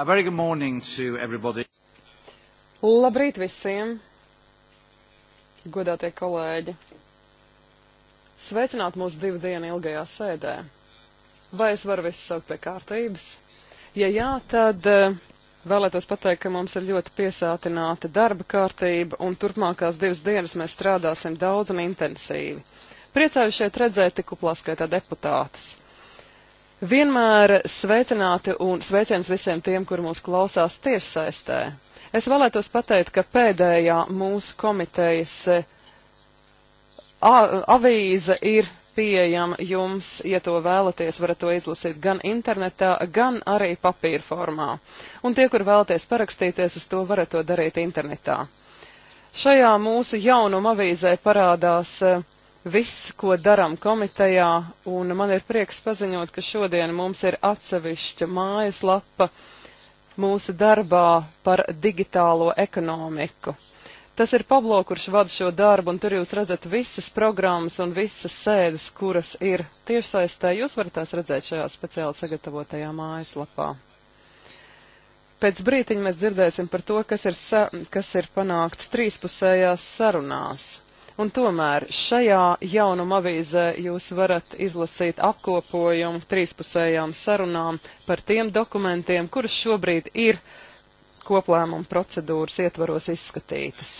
A very good morning to everybody. Labrīt visiem, godātie kolēģi. Sveicināt mūsu divu dienu ilgajā sēdē. Vai es varu visu saukt pie kārtības? Ja jā, tad eh, vēlētos pateikt, ka mums ir ļoti piesātināta darba kārtība un turpmākās divas dienas mēs strādāsim daudz un intensīvi. Priecājušies redzēt tik uplaskaitā deputātus. Vienmēr sveicināti un sveiciens visiem tiem, kur mūs klausās tiešsaistē. Es vēlētos pateikt, ka pēdējā mūsu komitejas eh, avīze ir pieejama jums, ja to vēlaties, varat to izlasīt gan internetā, gan arī papīra formā. Un tie, kur vēlaties parakstīties uz to, varat to darīt internetā. Šajā mūsu jaunuma avīzē parādās uh, viss, ko daram komitejā, un man ir prieks paziņot, ka šodien mums ir atsevišķa mājaslapa mūsu darbā par digitālo ekonomiku. Tas ir Pablo, kurš vada šo darbu, un tur jūs redzat visas programmas un visas sēdes, kuras ir tiešsaistē. Jūs varat tās redzēt šajā speciāli sagatavotajā mājaslapā. Pēc brītiņa mēs dzirdēsim par to, kas ir, sa kas ir panākts trīspusējās sarunās. Un tomēr šajā jaunuma avīzē jūs varat izlasīt apkopojumu trīspusējām sarunām par tiem dokumentiem, kuras šobrīd ir koplēmuma procedūras ietvaros izskatītas.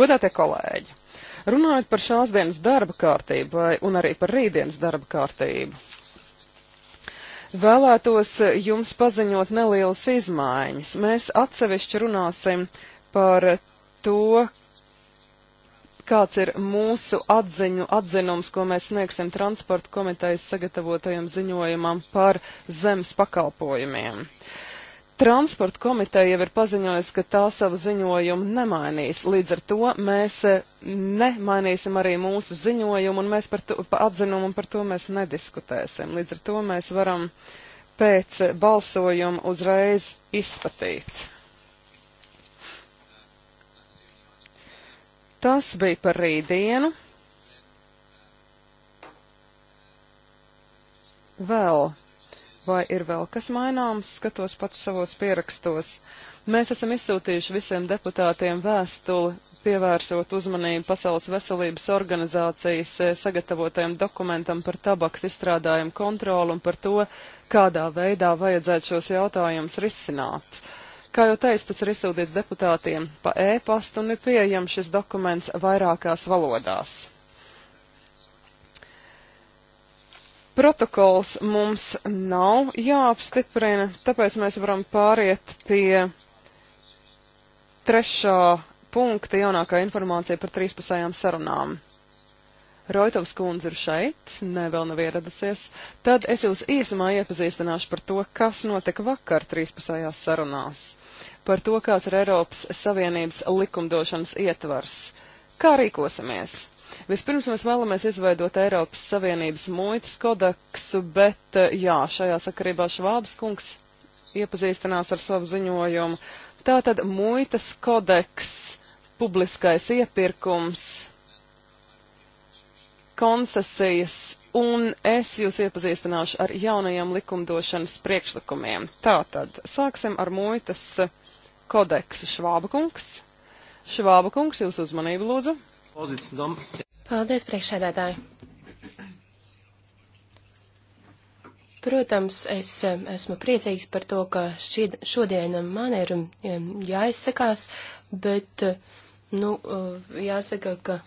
Godātie kolēģi! Runājot par šās dienas darba kārtību vai, un arī par rītdienas darba kārtību, vēlētos jums paziņot nelielas izmaiņas. Mēs atsevišķi runāsim par to, kāds ir mūsu atziņu, atzinums, ko mēs sniegsim transporta komitejas sagatavotajam ziņojumam par zemes pakalpojumiem. Transporta komiteja jau ir paziņojusi, ka tā savu ziņojumu nemainīs. Līdz ar to mēs e, nemainīsim arī mūsu ziņojumu un mēs par to, par atzinumu un par to mēs nediskutēsim. Līdz ar to mēs varam pēc balsojuma uzreiz izskatīt. Tas bija par rītdienu. Vēl. Vai ir vēl kas maināms, skatos pats savos pierakstos. Mēs esam izsūtījuši visiem deputātiem vēstuli, pievērsot uzmanību Pasaules veselības organizācijas eh, sagatavotajam dokumentam par tabaks izstrādājumu kontroli un par to, kādā veidā vajadzētu šos jautājumus risināt. Kā jau teicu, tas ir izsūtīts deputātiem pa e-pastu un ir pieejams šis dokuments vairākās valodās. Protokols mums nav jāapstiprina, tāpēc mēs varam pāriet pie trešā punkta jaunākā informācija par trīspusējām sarunām. Roitovs kundze ir šeit, ne vēl nav ieradusies, tad es jūs īsumā iepazīstināšu par to, kas notika vakar trīspusējās sarunās, par to, kāds ir Eiropas Savienības likumdošanas ietvars, kā rīkosimies. Vispirms mēs vēlamies izveidot Eiropas Savienības muitas kodeksu, bet eh, jā, šajā sakarībā Švābs kungs iepazīstinās ar savu ziņojumu. Tātad muitas kodeks, publiskais iepirkums, koncesijas, un es jūs iepazīstināšu ar jaunajiem likumdošanas priekšlikumiem. Tātad, sāksim ar muitas eh, kodeksu Švābakungs. Švābakungs, jūsu uzmanību lūdzu. Paldies, priekšsēdētāji. Protams, es eh, esmu priecīgs par to, ka šī, šodien man ir eh, jāizsakās, bet, nu, jāsaka, ka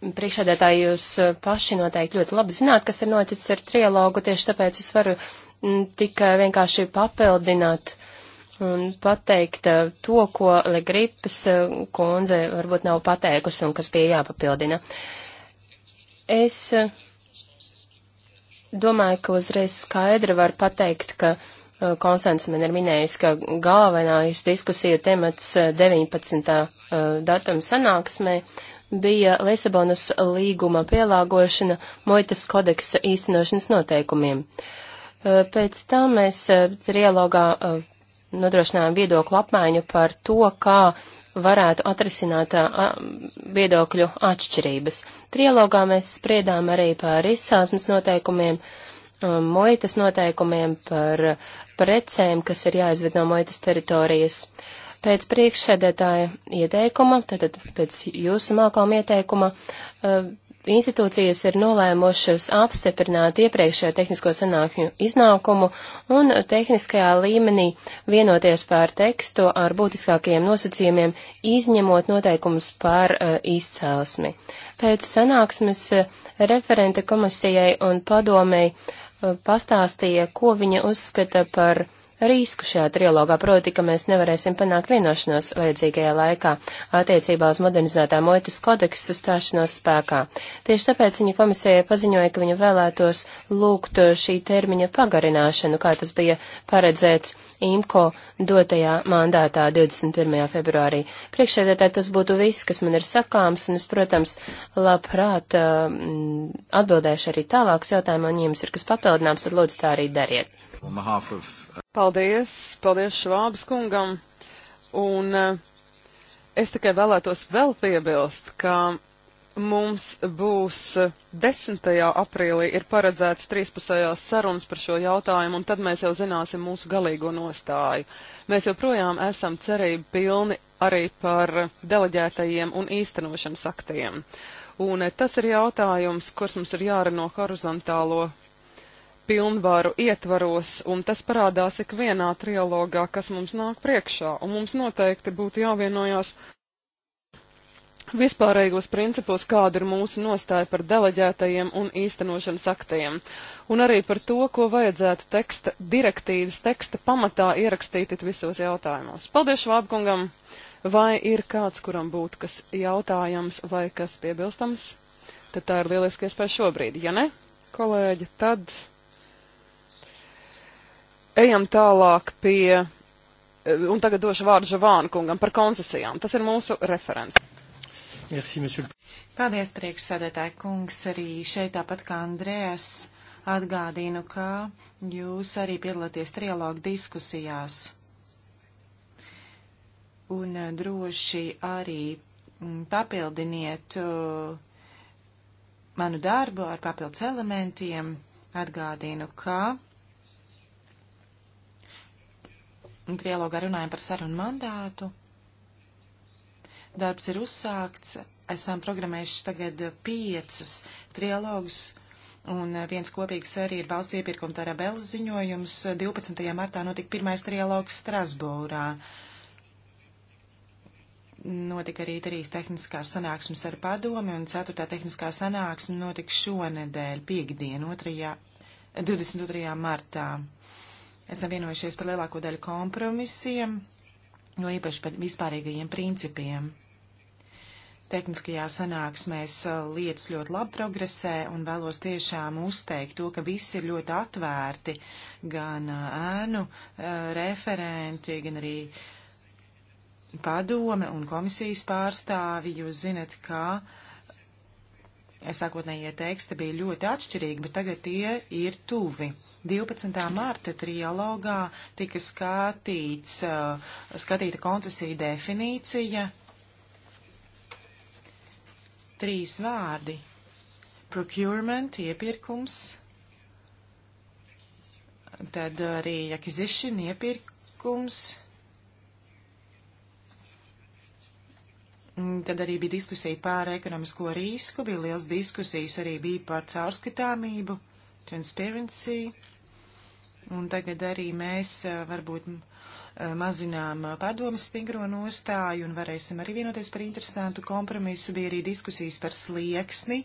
priekšsēdētāji, jūs eh, paši noteikti ļoti labi zināt, kas ir noticis ar trialogu, tieši tāpēc es varu mm, tikai vienkārši papildināt un pateikt eh, to, ko Legripas eh, kundze varbūt nav pateikusi un kas bija jāpapildina. Es domāju, ka uzreiz skaidri var pateikt, ka Konstants man ir minējis, ka galvenais diskusiju temats 19. datuma sanāksmē bija Lisabonas līguma pielāgošana Moitas kodeksa īstenošanas noteikumiem. Pēc tam mēs trialogā nodrošinājām viedoklu apmaiņu par to, kā varētu atrisināt viedokļu atšķirības. Trialogā mēs spriedām arī par izsāsmes noteikumiem, muitas noteikumiem, par precēm, kas ir jāizved no muitas teritorijas. Uh, Pēc priekšsēdētāja ieteikuma, tātad pēc jūsu mākām ieteikuma, uh, institūcijas ir nolēmušas apstiprināt iepriekšējo tehnisko sanākņu iznākumu un tehniskajā līmenī vienoties par tekstu ar būtiskākajiem nosacījumiem, izņemot noteikumus par uh, izcelsmi. Pēc sanāksmes uh, referente komisijai un padomei uh, pastāstīja, ko viņa uzskata par uh, risku šajā trilogā, proti, ka mēs nevarēsim panākt vienošanos vajadzīgajā laikā attiecībā uz modernizētā muitas kodeksa stāšanos spēkā. Tieši tāpēc viņa komisijai paziņoja, ka viņa vēlētos lūgt šī termiņa pagarināšanu, kā tas bija paredzēts IMCO dotajā mandātā 21. februārī. Priekšēdētāji tas būtu viss, kas man ir sakāms, un es, protams, labprāt um, atbildēšu arī tālākus jautājumus, un ja jums ir kas papildināms, tad lūdzu tā arī dariet. On behalf of Paldies, paldies Švābas kungam. Un eh, es tikai vēlētos vēl piebilst, ka mums būs 10. Eh, aprīlī ir paredzēts trīspusējās sarunas par šo jautājumu, un tad mēs jau zināsim mūsu galīgo nostāju. Mēs joprojām esam cerību pilni arī par deleģētajiem un īstenošanas aktiem. Un eh, tas ir jautājums, kurš mums ir jāreno horizontālo pilnvaru ietvaros, un tas parādās ikvienā trialogā, kas mums nāk priekšā, un mums noteikti būtu jāvienojās vispārējos principos, kāda ir mūsu nostāja par deleģētajiem un īstenošanas aktiem, un arī par to, ko vajadzētu teksta direktīvas teksta pamatā ierakstīt visos jautājumos. Paldies Švābkungam! Vai ir kāds, kuram būtu kas jautājams vai kas piebilstams? Tad tā ir lieliska iespēja šobrīd. Ja ne, kolēģi, tad. Ejam tālāk pie, eh, un tagad došu vārdu Žavānu kungam par koncesijām. Tas ir mūsu referents. Merci, monsieur. Paldies, priekšsēdētāji kungs, arī šeit tāpat kā Andrēs. Atgādinu, ka jūs arī piedalāties trialogu diskusijās un eh, droši arī mm, papildiniet eh, manu darbu ar papildus elementiem. Atgādinu, ka Trialogā runājam par sarunu mandātu. Darbs ir uzsākts. Esam programmējuši tagad piecus trialogus un viens kopīgs arī ir valsts iepirkuma tarabēlas ziņojums. 12. martā notika pirmais trialogs Strasbūrā. Notika arī trīs tehniskās sanāksmes ar padomi, un ceturtā tehniskā sanāksme notika šonedēļ, piekdien, 2. 22. martā. Esam vienojušies par lielāko daļu kompromisiem, jo īpaši par vispārīgajiem principiem. Tehniskajā sanāksmēs eh, lietas ļoti labi progresē un vēlos tiešām uzteikt to, ka visi ir ļoti atvērti, gan eh, ēnu eh, referenti, gan arī padome un komisijas pārstāvi, jūs zinat, kā uh, sākotnējie teksti bija ļoti atšķirīgi, bet tagad tie ir tuvi. 12. marta trialogā tika skatīts, uh, skatīta koncesija definīcija. Trīs vārdi - procurement, iepirkums, tad arī acquisition, iepirkums Mm, tad arī bija diskusija par ekonomisko risku, bija liels diskusijas arī bija par caurskatāmību, transparency. Un tagad arī mēs varbūt mazinām padomas stingro nostāju un varēsim arī vienoties par interesantu kompromisu. Bija arī diskusijas par slieksni,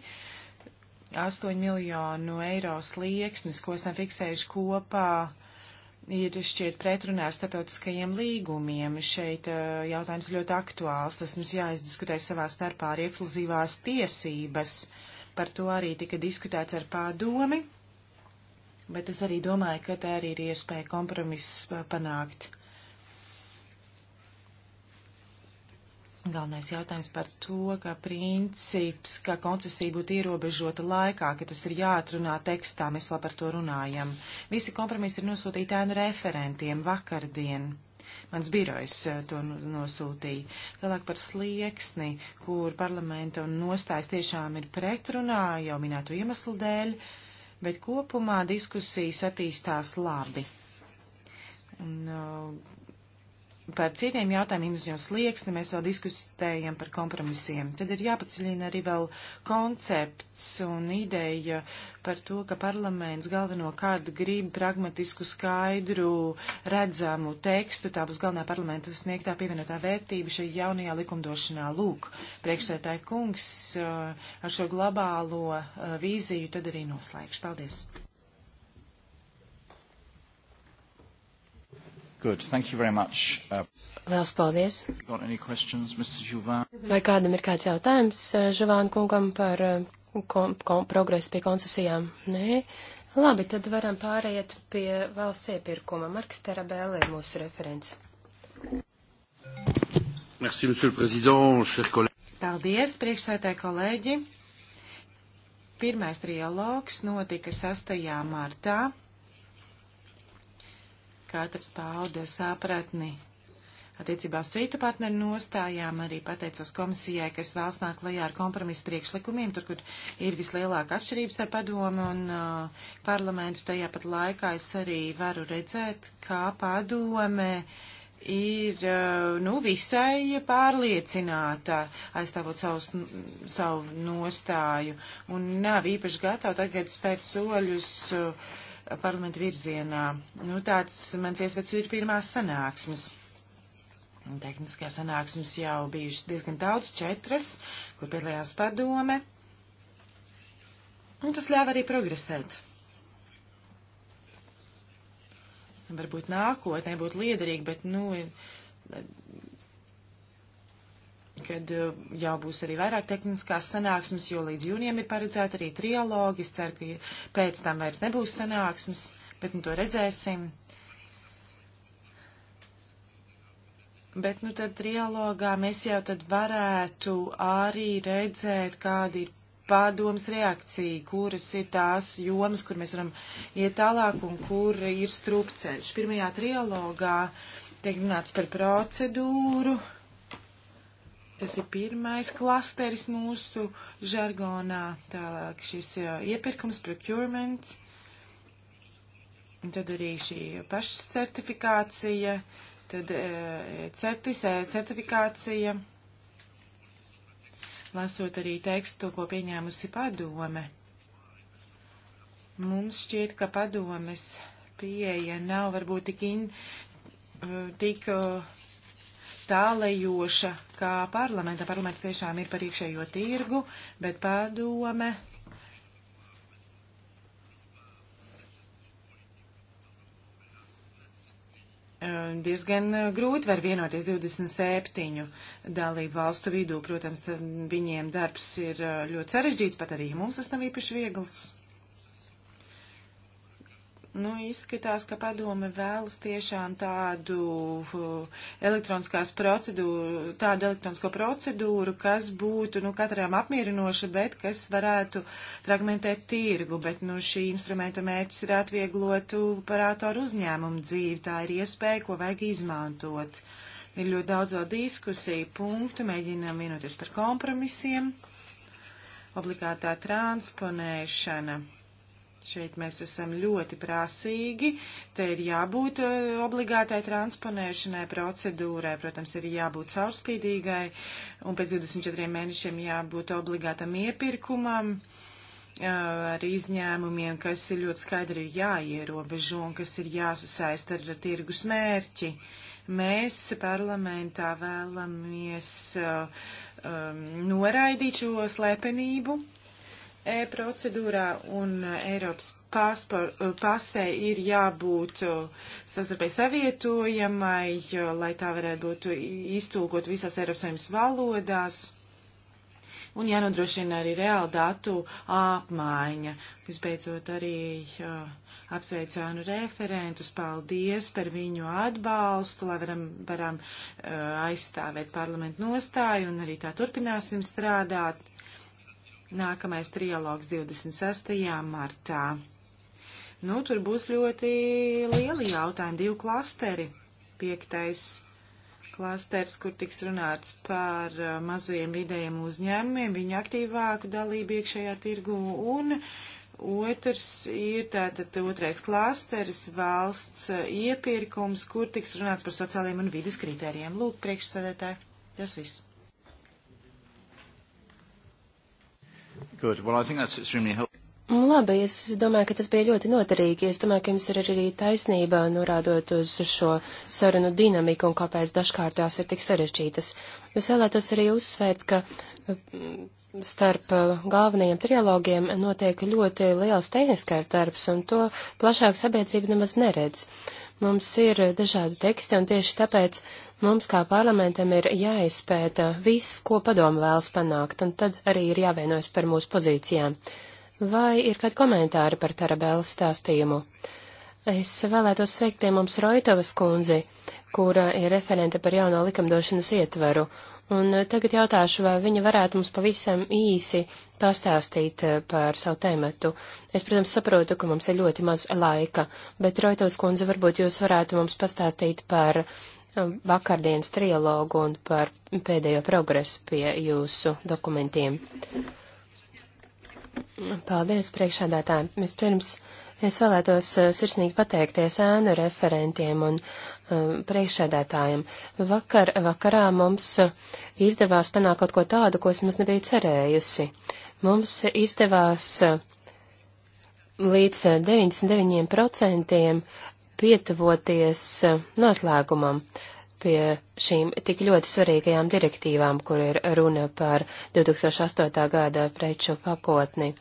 8 miljonu eiro slieksnis, ko esam fiksējuši kopā ir šķiet pretrunā ar statotiskajiem līgumiem. Šeit uh, jautājums ļoti aktuāls. Tas mums jāizdiskutē savā starpā ar ekskluzīvās tiesības. Par to arī tika diskutēts ar pārdomi, bet es arī domāju, ka tā arī ir iespēja kompromiss uh, panākt. Galvenais jautājums par to, ka princips, ka koncesija būtu ierobežota laikā, ka tas ir jāatrunā tekstā, mēs vēl par to runājam. Visi kompromisi ir nosūtīti ēnu referentiem vakardien. Mans birojs eh, to nosūtīja. Tālāk par slieksni, kur parlamenta un nostājas tiešām ir pretrunā jau minēto iemeslu dēļ, bet kopumā diskusijas attīstās labi. Un, uh, Par citiem jautājumiem izņos slieksni mēs vēl diskutējam par kompromisiem. Tad ir jāpaceļina arī vēl koncepts un ideja par to, ka parlaments galvenokārt grib pragmatisku, skaidru, redzamu tekstu. Tā būs galvenā parlamenta sniegtā pievienotā vērtība šai jaunajā likumdošanā. Lūk, priekšsētāji kungs ar šo globālo vīziju tad arī noslēgšu. Paldies! Good. Thank you very much. Uh, Lielas paldies. Got any questions, Mr. Juvin? Vai kādam ir kāds jautājums Žuvāna uh, kungam par kom, uh, kom, progresu pie koncesijām? Nē. Labi, tad varam pāriet pie valsts iepirkuma. Marks Terabēlē ir mūsu referents. Merci, monsieur le président, chers collègues. Paldies, priekšsētāji kolēģi. Pirmais trialogs notika 6. martā katrs pauda sapratni. Attiecībā uz citu partneru nostājām arī pateicos komisijai, kas vēlas nāk lejā ar kompromisu priekšlikumiem, tur, kur ir vislielāka atšķirības ar padomu un uh, parlamentu. Tajā pat laikā es arī varu redzēt, kā padome ir uh, nu, visai pārliecināta aizstāvot savus, savu nostāju un nav īpaši gatava tagad spērt soļus. Uh, parlamentu virzienā. Nu, tāds mans iespējas ir pirmās sanāksmes. Tehniskā sanāksmes jau bijušas diezgan daudz, četras, kur piedalījās padome. Un tas ļāva arī progresēt. Varbūt nākotnē būtu liederīgi, bet, nu, kad eh, jau būs arī vairāk tehniskās sanāksmes, jo līdz jūnijam ir paredzēta arī trialogi. Es ceru, ka pēc tam vairs nebūs sanāksmes, bet nu to redzēsim. Bet nu tad trialogā mēs jau tad varētu arī redzēt, kāda ir pārdomas reakcija, kuras ir tās jomas, kur mēs varam iet tālāk un kur ir strupceļš. Pirmajā trialogā tiek runāts par procedūru. Uh, Tas ir pirmais klasteris mūsu žargonā. Tālāk šis iepirkums, procurement, un tad arī šī pašsertifikācija, tad e, certis, e, certifikācija, lasot arī tekstu, ko pieņēmusi padome. Mums šķiet, ka padomes pieeja nav varbūt tik, in, e, tik tālējoša kā parlamenta. Parlaments tiešām ir par iekšējo tirgu, bet padome. Diezgan grūti var vienoties 27 dalību valstu vidū. Protams, viņiem darbs ir ļoti sarežģīts, pat arī mums tas nav īpaši viegls. Nu, izskatās, ka padome vēlas tiešām tādu uh, elektroniskās procedūru, tādu elektronisko procedūru, kas būtu, nu, katram apmierinoša, bet kas varētu fragmentēt tirgu, bet, nu, šī instrumenta mērķis ir atvieglot operātoru uzņēmumu dzīvi, tā ir iespēja, ko vajag izmantot. Ir ļoti daudz vēl diskusiju punktu, mēģinām vienoties par kompromisiem, obligātā transponēšana Šeit mēs esam ļoti prasīgi. Te ir jābūt e, obligātai transponēšanai procedūrai. Protams, ir jābūt caurspīdīgai un pēc 24 mēnešiem jābūt obligātam iepirkumam e, ar izņēmumiem, kas ir ļoti skaidri jāierobežo un kas ir jāsasaist ar tirgus mērķi. Mēs parlamentā vēlamies um, noraidīt šo slepenību e-procedūrā un e, Eiropas paspor, e, pasē ir jābūt e, savstarpēji savietojamai, lai tā varētu būt iztulkot visās Eiropas saimnes valodās. Un jānodrošina arī reāla datu apmaiņa. Visbeidzot, arī apsveicu ANU referentus, paldies par viņu atbalstu, lai varam, varam aizstāvēt parlamentu nostāju un arī tā turpināsim strādāt Nākamais trialogs 26. martā. Nu, tur būs ļoti lieli jautājumi, divi klasteri. Piektais klasters, kur tiks runāts par uh, mazajiem vidējiem uzņēmumiem, viņu aktīvāku dalību iekšējā tirgu un otrs ir tātad otrais klasters valsts uh, iepirkums, kur tiks runāts par sociālajiem un vidas kritērijiem. Lūk, priekšsēdētāji, tas viss. Good. Well, I think that's extremely helpful. Labi, es domāju, ka tas bija ļoti noderīgi. Es domāju, ka jums ir arī taisnība norādot uz šo sarunu dinamiku un kāpēc dažkārt tās ir tik sarežģītas. Es vēlētos arī uzsvērt, ka mm, starp uh, galvenajiem trilogiem notiek ļoti liels tehniskais darbs, un to plašāk sabiedrība nemaz neredz. Mums ir dažādi teksti, un tieši tāpēc Mums kā parlamentam ir jāizpēta viss, ko padomu vēlas panākt, un tad arī ir jāvienojas par mūsu pozīcijām. Vai ir kādi komentāri par Tarabēlas stāstījumu? Es vēlētos sveikt pie mums Roitovas kundzi, kura ir referente par jauno likumdošanas ietveru, un tagad jautāšu, vai viņa varētu mums pavisam īsi pastāstīt eh, par savu tēmatu. Es, protams, saprotu, ka mums ir ļoti maz laika, bet Roitovs kundze, varbūt jūs varētu mums pastāstīt par vakardienas trialogu un par pēdējo progresu pie jūsu dokumentiem. Paldies, priekšādātāji. Vispirms es vēlētos eh, sirsnīgi pateikties ēnu referentiem un eh, priekšsēdētājiem. Vakar, vakarā mums eh, izdevās panākt kaut ko tādu, ko es maz nebiju cerējusi. Mums izdevās līdz 99% pietuvoties eh, noslēgumam pie šīm tik ļoti svarīgajām direktīvām, kur ir runa par 2008. gada preču pakotni.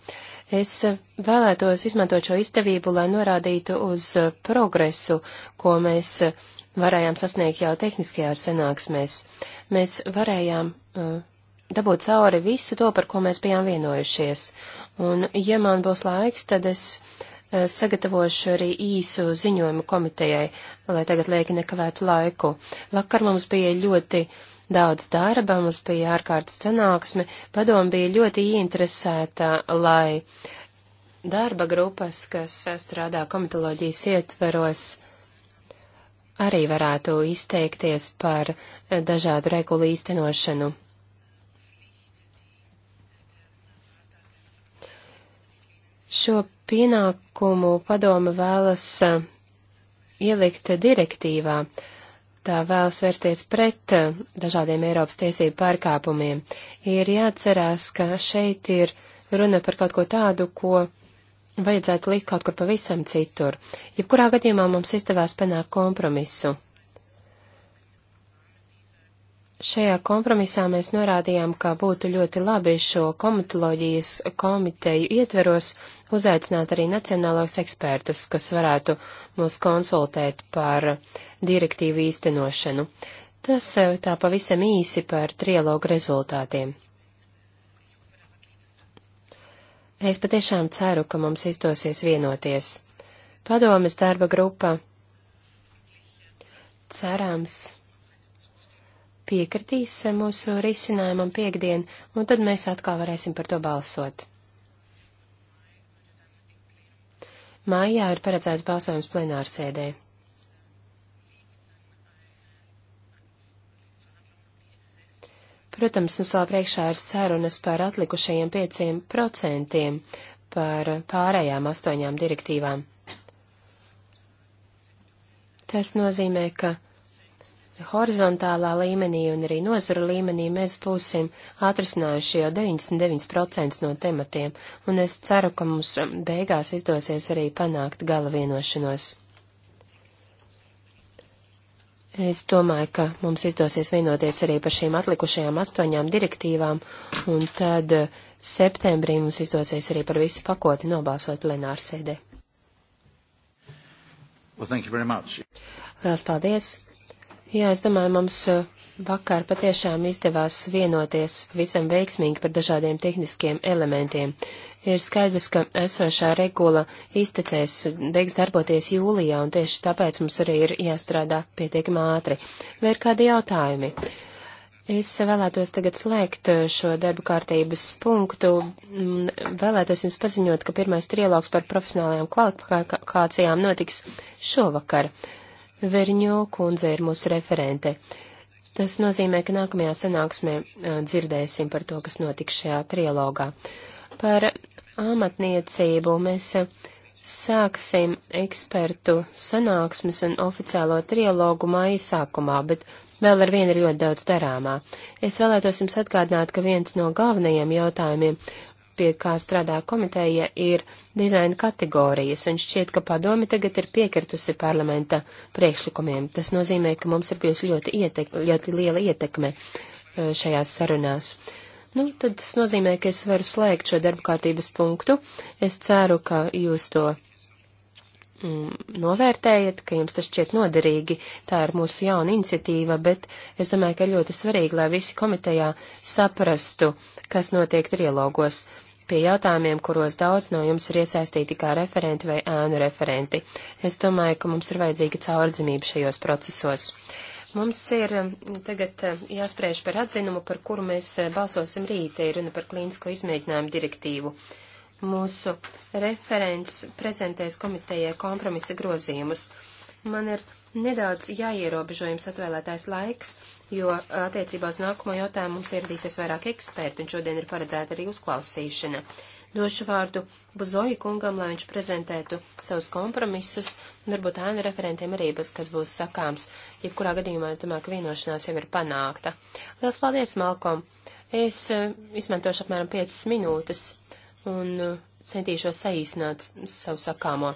Es eh, vēlētos izmantot šo izdevību, lai norādītu uz eh, progresu, ko mēs varējām sasniegt jau tehniskajās sanāksmēs. Mēs varējām uh, dabūt cauri visu to, par ko mēs bijām vienojušies. Un, ja man būs laiks, tad es Eh, sagatavošu arī īsu ziņojumu komitejai, lai tagad lieki nekavētu laiku. Vakar mums bija ļoti daudz darba, mums bija ārkārtas sanāksme, padoma bija ļoti ieinteresēta, lai darba grupas, kas strādā komitoloģijas ietveros, arī varētu izteikties par eh, dažādu regulu īstenošanu. Šo pienākumu padome vēlas eh, ielikt direktīvā. Tā vēlas vērsties pret eh, dažādiem Eiropas tiesību pārkāpumiem. Ir jāatcerās, ka šeit ir runa par kaut ko tādu, ko vajadzētu likt kaut kur pavisam citur. Jebkurā gadījumā mums izdevās panākt kompromisu. Šajā kompromisā mēs norādījām, ka būtu ļoti labi šo komitoloģijas komiteju ietveros uzaicināt arī nacionālos ekspertus, kas varētu mūs konsultēt par direktīvu īstenošanu. Tas e, tā pavisam īsi par trialogu rezultātiem. Es patiešām ceru, ka mums izdosies vienoties. Padomes darba grupa. Cerams piekritīs mūsu risinājumam piekdien, un tad mēs atkal varēsim par to balsot. Mājā ir paredzēts balsojums plenārsēdē. Protams, mums vēl priekšā ir sarunas par atlikušajiem pieciem procentiem par pārējām astoņām direktīvām. Tas nozīmē, ka horizontālā līmenī un arī nozara līmenī mēs būsim atrisinājuši jau 99% no tematiem, un es ceru, ka mums um, beigās izdosies arī panākt gala vienošanos. Es domāju, ka mums izdosies vienoties arī par šīm atlikušajām astoņām direktīvām, un tad uh, septembrī mums izdosies arī par visu pakoti nobalsot plenārsēdē. Well, thank you very much. Lielas paldies! Jā, es domāju, mums eh, vakar patiešām izdevās vienoties visam veiksmīgi par dažādiem tehniskiem elementiem. Ir skaidrs, ka esošā regula iztecēs, beigs darboties jūlijā, un tieši tāpēc mums arī ir jāstrādā pietiekami ātri. Vai ir kādi jautājumi? Es vēlētos tagad slēgt eh, šo darba kārtības punktu. Mm, vēlētos jums paziņot, ka pirmais trialogs par profesionālajām kvalifikācijām notiks šovakar. Verņo kundze ir mūsu referente. Tas nozīmē, ka nākamajā sanāksmē uh, dzirdēsim par to, kas notiks šajā trilogā. Par amatniecību mēs uh, sāksim ekspertu sanāksmes un oficiālo trilogu māja sākumā, bet vēl ar vienu ir ļoti daudz darāmā. Es vēlētos jums atgādināt, ka viens no galvenajiem jautājumiem pie kā strādā komiteja, ir dizaina kategorijas, un šķiet, ka padomi tagad ir piekritusi parlamenta priekšlikumiem. Tas nozīmē, ka mums ir bijusi ļoti, ietek ļoti liela ietekme e, šajās sarunās. Nu, tad tas nozīmē, ka es varu slēgt šo darba kārtības punktu. Es ceru, ka jūs to mm, novērtējat, ka jums tas šķiet noderīgi. Tā ir mūsu jauna iniciatīva, bet es domāju, ka ļoti svarīgi, lai visi komitejā saprastu, kas notiek trilogos pie jautājumiem, kuros daudz no jums ir iesaistīti kā referenti vai ēnu referenti. Es domāju, ka mums ir vajadzīga caurzemība šajos procesos. Mums ir um, tagad uh, jāspriež par atzinumu, par kuru mēs uh, balsosim rīt, ir runa par klīnisko izmēģinājumu direktīvu. Mūsu referents prezentēs komitejai kompromisa grozījumus. Man ir nedaudz jāierobežojums atvēlētais laiks, jo uh, attiecībā uz nākamo jautājumu mums ieradīsies vairāk eksperti, un šodien ir paredzēta arī uzklausīšana. Došu vārdu Buzoji kungam, lai viņš prezentētu savus kompromisus, un varbūt ēna referentiem arī, kas būs sakāms. Jebkurā gadījumā es domāju, ka vienošanās jau ir panākta. Lielas paldies, Malkom! Es uh, izmantošu apmēram 5 minūtes, un uh, centīšos saīsināt savu sakāmo.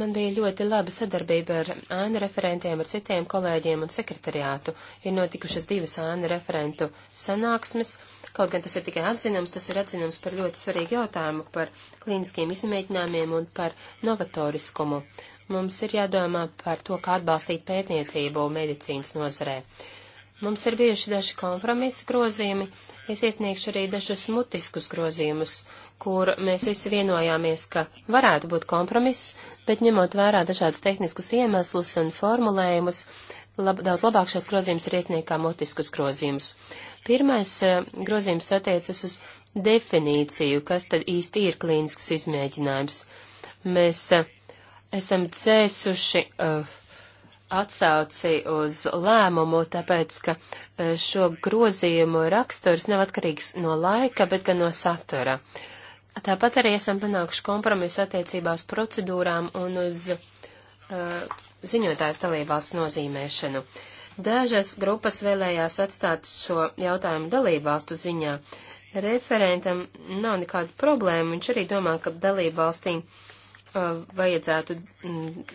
Man bija ļoti laba sadarbība ar ēnu referentiem, ar citiem kolēģiem un sekretariātu. Ir notikušas divas ēnu referentu sanāksmes, kaut gan tas ir tikai atzinums, tas ir atzinums par ļoti svarīgu jautājumu, par klīniskiem izmēģinājumiem un par novatoriskumu. Mums ir jādomā par to, kā atbalstīt pētniecību medicīnas nozarē. Mums ir bijuši daži kompromisa grozījumi, es iesniegšu arī dažus mutiskus grozījumus kur mēs visi vienojāmies, ka varētu būt kompromiss, bet ņemot vērā dažādus tehniskus iemeslus un formulējumus, lab, daudz labāk šos grozījumus ir iesniegt kā motiskus grozījumus. Pirmais eh, grozījums attiecas uz definīciju, kas tad īsti ir klīnisks izmēģinājums. Mēs eh, esam cēsuši uh, eh, atsauci uz lēmumu, tāpēc, ka šo grozījumu raksturs nav atkarīgs no laika, bet gan no satura. Uh, Tāpat arī esam panākuši kompromisu attiecībās procedūrām un uz uh, ziņotājs dalībās nozīmēšanu. Dažas grupas vēlējās atstāt šo jautājumu dalībvalstu ziņā. Referentam nav nekādu problēmu, viņš arī domā, ka dalībvalstīm uh, vajadzētu mm,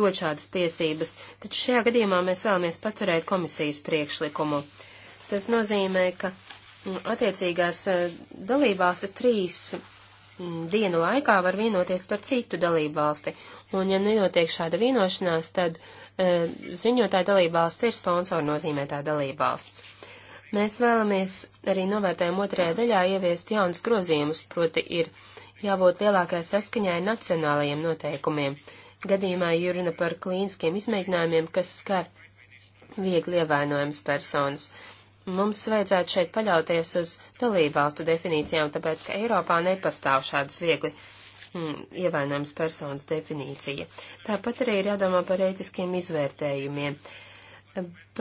dot šādas tiesības, taču šajā gadījumā mēs vēlamies paturēt komisijas priekšlikumu. Tas nozīmē, ka attiecīgās eh, dalībvalstis trīs mm, dienu laikā var vienoties par citu dalībvalsti. Un ja nenotiek šāda vienošanās, tad eh, ziņotāja dalībvalsts ir sponsor nozīmētā dalībvalsts. Mēs vēlamies arī novērtējumu otrajā daļā ieviest jaunus grozījumus, proti ir jābūt lielākai saskaņai nacionālajiem noteikumiem. Gadījumā jūrina par klīniskiem izmēģinājumiem, kas skar viegli ievainojams personas. Mums vajadzētu šeit paļauties uz dalībvalstu definīcijām, tāpēc, ka Eiropā nepastāv šādas viegli mm, ievainojums personas definīcija. Tāpat arī ir jādomā par ētiskiem izvērtējumiem.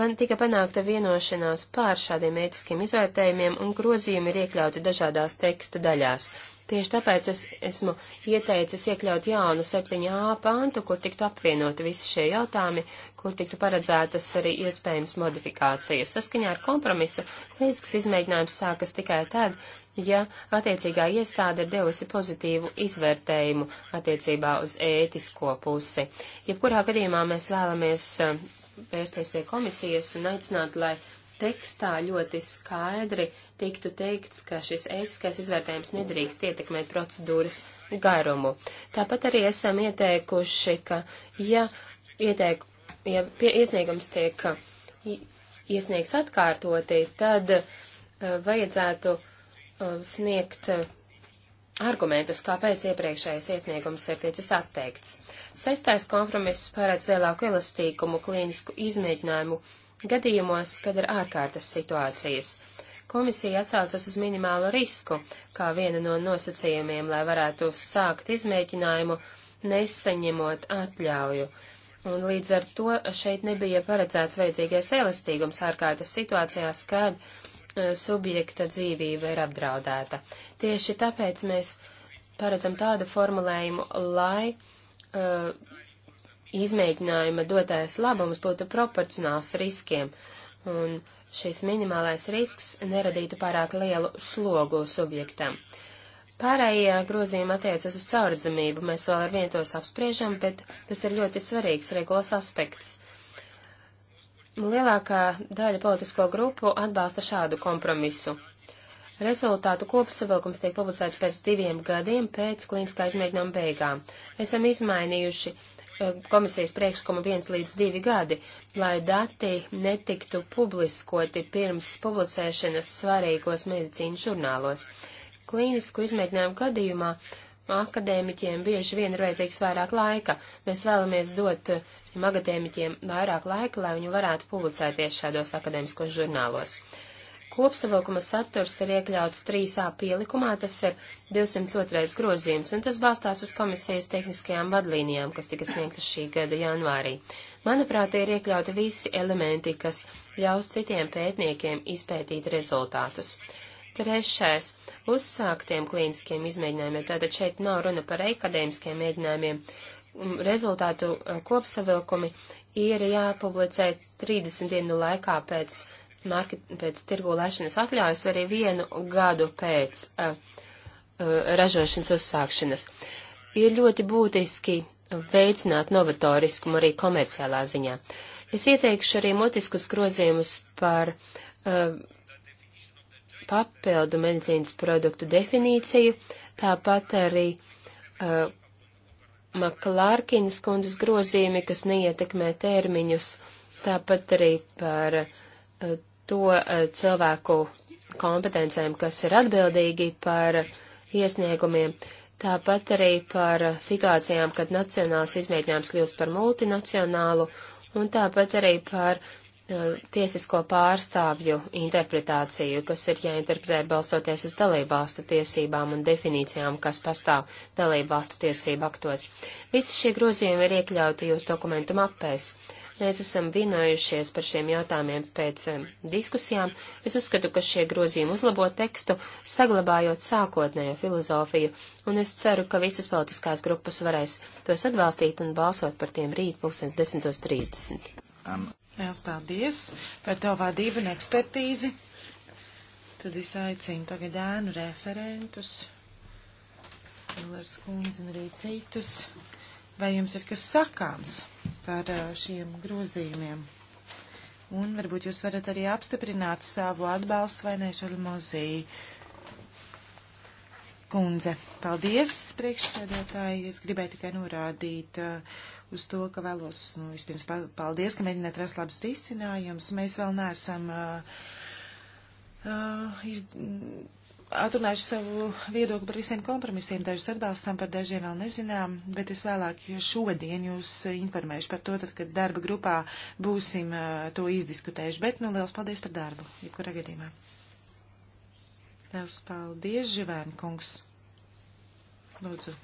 Man tika panākta vienošanās pār šādiem ētiskiem izvērtējumiem, un grozījumi ir iekļauti dažādās teksta daļās. Tieši tāpēc es esmu ieteicis iekļaut jaunu 7a pantu, kur tiktu apvienoti visi šie jautājumi, kur tiktu paredzētas arī iespējams modifikācijas. Saskaņā ar kompromisu lielisks izmēģinājums sākas tikai tad, ja attiecīgā iestāde ir devusi pozitīvu izvērtējumu attiecībā uz ētisko pusi. Jebkurā gadījumā mēs vēlamies uh, vērsties pie komisijas un aicināt, lai tekstā ļoti skaidri tiktu teikts, ka šis ētiskais izvērtējums nedrīkst ietekmēt procedūras garumu. Tāpat arī esam ieteikuši, ka ja, ieteik, ja pie, iesniegums tiek iesniegts atkārtoti, tad uh, vajadzētu uh, sniegt uh, argumentus, kāpēc iepriekšējais iesniegums ir ticis atteikts. Sestais kompromiss paredz lielāku elastīgumu klīnisku izmēģinājumu gadījumos, kad ir ārkārtas situācijas. Komisija atsaucas uz minimālu risku, kā vienu no nosacījumiem, lai varētu sākt izmēģinājumu, nesaņemot atļauju. Un līdz ar to šeit nebija paredzēts vajadzīgais elastīgums ārkārtas situācijās, kad e, subjekta dzīvība ir apdraudēta. Tieši tāpēc mēs paredzam tādu formulējumu, lai uh, izmēģinājuma dotais labums būtu proporcionāls riskiem, un šis minimālais risks neradītu pārāk lielu slogu subjektam. Pārējie grozījumi attiecas uz caurdzamību, mēs vēl ar vienu tos apspriežam, bet tas ir ļoti svarīgs regulas aspekts. Lielākā daļa politisko grupu atbalsta šādu kompromisu. Rezultātu kopsavilkums tiek publicēts pēc diviem gadiem pēc klīniskā izmēģinājuma beigām. Esam izmainījuši komisijas priekšlikuma 1 līdz 2 gadi, lai dati netiktu publiskoti pirms publicēšanas svarīgos medicīnas žurnālos. Klīnisku izmēģinājumu gadījumā akadēmiķiem bieži vien ir vajadzīgs vairāk laika. Mēs vēlamies dot akadēmiķiem vairāk laika, lai viņi varētu publicēties šādos akadēmiskos žurnālos. Uh, Kopsavilkuma saturs ir iekļauts 3A pielikumā, tas ir 202. grozījums, un tas balstās uz komisijas tehniskajām vadlīnijām, kas tika sniegtas šī gada janvārī. Manuprāt, ir iekļauti visi elementi, kas ļaus citiem pētniekiem izpētīt rezultātus. Trešais - uzsāktiem klīniskiem izmēģinājumiem, tātad šeit nav runa par akadēmiskiem mēģinājumiem. Mm, rezultātu eh, kopsavilkumi ir jāpublicē 30 dienu laikā pēc market, pēc tirgu lēšanas atļaujas, arī vienu gadu pēc uh, uh ražošanas uzsākšanas. Ir ļoti būtiski veicināt novatoriskumu arī komerciālā ziņā. Es ieteikšu arī motiskus grozījumus par uh, papildu medicīnas produktu definīciju, tāpat arī uh, Maklārkinas kundzes grozījumi, kas neietekmē termiņus, tāpat arī par uh, to eh, cilvēku kompetencēm, kas ir atbildīgi par iesniegumiem, tāpat arī par situācijām, kad nacionāls izmēģinājums kļūst par multinacionālu, un tāpat arī par uh, tiesisko pārstāvju interpretāciju, kas ir jāinterpretē balstoties uz dalībvalstu tiesībām un definīcijām, kas pastāv dalībvalstu tiesību aktos. Visi šie grozījumi ir iekļauti jūsu dokumentu mapēs. Uh, Mēs esam vienojušies par šiem jautājumiem pēc eh, diskusijām. Es uzskatu, ka šie grozījumi uzlabo tekstu, saglabājot sākotnējo filozofiju, un es ceru, ka visas politiskās grupas varēs tos atbalstīt un balsot par tiem rīt 10.10.30. Um. Liels paldies par to vadību un ekspertīzi. Tad es aicinu tagad ēnu referentus, Milers kundzi un arī citus. Vai jums ir kas sakāms? par šiem grozījumiem. Un varbūt jūs varat arī apstiprināt savu atbalstu vai nešaļu mozī. Kundze, paldies, priekšsēdētāji. Es gribēju tikai norādīt uh, uz to, ka vēlos, nu, vispirms paldies, ka mēģināt rast labus risinājumus. Mēs vēl neesam uh, uh, iz, atrunāšu savu viedokli par visiem kompromisiem. Dažus atbalstām, par dažiem vēl nezinām, bet es vēlāk šodien jūs informēšu par to, tad, kad darba grupā būsim to izdiskutējuši. Bet, nu, liels paldies par darbu, jebkurā gadījumā. Liels paldies, Živērnkungs. Lūdzu.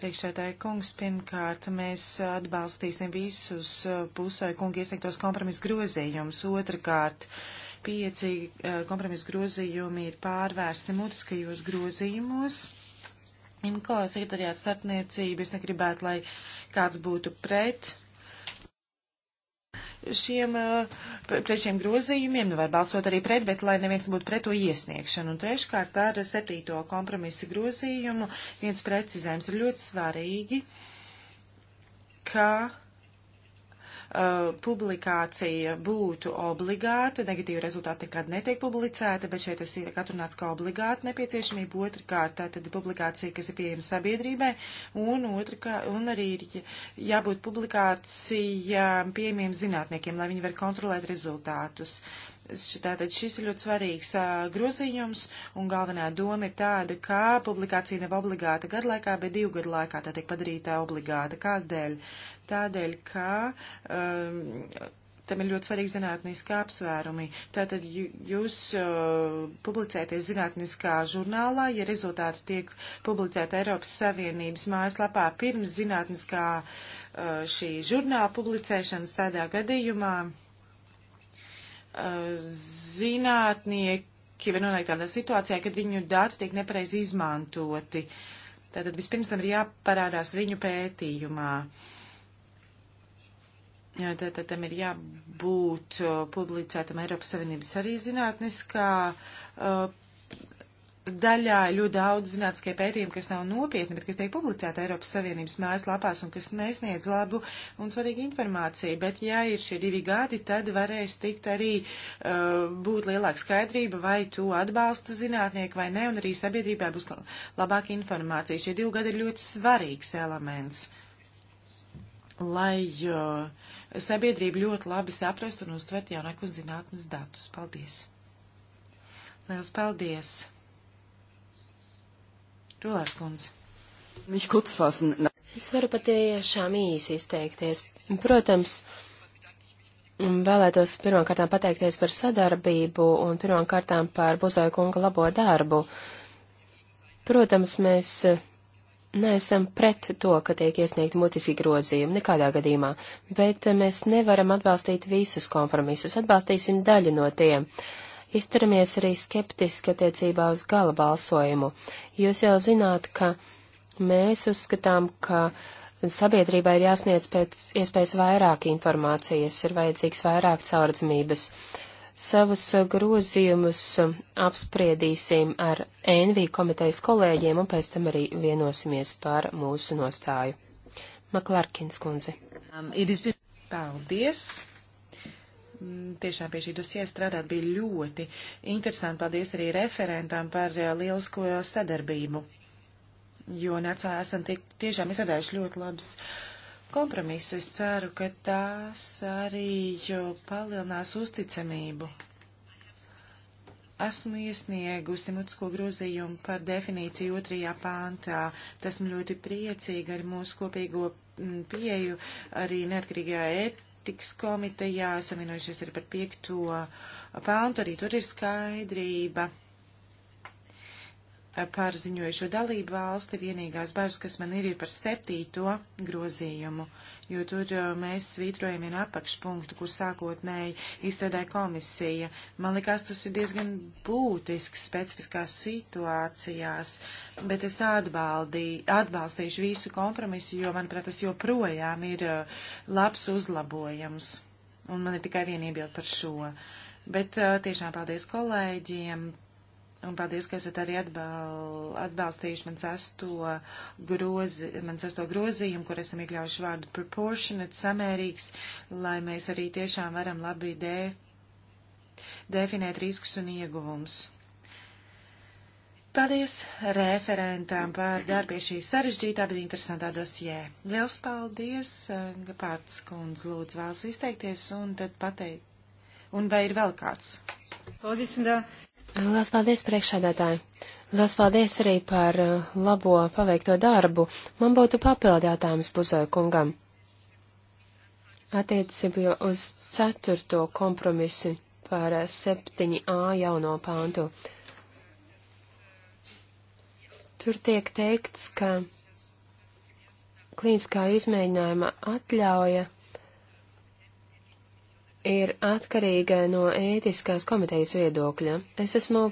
Priekšētāji kungs, pirmkārt, mēs atbalstīsim visus pusē kungi iesniegtos kompromisu grozījumus. Otrakārt, uh, Pieci eh, kompromisu grozījumi ir pārvērsti mutiskajos grozījumos. Imko sekretariāts starpniecība, es negribētu, lai kāds būtu pret šiem, eh, pret šiem grozījumiem, nu var balsot arī pret, bet lai neviens būtu pret to iesniegšanu. Un treškārt par septīto kompromisa grozījumu viens precizējums ir ļoti svarīgi, ka uh, publikācija būtu obligāta, negatīva rezultāti nekad netiek publicēta, bet šeit tas ir atrunāts kā obligāta nepieciešamība. Otrkārt, tā tad publikācija, kas ir pieejama sabiedrībai, un, otrkār, un arī ir jābūt publikācijām pieejamiem zinātniekiem, lai viņi var kontrolēt rezultātus. Tātad šis ir ļoti svarīgs uh, grozījums, un galvenā doma ir tāda, ka publikācija nav obligāta gadu laikā, bet divu gadu laikā tā tiek padarīta obligāta. Kādēļ? Tādēļ, ka um, tam ir ļoti svarīgi zinātniski apsvērumi. Tātad jūs uh, publicēties zinātniskā žurnālā, ja rezultāti tiek publicēti Eiropas Savienības mājaslapā pirms zinātniskā uh, šī žurnāla publicēšanas tādā gadījumā Eh, zinātnieki var nonākt tādā situācijā, kad viņu dati tiek nepareizi izmantoti. Tātad vispirms tam ir jāparādās viņu pētījumā. Jā, tātad tam ir jābūt eh, publicētam Eiropas Savienības arī zinātniskā uh, daļā ļoti daudz zinātniskie pētījumi, kas nav nopietni, bet kas tiek publicēti Eiropas Savienības mājaslapās un kas nesniedz labu un svarīgu informāciju. Bet, ja ir šie divi gadi, tad varēs tikt arī uh, būt lielāka skaidrība, vai to atbalsta zinātnieki vai ne, un arī sabiedrībā būs labāka informācija. Šie divi gadi ir ļoti svarīgs elements, lai uh, sabiedrība ļoti labi saprast un uztvert jaunākos zinātnes datus. Paldies! Liels paldies! Rulārs kundze. Viņš kutsfasen. Es varu patiešām īsi izteikties. Protams, vēlētos pirmkārtām pateikties par sadarbību un pirmkārtām par Buzoja kunga labo darbu. Protams, mēs neesam pret to, ka tiek iesniegti mutiski grozījumi, nekādā gadījumā, bet mēs nevaram atbalstīt visus kompromisus, atbalstīsim daļu no tiem. Uh, Izturamies arī skeptiski attiecībā uz gala balsojumu. Jūs jau zināt, ka mēs uzskatām, ka sabiedrībai ir jāsniedz pēc iespējas vairāk informācijas, ir vajadzīgs vairāk caurdzmības. Savus grozījumus apspriedīsim ar NV komitejas kolēģiem un pēc tam arī vienosimies par mūsu nostāju. Maklārkins kundze. Um, Paldies! Mm, tiešām pie šī dosie strādāt bija ļoti interesanti. Paldies arī referentām par eh, lielisko sadarbību, jo nācā esam tik, tiešām izradājuši ļoti labus kompromisus. Es ceru, ka tās arī palielinās uzticamību. Esmu iesniegusi mutisko grozījumu par definīciju otrajā pāntā. Tas man ļoti priecīgi ar mūsu kopīgo mm, pieju arī neatkarīgajā et ārpolitikas komitejā, saminojušies arī par piekto pāntu, arī tur ir skaidrība pārziņojušo dalību valsti. Vienīgās bažas, kas man ir, ir par septīto grozījumu, jo tur uh, mēs svītrojam vienu apakšpunktu, kur sākotnēji izstrādāja komisija. Man likās, tas ir diezgan būtisks specifiskās situācijās, bet es atbaldī, atbalstīšu visu kompromisu, jo, manuprāt, tas joprojām ir uh, labs uzlabojums. Un man ir tikai viena iebilda par šo. Bet uh, tiešām paldies kolēģiem Un paldies, ka esat arī atbal, atbalstījuši man sesto, grozi, man sesto grozījumu, kur esam iekļaujuši vārdu proportionate, samērīgs, lai mēs arī tiešām varam labi de, definēt riskus un ieguvumus. Paldies referentām par darbu pie šī sarežģītā, bet interesantā dosjē. Liels paldies, ka eh, pārts kundz lūdzu vēlas izteikties un tad pateikt. Un vai ir vēl kāds? Pozicinā. Lielas paldies, priekšādātāji! Lielas paldies arī par uh, labo paveikto darbu. Man būtu papildātājums buzoja kungam. Attiecībā uz ceturto kompromisu par 7a uh, jauno pāntu. Tur tiek teikts, ka klīniskā izmēģinājuma atļauja ir atkarīga no ētiskās komitejas viedokļa. Es esmu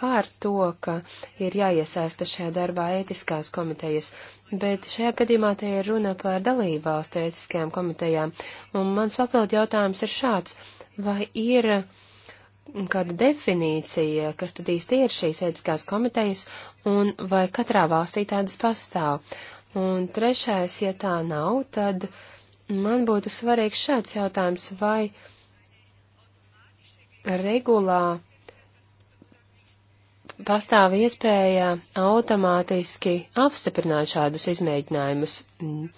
pār to, ka ir jāiesaista šajā darbā ētiskās komitejas, bet šajā gadījumā te ir runa par dalībvalstu ētiskajām komitejām, un mans papildu jautājums ir šāds, vai ir kāda definīcija, kas tad īsti ir šīs ētiskās komitejas, un vai katrā valstī tādas pastāv? Un trešais, ja tā nav, tad man būtu svarīgs šāds jautājums, vai regulā pastāv iespēja automātiski apstiprināt šādus izmēģinājumus. Mm.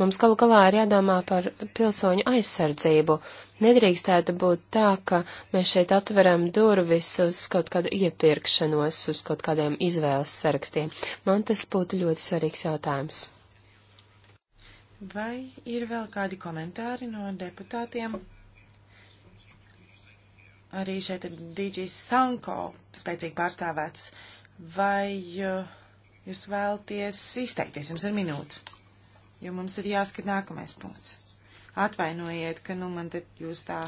Mums galu galā ir jādomā par pilsoņu aizsardzību. Nedrīkstētu būt tā, ka mēs šeit atveram durvis uz kaut kādu iepirkšanos, uz kaut kādiem izvēles sarakstiem. Man tas būtu ļoti svarīgs jautājums. Vai ir vēl kādi komentāri no deputātiem? Arī šeit ir DJ Sanko spēcīgi pārstāvēts. Vai uh, jūs vēlties izteikties? Jums ir minūte, jo mums ir jāskat nākamais punkts. Atvainojiet, ka nu man te jūs tā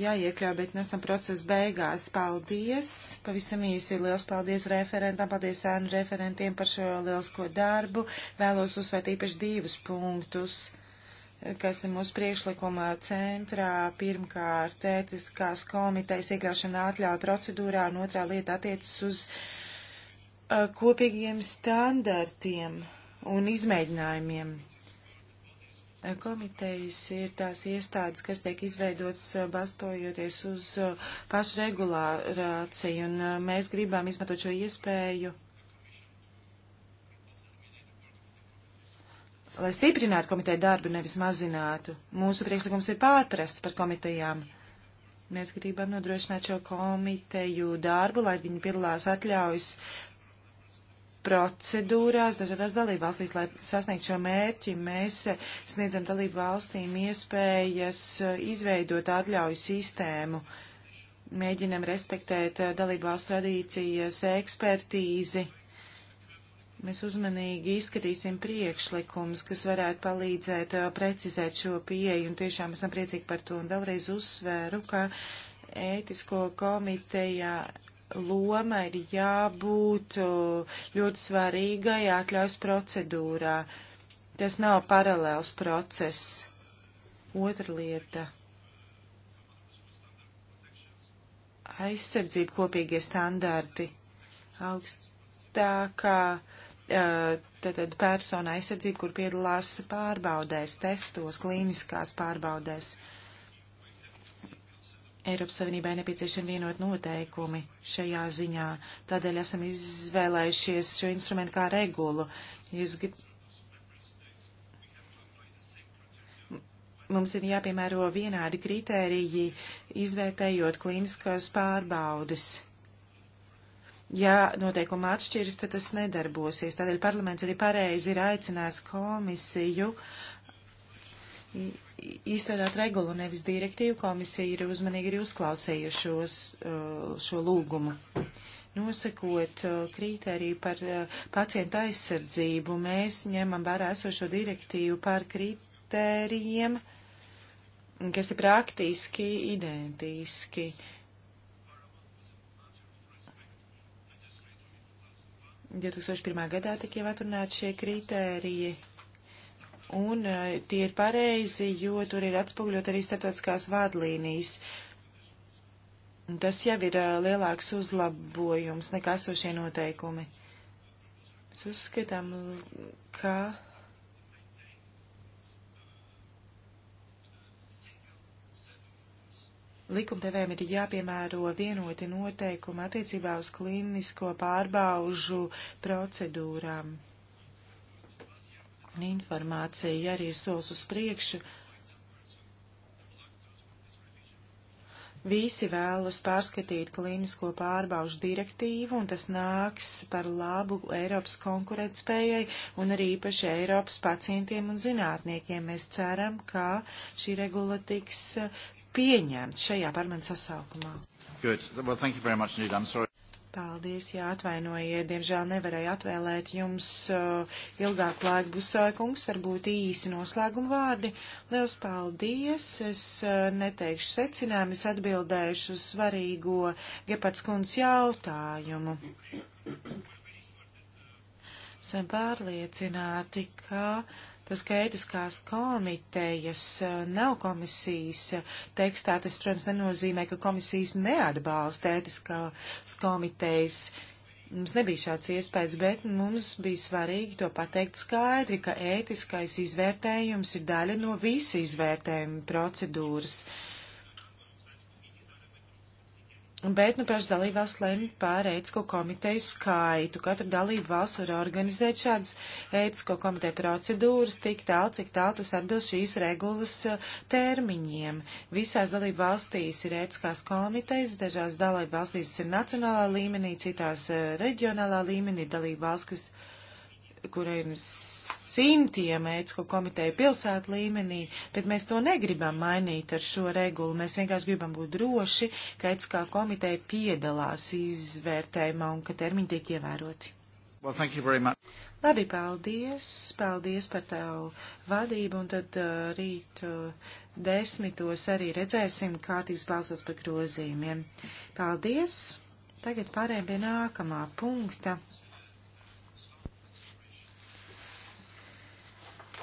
jāiekļauj, bet nesam procesa beigās. Paldies! Pavisam īsi liels paldies referentam, paldies ēnu referentiem par šo lielisko darbu. Vēlos uzsvērt īpaši divus punktus kas ir mūsu priekšlikumā centrā, pirmkārt, ētiskās komitejas iekļaušana atļauja procedūrā, un otrā lieta attiecas uz uh, kopīgiem standartiem un izmēģinājumiem. Komitejas ir tās iestādes, kas tiek izveidotas balstojoties uz pašregulāciju, un mēs gribam izmantot šo iespēju lai stiprinātu komiteju darbu, nevis mazinātu. Mūsu priekšlikums ir pārprasts par komitejām. Mēs gribam nodrošināt šo komiteju darbu, lai viņi piedalās atļaujas procedūrās dažādās dalībvalstīs, lai sasniegtu šo mērķi. Mēs sniedzam dalībvalstīm iespējas izveidot atļauju sistēmu. Mēģinam respektēt dalībvalstu tradīcijas, ekspertīzi Mēs uzmanīgi izskatīsim priekšlikumus, kas varētu palīdzēt uh, precizēt šo pieeju, un tiešām esam priecīgi par to. Un vēlreiz uzsvēru, ka ētisko komitejā loma ir jābūt uh, ļoti svarīgai atļaus procedūrā. Tas nav paralēls process. Otra lieta. Aizsardzība kopīgie standarti. Augstākā Eh, tātad persona aizsardzība, kur piedalās pārbaudēs, testos, klīniskās pārbaudēs. Eiropas Savienībai nepieciešami vienot noteikumi šajā ziņā, tādēļ esam izvēlējušies šo instrumentu kā regulu. Jūs grib... Mums ir jāpiemēro vienādi kritēriji, izvērtējot klīniskās pārbaudes. Ja noteikuma atšķiras, tad tas nedarbosies. Tādēļ parlaments arī pareizi ir aicinājis komisiju izstrādāt regulu, nevis direktīvu. Komisija ir uzmanīgi arī uzklausījušos uh, šo lūgumu. Nosakot uh, kriteriju par uh, pacientu aizsardzību, mēs ņemam vērā esošo direktīvu par kritērijiem, kas ir praktiski identiski. Uh, 2001. gadā tika jau atrunāti šie kritēriji. Un e, tie ir pareizi, jo tur ir atspoguļot arī starptautiskās vadlīnijas. Un tas jau ir e, lielāks uzlabojums nekā esošie noteikumi. Mēs uzskatām, ka likumdevējiem ir jāpiemēro vienoti noteikumi attiecībā uz klinisko pārbaužu procedūrām. Informācija arī ir solis uz priekšu. Visi vēlas pārskatīt klīnisko pārbaužu direktīvu, un tas nāks par labu Eiropas konkurētspējai un arī īpaši Eiropas pacientiem un zinātniekiem. Mēs ceram, ka šī regula tiks pieņemts šajā parlamenta sasaukumā. Good. Well, thank you very much indeed. I'm sorry. Paldies, jā, atvainojiet, diemžēl nevarēju atvēlēt jums uh, ilgāku laiku busākums, varbūt īsi noslēguma vārdi. Liels paldies, es uh, neteikšu secinājumus, atbildēšu uz svarīgo Gepats kundas jautājumu. Esam pārliecināti, ka. Uh, Tas, ka ētiskās komitejas eh, nav komisijas eh, tekstā, tas, protams, nenozīmē, ka komisijas neatbalsta ētiskās komitejas. Mums nebija šāds iespējas, bet mums bija svarīgi to pateikt skaidri, ka ētiskais izvērtējums ir daļa no visa izvērtējuma procedūras. Uh, Bet, nu, prasa dalībvalsts lemj par ētisko komiteju skaitu. Katra dalībvalsts var organizēt šādas ētisko komiteju procedūras tik tālu, cik tālu tas atbilst šīs regulas eh, termiņiem. Visās dalībvalstīs ir ētiskās komitejas, dažās dalībvalstīs tas ir nacionālā līmenī, citās eh, reģionālā līmenī ir dalībvalsts, kas kur ir simtiem ētisku komiteju pilsētu līmenī, bet mēs to negribam mainīt ar šo regulu. Mēs vienkārši gribam būt droši, ka ētiskā komiteja piedalās izvērtējumā un ka termiņi tiek ievēroti. Well, thank you very much. Labi, paldies. Paldies par tavu vadību. Un tad uh, rīt uh, desmitos arī redzēsim, kā tiks balsots par grozījumiem. Paldies. Tagad pārējiem pie nākamā punkta.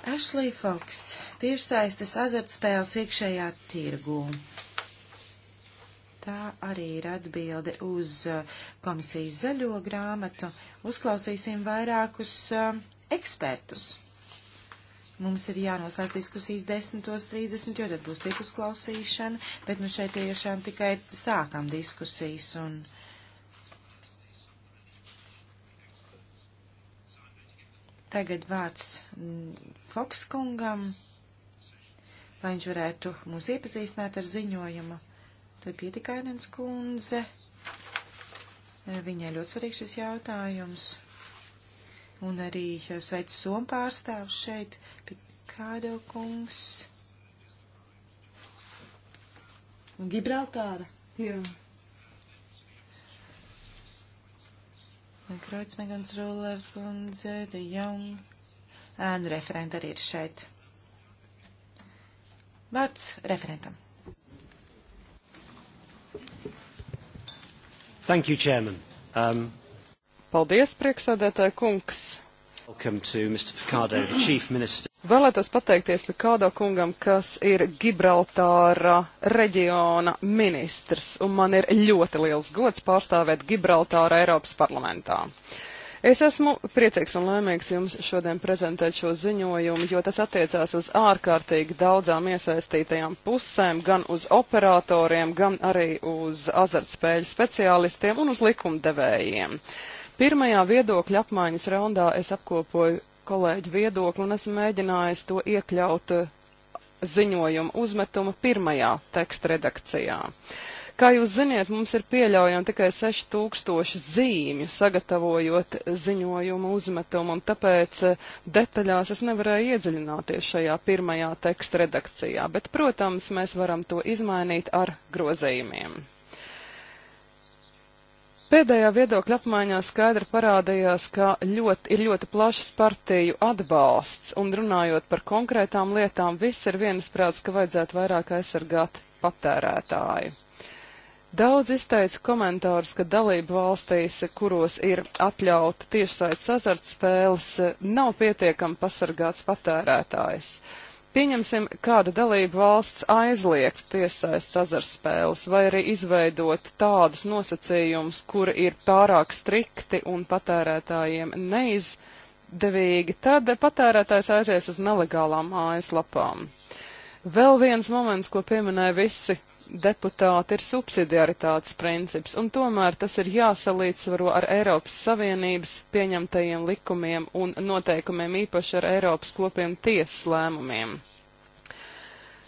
Ashley Fox, tiešsaistes azartspēles iekšējā tirgū. Tā arī ir atbilde uz uh, komisijas zaļo grāmatu. Uzklausīsim vairākus uh, ekspertus. Mums ir jānoslēdz diskusijas 10.30, jo tad būs citu klausīšana, bet nu šeit tiešām tikai sākam diskusijas un. Uh, Tagad vārds mm, Fokskungam, lai viņš varētu mūs iepazīstināt ar ziņojumu. Tad pietikainens kundze. Viņai ļoti svarīgs šis jautājums. Un arī sveic somu pārstāvs šeit, Pikādo kungs. Gibraltāra. Jā. Yeah. Kreutzmegans Rulers kundze, De Jong. Un referenta arī ir šeit. Vārds referentam. Thank you, Chairman. Um... Paldies, prieksēdētāji kungs. Picardo, Vēlētos pateikties Pikādo kungam, kas ir Gibraltāra reģiona ministrs, un man ir ļoti liels gods pārstāvēt Gibraltāra Eiropas parlamentā. Es esmu priecīgs un laimīgs jums šodien prezentēt šo ziņojumu, jo tas attiecās uz ārkārtīgi daudzām iesaistītajām pusēm, gan uz operatoriem, gan arī uz azartspēļu speciālistiem un uz likumdevējiem. Uh, Pirmajā viedokļa apmaiņas raundā es apkopoju kolēģu viedokli un esmu mēģinājis to iekļaut eh, ziņojuma uzmetuma pirmajā teksta redakcijā. Kā jūs ziniet, mums ir pieļaujami tikai 6000 zīmju sagatavojot ziņojumu uzmetumu, un tāpēc eh, detaļās es nevarēju iedziļināties šajā pirmajā teksta redakcijā, bet, protams, mēs varam to izmainīt ar grozījumiem. Pēdējā viedokļa apmaiņā skaidri parādījās, ka ļoti, ir ļoti plašs partiju atbalsts, un runājot par konkrētām lietām, viss ir vienasprāts, ka vajadzētu vairāk aizsargāt patērētāju. Daudz izteica komentārus, ka dalību valstīs, kuros ir atļauta tiešsaits azartspēles, nav pietiekami pasargāts patērētājs. Pieņemsim, kāda dalība valsts aizliegt tiesāist azarspēles vai arī izveidot tādus nosacījumus, kuri ir pārāk strikti un patērētājiem neizdevīgi, tad patērētājs aizies uz nelegālām mājaslapām. Vēl viens moments, ko pieminēja visi deputāti, ir subsidiaritātes princips, un tomēr tas ir jāsalīdzvaro ar Eiropas Savienības pieņemtajiem likumiem un noteikumiem, īpaši ar Eiropas kopiem tiesas lēmumiem.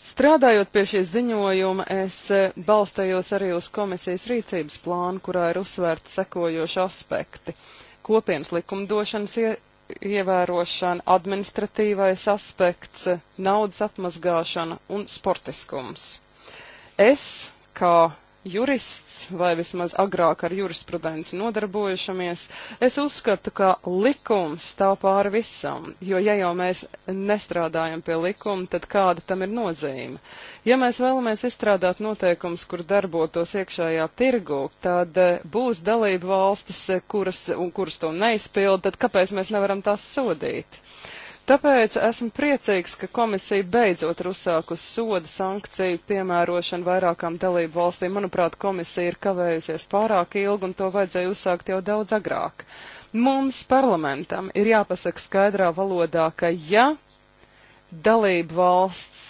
Strādājot pie šī ziņojuma, es e, balstējos arī uz komisijas rīcības plānu, kurā ir uzsvērti sekojoši aspekti - kopienas likumdošanas ievērošana, administratīvais aspekts, naudas apmazgāšana un sportiskums. Es, kā jurists, vai vismaz agrāk ar jurisprudenci nodarbojušamies, es uzskatu, ka likums stāv pāri visam, jo ja jau mēs nestrādājam pie likuma, tad kāda tam ir nozīme? Ja mēs vēlamies izstrādāt noteikums, kur darbotos iekšējā tirgu, tad eh, būs dalība valstis, eh, kuras, un kuras to neizpild, tad kāpēc mēs nevaram tās sodīt? Tāpēc esmu priecīgs, ka komisija beidzot ir uzsākusi soda sankciju piemērošanu vairākām dalību valstīm. Manuprāt, komisija ir kavējusies pārāk ilgi un to vajadzēja uzsākt jau daudz agrāk. Mums parlamentam ir jāpasaka skaidrā valodā, ka ja dalību valsts,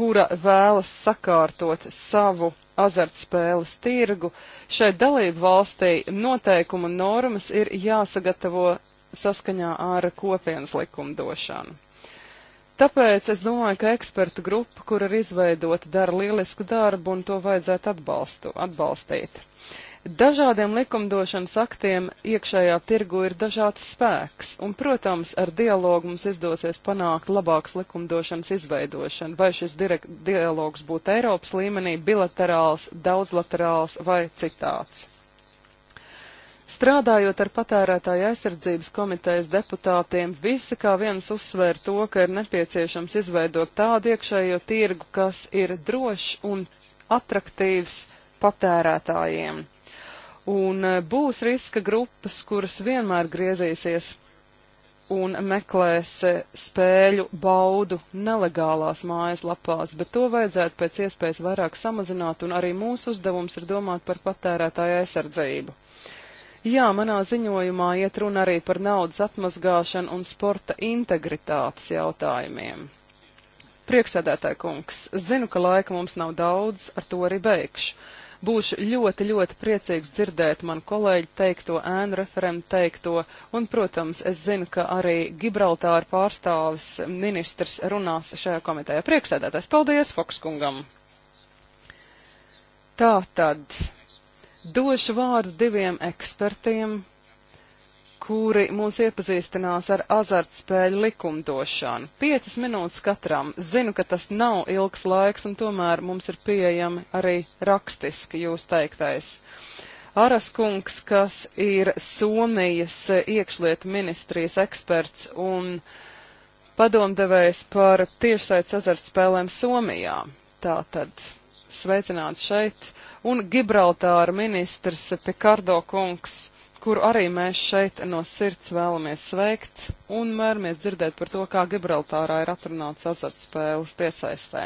kura vēlas sakārtot savu azartspēles tirgu, šai dalību valstī noteikumu normas ir jāsagatavo saskaņā ar kopienas likumdošanu. Tāpēc es domāju, ka ekspertu grupa, kur ir izveidota, dara lielisku darbu un to vajadzētu atbalstu, atbalstīt. Dažādiem likumdošanas aktiem iekšējā tirgu ir dažāds spēks, un, protams, ar dialogu mums izdosies panākt labāks likumdošanas izveidošanu, vai šis dialogs būtu Eiropas līmenī, bilaterāls, daudzlaterāls vai citāds. Strādājot ar patērētāju aizsardzības komitejas deputātiem, visi kā viens uzsvēra to, ka ir nepieciešams izveidot tādu iekšējo tirgu, kas ir drošs un atraktīvs patērētājiem. Un e, būs riska grupas, kuras vienmēr griezīsies un meklēs e, spēļu baudu nelegālās mājaslapās, bet to vajadzētu pēc iespējas vairāk samazināt, un arī mūsu uzdevums ir domāt par patērētāju aizsardzību. Jā, manā ziņojumā iet runa arī par naudas atmazgāšanu un sporta integritātes jautājumiem. Prieksēdētāji kungs, zinu, ka laika mums nav daudz, ar to arī beigšu. Būšu ļoti, ļoti priecīgs dzirdēt manu kolēģi teikto, ēnu referentu teikto, un, protams, es zinu, ka arī Gibraltāra pārstāvis ministrs runās šajā komitejā. Prieksēdētājs, paldies Fokskungam! Tā tad Došu vārdu diviem ekspertiem, kuri mūs iepazīstinās ar azartspēļu likumdošanu. Piecas minūtes katram. Zinu, ka tas nav ilgs laiks, un tomēr mums ir pieejami arī rakstiski jūs teiktais. Araskungs, kas ir Somijas iekšlietu ministrijas eksperts un padomdevējs par tiešsaits azartspēlēm Somijā. Tātad sveicināts šeit un Gibraltāra ministrs Pikardo kungs, kuru arī mēs šeit no sirds vēlamies sveikt un mērmies dzirdēt par to, kā Gibraltārā ir atrunāts azartspēles tiesaistē.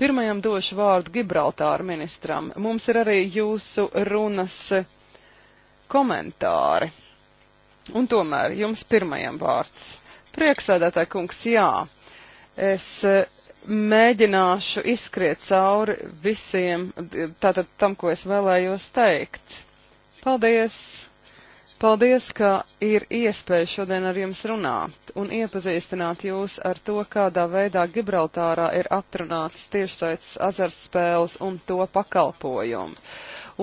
Pirmajam došu vārdu Gibraltāra ministram. Mums ir arī jūsu runas komentāri. Un tomēr jums pirmajam vārds. Prieksēdētāji kungs, jā. Es mēģināšu izskriet cauri visiem, tātad tam, ko es vēlējos teikt. Paldies! Paldies, ka ir iespēja šodien ar jums runāt un iepazīstināt jūs ar to, kādā veidā Gibraltārā ir atrunāts tiešsaits azartspēles un to pakalpojumu.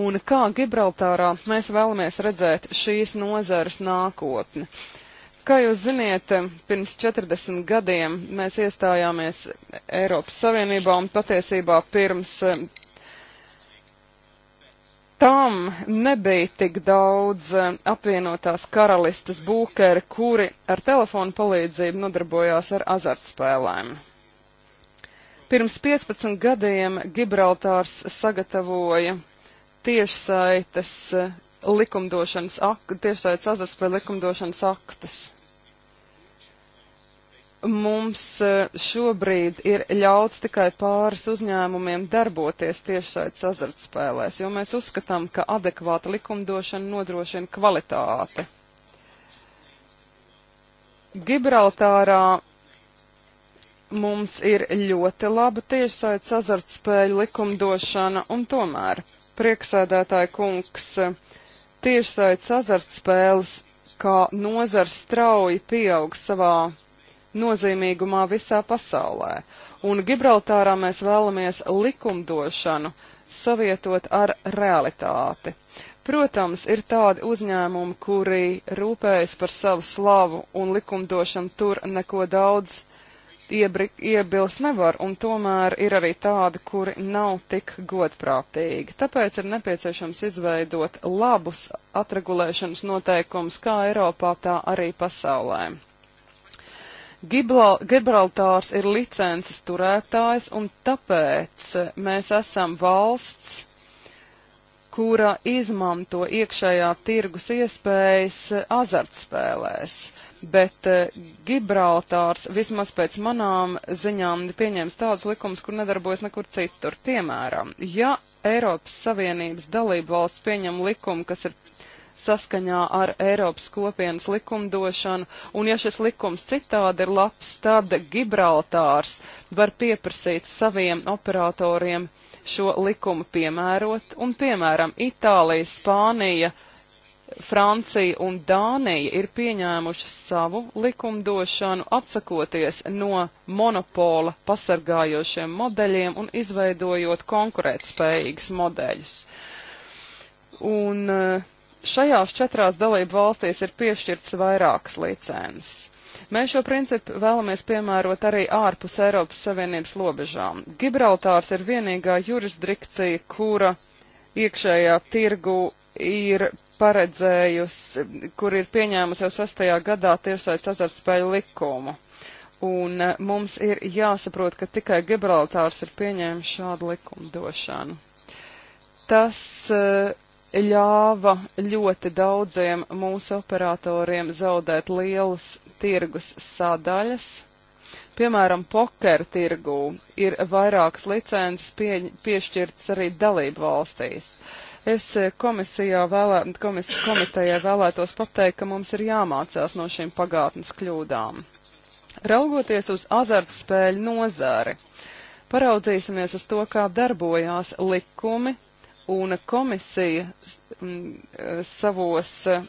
Un kā Gibraltārā mēs vēlamies redzēt šīs nozares nākotni. Uh, Kā jūs ziniet, pirms 40 gadiem mēs iestājāmies Eiropas Savienībā un patiesībā pirms eh, tam nebija tik daudz eh, apvienotās karalistas būkeri, kuri ar telefonu palīdzību nodarbojās ar azartspēlēm. Pirms 15 gadiem Gibraltārs sagatavoja tiešsaites eh, likumdošanas aktu, tiešsaites azartspēļu likumdošanas aktus mums e, šobrīd ir ļauts tikai pāris uzņēmumiem darboties tiešsaits azartspēlēs, jo mēs uzskatām, ka adekvāta likumdošana nodrošina kvalitāti. Gibraltārā mums ir ļoti laba tiešsaits azartspēļu likumdošana, un tomēr prieksēdētāja kungs e, tiešsaits azartspēles kā nozars strauji pieaug savā nozīmīgumā visā pasaulē. Un Gibraltārā mēs vēlamies likumdošanu savietot ar realitāti. Protams, ir tādi uzņēmumi, kuri rūpējas par savu slavu un likumdošanu tur neko daudz iebri, iebilst nevar, un tomēr ir arī tādi, kuri nav tik godprātīgi. Tāpēc ir nepieciešams izveidot labus atregulēšanas noteikumus kā Eiropā, tā arī pasaulē. Gibraltārs ir licences turētājs, un tāpēc eh, mēs esam valsts, kura izmanto iekšējā tirgus iespējas eh, azartspēlēs. Bet eh, Gibraltārs vismaz pēc manām ziņām pieņēmis tādus likumus, kur nedarbojas nekur citur. Piemēram, ja Eiropas Savienības dalību valsts pieņem likumu, kas ir saskaņā ar Eiropas kopienas likumdošanu, un ja šis likums citādi ir labs, tad Gibraltārs var pieprasīt saviem operatoriem šo likumu piemērot, un piemēram Itālija, Spānija, Francija un Dānija ir pieņēmušas savu likumdošanu, atsakoties no monopola pasargājošiem modeļiem un izveidojot konkurētspējīgus modeļus. Un uh, šajās četrās dalību valstīs ir piešķirts vairākas licences. Mēs šo principu vēlamies piemērot arī ārpus Eiropas Savienības robežām. Gibraltārs ir vienīgā jurisdikcija, kura iekšējā tirgu ir paredzējusi, kur ir pieņēmusi jau sastajā gadā tiešsaistes azartspēļu likumu. Un eh, mums ir jāsaprot, ka tikai Gibraltārs ir pieņēmis šādu likumdošanu. Tas uh, ļāva ļoti daudziem mūsu operatoriem zaudēt lielas tirgus sadaļas. Piemēram, poker tirgū ir vairākas licences pie, piešķirtas arī dalību valstīs. Es eh, komisijā vēlē, komis, komitejā vēlētos pateikt, ka mums ir jāmācās no šīm pagātnes kļūdām. Raugoties uz azartspēļu nozari, paraudzīsimies uz to, kā darbojās likumi un komisija mm, eh, savos eh,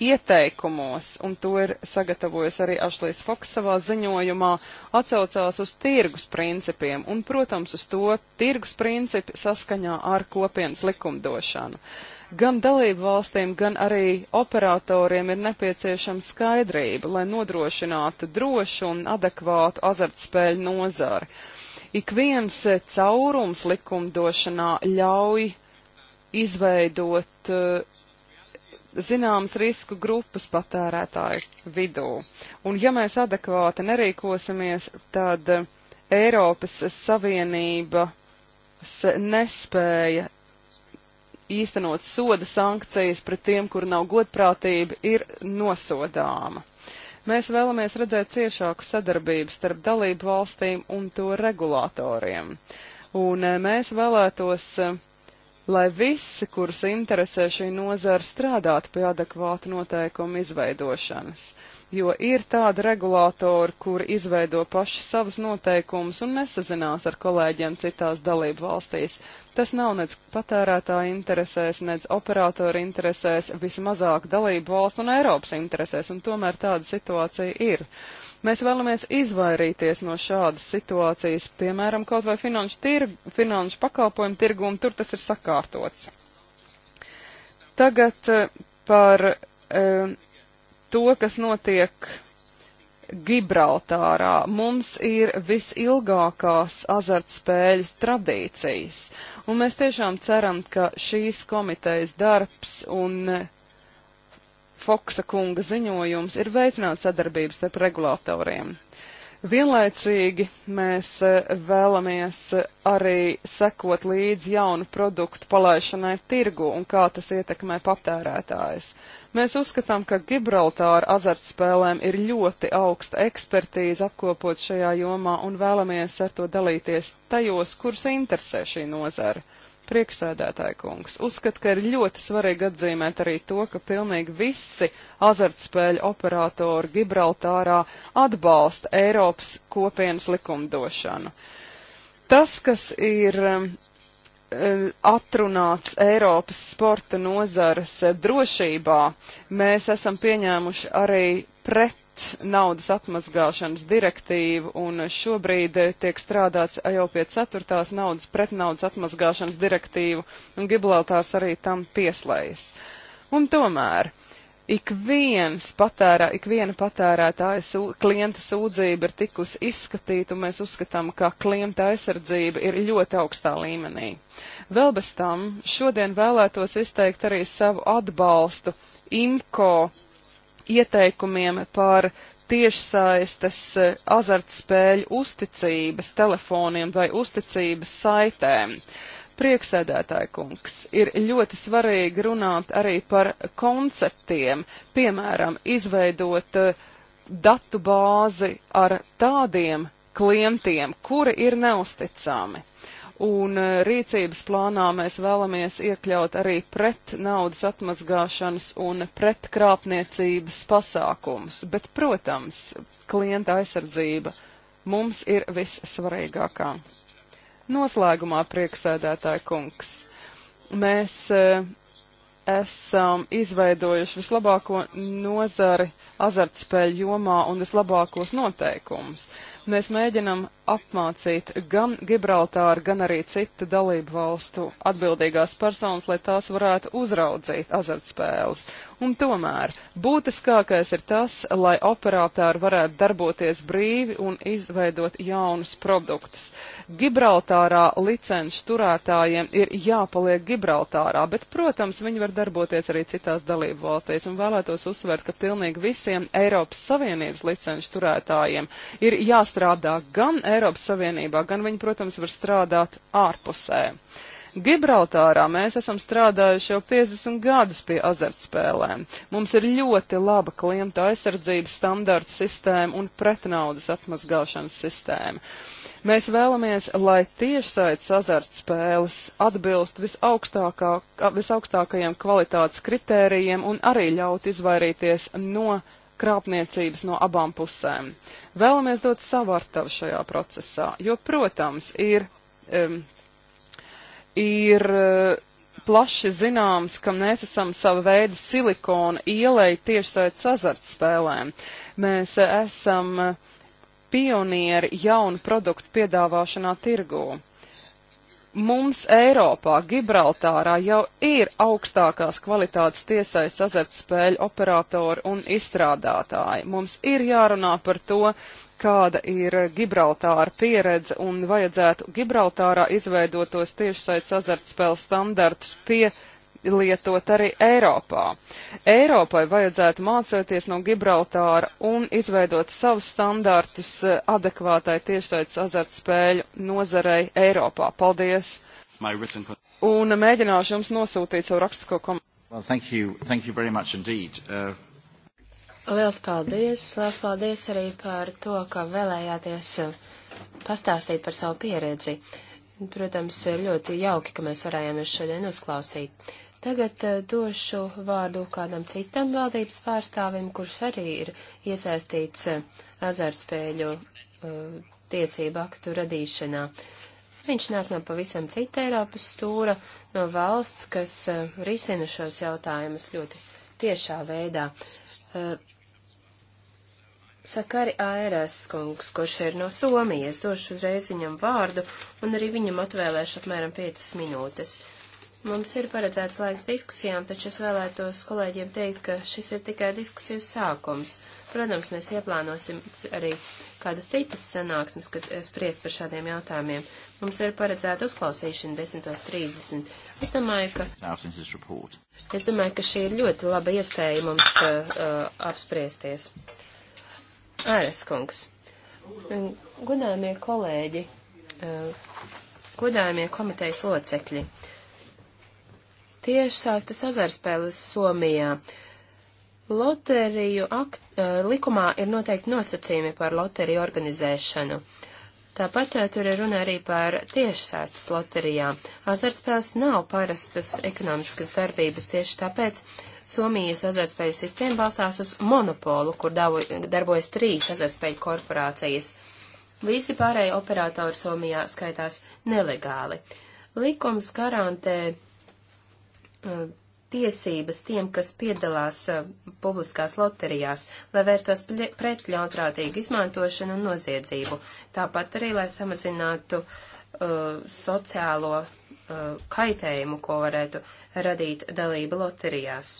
ieteikumos, un to ir sagatavojis arī Ašlīs Foks savā ziņojumā, atcaucās uz tirgus principiem un, protams, uz to tirgus principi saskaņā ar kopienas likumdošanu. Gan dalību valstīm, gan arī operatoriem ir nepieciešama skaidrība, lai nodrošinātu drošu un adekvātu azartspēļu nozari. Uh, Ik viens eh, caurums likumdošanā ļauj izveidot eh, zināmas risku grupas patērētāju vidū. Un ja mēs adekvāti nerīkosimies, tad eh, Eiropas Savienība nespēja īstenot soda sankcijas pret tiem, kur nav godprātība, ir nosodāma. Mēs vēlamies redzēt ciešāku sadarbību starp dalību valstīm un to regulātoriem. Un eh, mēs vēlētos eh, lai visi, kurus interesē šī nozara, strādātu pie adekvāta noteikuma izveidošanas. Jo ir tādi regulātori, kuri izveido paši savus noteikumus un nesazinās ar kolēģiem citās dalību valstīs. Tas nav nec patērētāja interesēs, nec operatora interesēs, vismazāk dalību valstu un Eiropas interesēs, un tomēr tāda situācija ir. Uh, Mēs vēlamies izvairīties no šādas situācijas, piemēram, kaut vai finanšu, tir, finanšu pakalpojumu tirgumu, tur tas ir sakārtots. Tagad eh, par e, to, kas notiek Gibraltārā mums ir visilgākās azartspēļu tradīcijas, un mēs tiešām ceram, ka šīs komitejas darbs un Foksa kunga ziņojums ir veicināt sadarbības starp regulatoriem. Vienlaicīgi mēs e, vēlamies e, arī sekot līdz jaunu produktu palaišanai tirgu un kā tas ietekmē patērētājs. Mēs uzskatām, ka Gibraltāra azartspēlēm ir ļoti augsta ekspertīze apkopot šajā jomā un vēlamies ar to dalīties tajos, kurus interesē šī nozara. Priekšsēdētāja kungs, uzskatu, ka ir ļoti svarīgi atzīmēt arī to, ka pilnīgi visi azartspēļu operatori Gibraltārā atbalsta Eiropas kopienas likumdošanu. Tas, kas ir um, eh, atrunāts Eiropas sporta nozares eh, drošībā, mēs esam pieņēmuši arī pret pret naudas atmazgāšanas direktīvu, un šobrīd tiek strādāts jau pie ceturtās naudas pret naudas atmazgāšanas direktīvu, un Gibraltārs arī tam pieslējas. Un tomēr ik viens patērā, ik viena patērētāja sū, klienta sūdzība ir tikusi izskatīta, un mēs uzskatām, ka klienta aizsardzība ir ļoti augstā līmenī. Vēl bez tam šodien vēlētos izteikt arī savu atbalstu IMCO ieteikumiem par tiešsaistes e, azartspēļu uzticības telefoniem vai uzticības saitēm. Prieksēdētāji kungs, ir ļoti svarīgi runāt arī par konceptiem, piemēram, izveidot e, datu bāzi ar tādiem klientiem, kuri ir neusticami. Un eh, rīcības plānā mēs vēlamies iekļaut arī pret naudas atmazgāšanas un pret krāpniecības pasākums. Bet, protams, klienta aizsardzība mums ir vissvarīgākā. Noslēgumā prieksēdētāja kungs. Mēs eh, esam izveidojuši vislabāko nozari azartspēļu jomā un vislabākos noteikumus. Mēs mēģinam apmācīt gan Gibraltāru, gan arī citu dalību valstu atbildīgās personas, lai tās varētu uzraudzīt azartspēles. Un tomēr būtiskākais ir tas, lai operatori varētu darboties brīvi un izveidot jaunus produktus. Gibraltārā licenšu turētājiem ir jāpaliek Gibraltārā, bet, protams, viņi var darboties arī citās dalību valstīs un vēlētos uzsvērt, ka pilnīgi visiem Eiropas Savienības licenšu turētājiem ir jāstāv strādā gan Eiropas Savienībā, gan viņi, protams, var strādāt ārpusē. Gibraltārā mēs esam strādājuši jau 50 gadus pie azartspēlēm. Mums ir ļoti laba klienta aizsardzības standarta sistēma un pretnaudas atmazgāšanas sistēma. Mēs vēlamies, lai tiešsaites azartspēles atbilst visaugstākā, visaugstākajiem kvalitātes kritērijiem un arī ļaut izvairīties no krāpniecības no abām pusēm. Vēlamies dot savu artavu šajā procesā, jo, protams, ir, um, ir eh, plaši zināms, ka mēs esam sava veida silikona ielai tiešsaits azartspēlēm. Mēs esam pionieri jaunu produktu piedāvāšanā tirgū mums Eiropā, Gibraltārā jau ir augstākās kvalitātes tiesais azartspēļu operatori un izstrādātāji. Mums ir jārunā par to, kāda ir Gibraltāra pieredze un vajadzētu Gibraltārā izveidotos tiešsaits azartspēles standartus pie pielietot arī Eiropā. Eiropai vajadzētu mācīties no Gibraltāra un izveidot savus standartus eh, adekvātai tiešsaistes azartspēļu nozarei Eiropā. Paldies! Written... Un mēģināšu jums nosūtīt savu rakstisko komentāru. Well, thank you. Thank you very much indeed. Uh... Liels paldies! Liels paldies arī par to, ka vēlējāties uh, pastāstīt par savu pieredzi. Protams, ir ļoti jauki, ka mēs varējām jūs šodien uzklausīt. Tagad uh, došu vārdu kādam citam valdības pārstāvim, kurš arī ir iesaistīts uh, azartspēļu uh, tiesību aktu radīšanā. Viņš nāk no pavisam cita Eiropas stūra, no valsts, kas risina šos jautājumus ļoti tiešā veidā. Sakari Airēs kungs, kurš ir no Somijas, došu uzreiz viņam vārdu un arī viņam atvēlēšu apmēram 5 minūtes. Mums ir paredzēts laiks diskusijām, taču es vēlētos kolēģiem teikt, ka šis ir tikai diskusiju sākums. Protams, mēs ieplānosim arī kādas citas sanāksmes, kad spries par šādiem jautājumiem. Mums ir paredzēta uzklausīšana 10.30. Es domāju, ka. Es domāju, ka šī ir ļoti laba iespēja mums uh, uh, apspriesties. Āres kungs. Godāmie kolēģi, uh, godāmie komitejas locekļi. Uh, tiešsaistes azarspēles Somijā. Loteriju akt, eh, likumā ir noteikti nosacījumi par loteriju organizēšanu. Tāpat eh, tur ir runa arī par tiešsaistes loterijām. Azarspēles nav parastas ekonomiskas darbības tieši tāpēc, Somijas azartspēļu sistēma balstās uz monopolu, kur darbojas trīs azartspēļu korporācijas. Visi pārējie operatori Somijā skaitās nelegāli. Likums garantē Uh, tiesības tiem, kas piedalās uh, publiskās loterijās, lai vērstos pret ļaunprātīgu izmantošanu un noziedzību. Tāpat arī, lai samazinātu uh, sociālo uh, kaitējumu, ko varētu radīt dalība loterijās.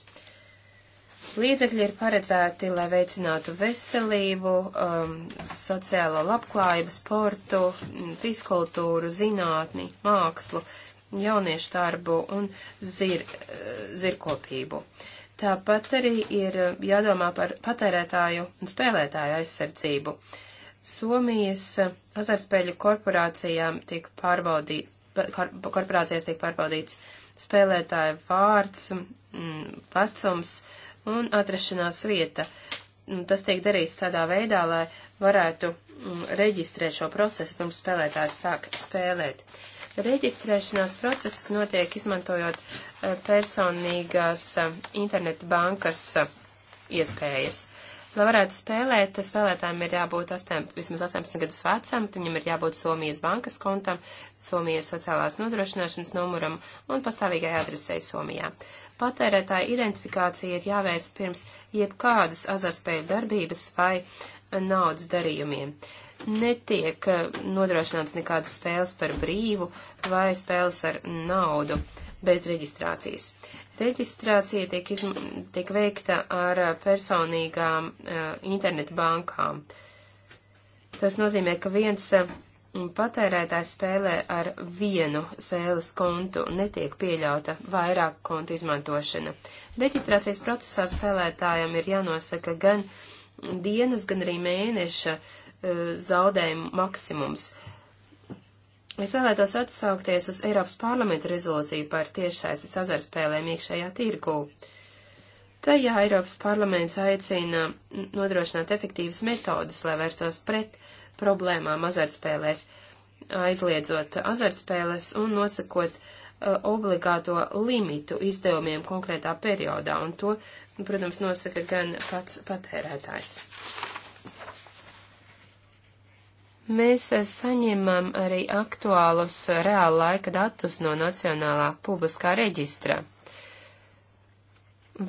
Līdzekļi ir paredzēti, lai veicinātu veselību, um, sociālo labklājību, sportu, fiskultūru, zinātni, mākslu. Uh, jauniešu darbu un zir, zirkopību. Tāpat arī ir eh, jādomā par patērētāju un spēlētāju aizsardzību. Somijas eh, azartspēļu korporācijām tiek pārbaudīt, kor, korporācijās tiek pārbaudīts spēlētāju vārds, mm, vecums un atrašanās vieta. Mm, tas tiek darīts tādā veidā, lai varētu mm, reģistrēt šo procesu, pirms spēlētājs sāk spēlēt. Uh, Reģistrēšanās process notiek izmantojot eh, personīgās eh, interneta bankas eh, iespējas. Lai varētu spēlēt, spēlētājiem ir jābūt 8, vismaz 18 gadus vecam, viņam ir jābūt Somijas bankas kontam, Somijas sociālās nodrošināšanas numuram un pastāvīgai adresei Somijā. Patērētāja identifikācija ir jāveic pirms jebkādas azarspēļu darbības vai uh, naudas darījumiem. Netiek eh, nodrošināts nekādas spēles par brīvu vai spēles ar naudu bez reģistrācijas. Reģistrācija tiek, izm tiek veikta ar eh, personīgām uh, internetu bankām. Tas nozīmē, ka viens uh, patērētājs spēlē ar vienu spēles kontu, netiek pieļauta vairāk kontu izmantošana. Reģistrācijas procesā spēlētājam ir jānosaka gan uh, dienas, gan arī mēneša e, zaudējumu maksimums. Es vēlētos atsaukties uz Eiropas parlamenta rezolūciju par tiešsaistes azarspēlēm iekšējā tirgū. Tajā Eiropas parlaments aicina nodrošināt efektīvas metodas, lai vērstos pret problēmām azartspēlēs, aizliedzot azartspēles un nosakot uh, obligāto limitu izdevumiem konkrētā periodā un to un, protams, nosaka gan pats patērētājs. Mēs eh, saņemam arī aktuālus eh, reāla laika datus no Nacionālā publiskā reģistra.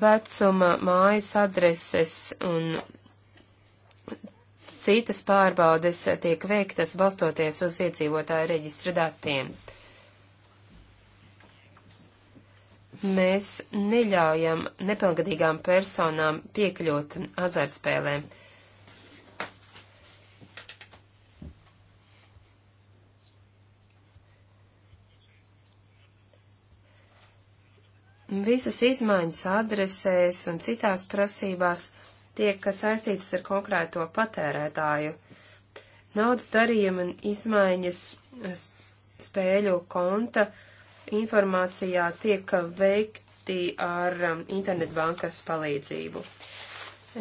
Vecuma, mājas adreses un citas pārbaudes eh, tiek veiktas balstoties uz iedzīvotāju reģistra datiem. mēs neļaujam nepilngadīgām personām piekļūt azartspēlēm. Visas izmaiņas adresēs un citās prasībās tiek saistītas ar konkrēto patērētāju. Naudas darījuma un izmaiņas spēļu konta uh, informācijā tiek veikti ar um, internetbankas palīdzību.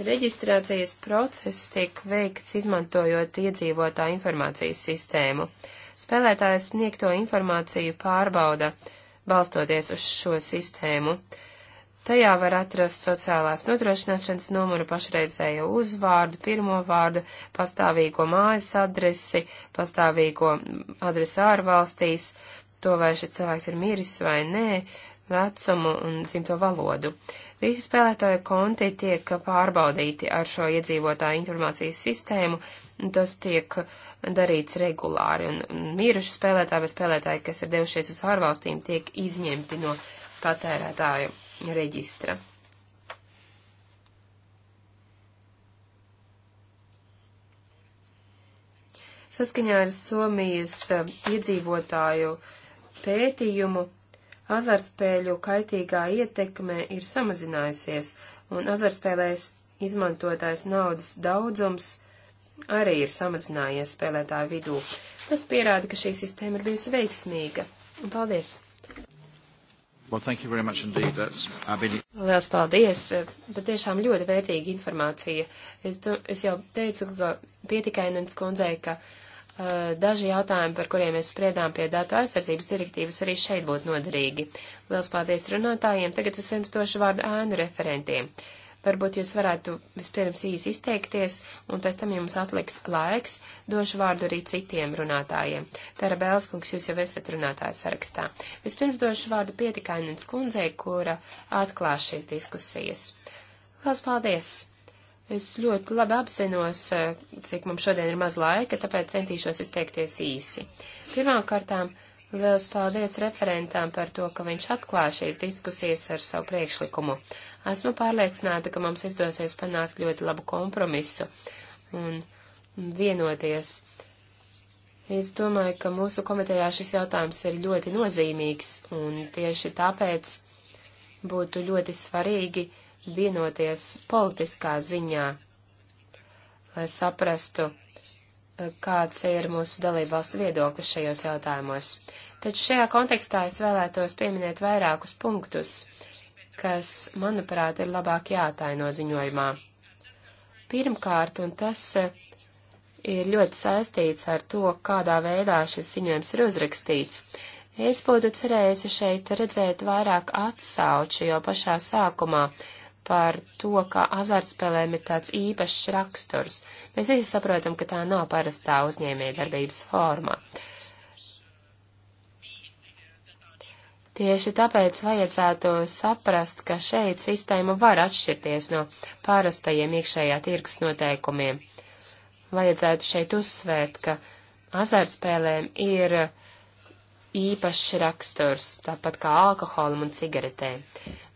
Reģistrācijas process tiek veikts izmantojot iedzīvotā informācijas sistēmu. Spēlētājs sniegto informāciju pārbauda, balstoties uz šo sistēmu. Tajā var atrast sociālās nodrošināšanas numuru, pašreizējo uzvārdu, pirmo vārdu, pastāvīgo mājas adresi, pastāvīgo adresi ārvalstīs, to, vai šis cilvēks ir miris vai nē, vecumu un dzimto valodu. Visi spēlētāju konti tiek pārbaudīti ar šo iedzīvotāju informācijas sistēmu, un tas tiek darīts regulāri, un miruši spēlētāji vai spēlētāji, kas ir devušies uz ārvalstīm, tiek izņemti no patērētāju reģistra. Saskaņā ar Somijas iedzīvotāju uh, pētījumu, azartspēļu kaitīgā ietekme ir samazinājusies, un azartspēlēs izmantotājs naudas daudzums arī ir samazinājies spēlētāju vidū. Tas pierāda, ka šī sistēma ir bijusi veiksmīga. Un paldies! Well, thank you very much indeed. That's, I've been... Liels paldies! Bet tiešām ļoti vērtīga informācija. Es, do, es jau teicu, ka pietikainens kundzei, ka uh, Eh, daži jautājumi, par kuriem mēs spriedām pie datu aizsardzības direktīvas, arī šeit būtu noderīgi. Liels paldies runātājiem, tagad vispirms došu vārdu ēnu referentiem. Varbūt jūs varētu vispirms īsi izteikties, un pēc tam jums atliks laiks, došu vārdu arī citiem runātājiem. Tēra Bēlskungs, jūs jau esat runātājs sarakstā. Vispirms došu vārdu pietikainens kundzei, kura atklās šīs diskusijas. Liels paldies! Es ļoti labi apzinos, eh, cik mums šodien ir maz laika, tāpēc centīšos izteikties īsi. Pirmām kārtām, liels paldies referentām par to, ka viņš atklāja šīs diskusijas ar savu priekšlikumu. Esmu pārliecināta, ka mums izdosies panākt ļoti labu kompromisu un vienoties. Es domāju, ka mūsu komitejā šis jautājums ir ļoti nozīmīgs, un tieši tāpēc būtu ļoti svarīgi vienoties politiskā ziņā, lai saprastu, eh, kāds ir mūsu dalībvalstu viedoklis šajos jautājumos. Taču šajā kontekstā es vēlētos pieminēt vairākus punktus, kas, manuprāt, ir labāk jātaino ziņojumā. Pirmkārt, un tas eh, ir ļoti saistīts ar to, kādā veidā šis ziņojums ir uzrakstīts. Es būtu cerējusi šeit redzēt vairāk atsauču jau pašā sākumā par to, ka azartspēlēm ir tāds īpašs raksturs. Mēs visi saprotam, ka tā nav parastā uzņēmējdarbības forma. Tieši tāpēc vajadzētu saprast, ka šeit sistēma var atšķirties no pārastajiem iekšējā tirgus noteikumiem. Vajadzētu šeit uzsvērt, ka azartspēlēm ir īpašs raksturs, tāpat kā alkoholam un cigaretēm.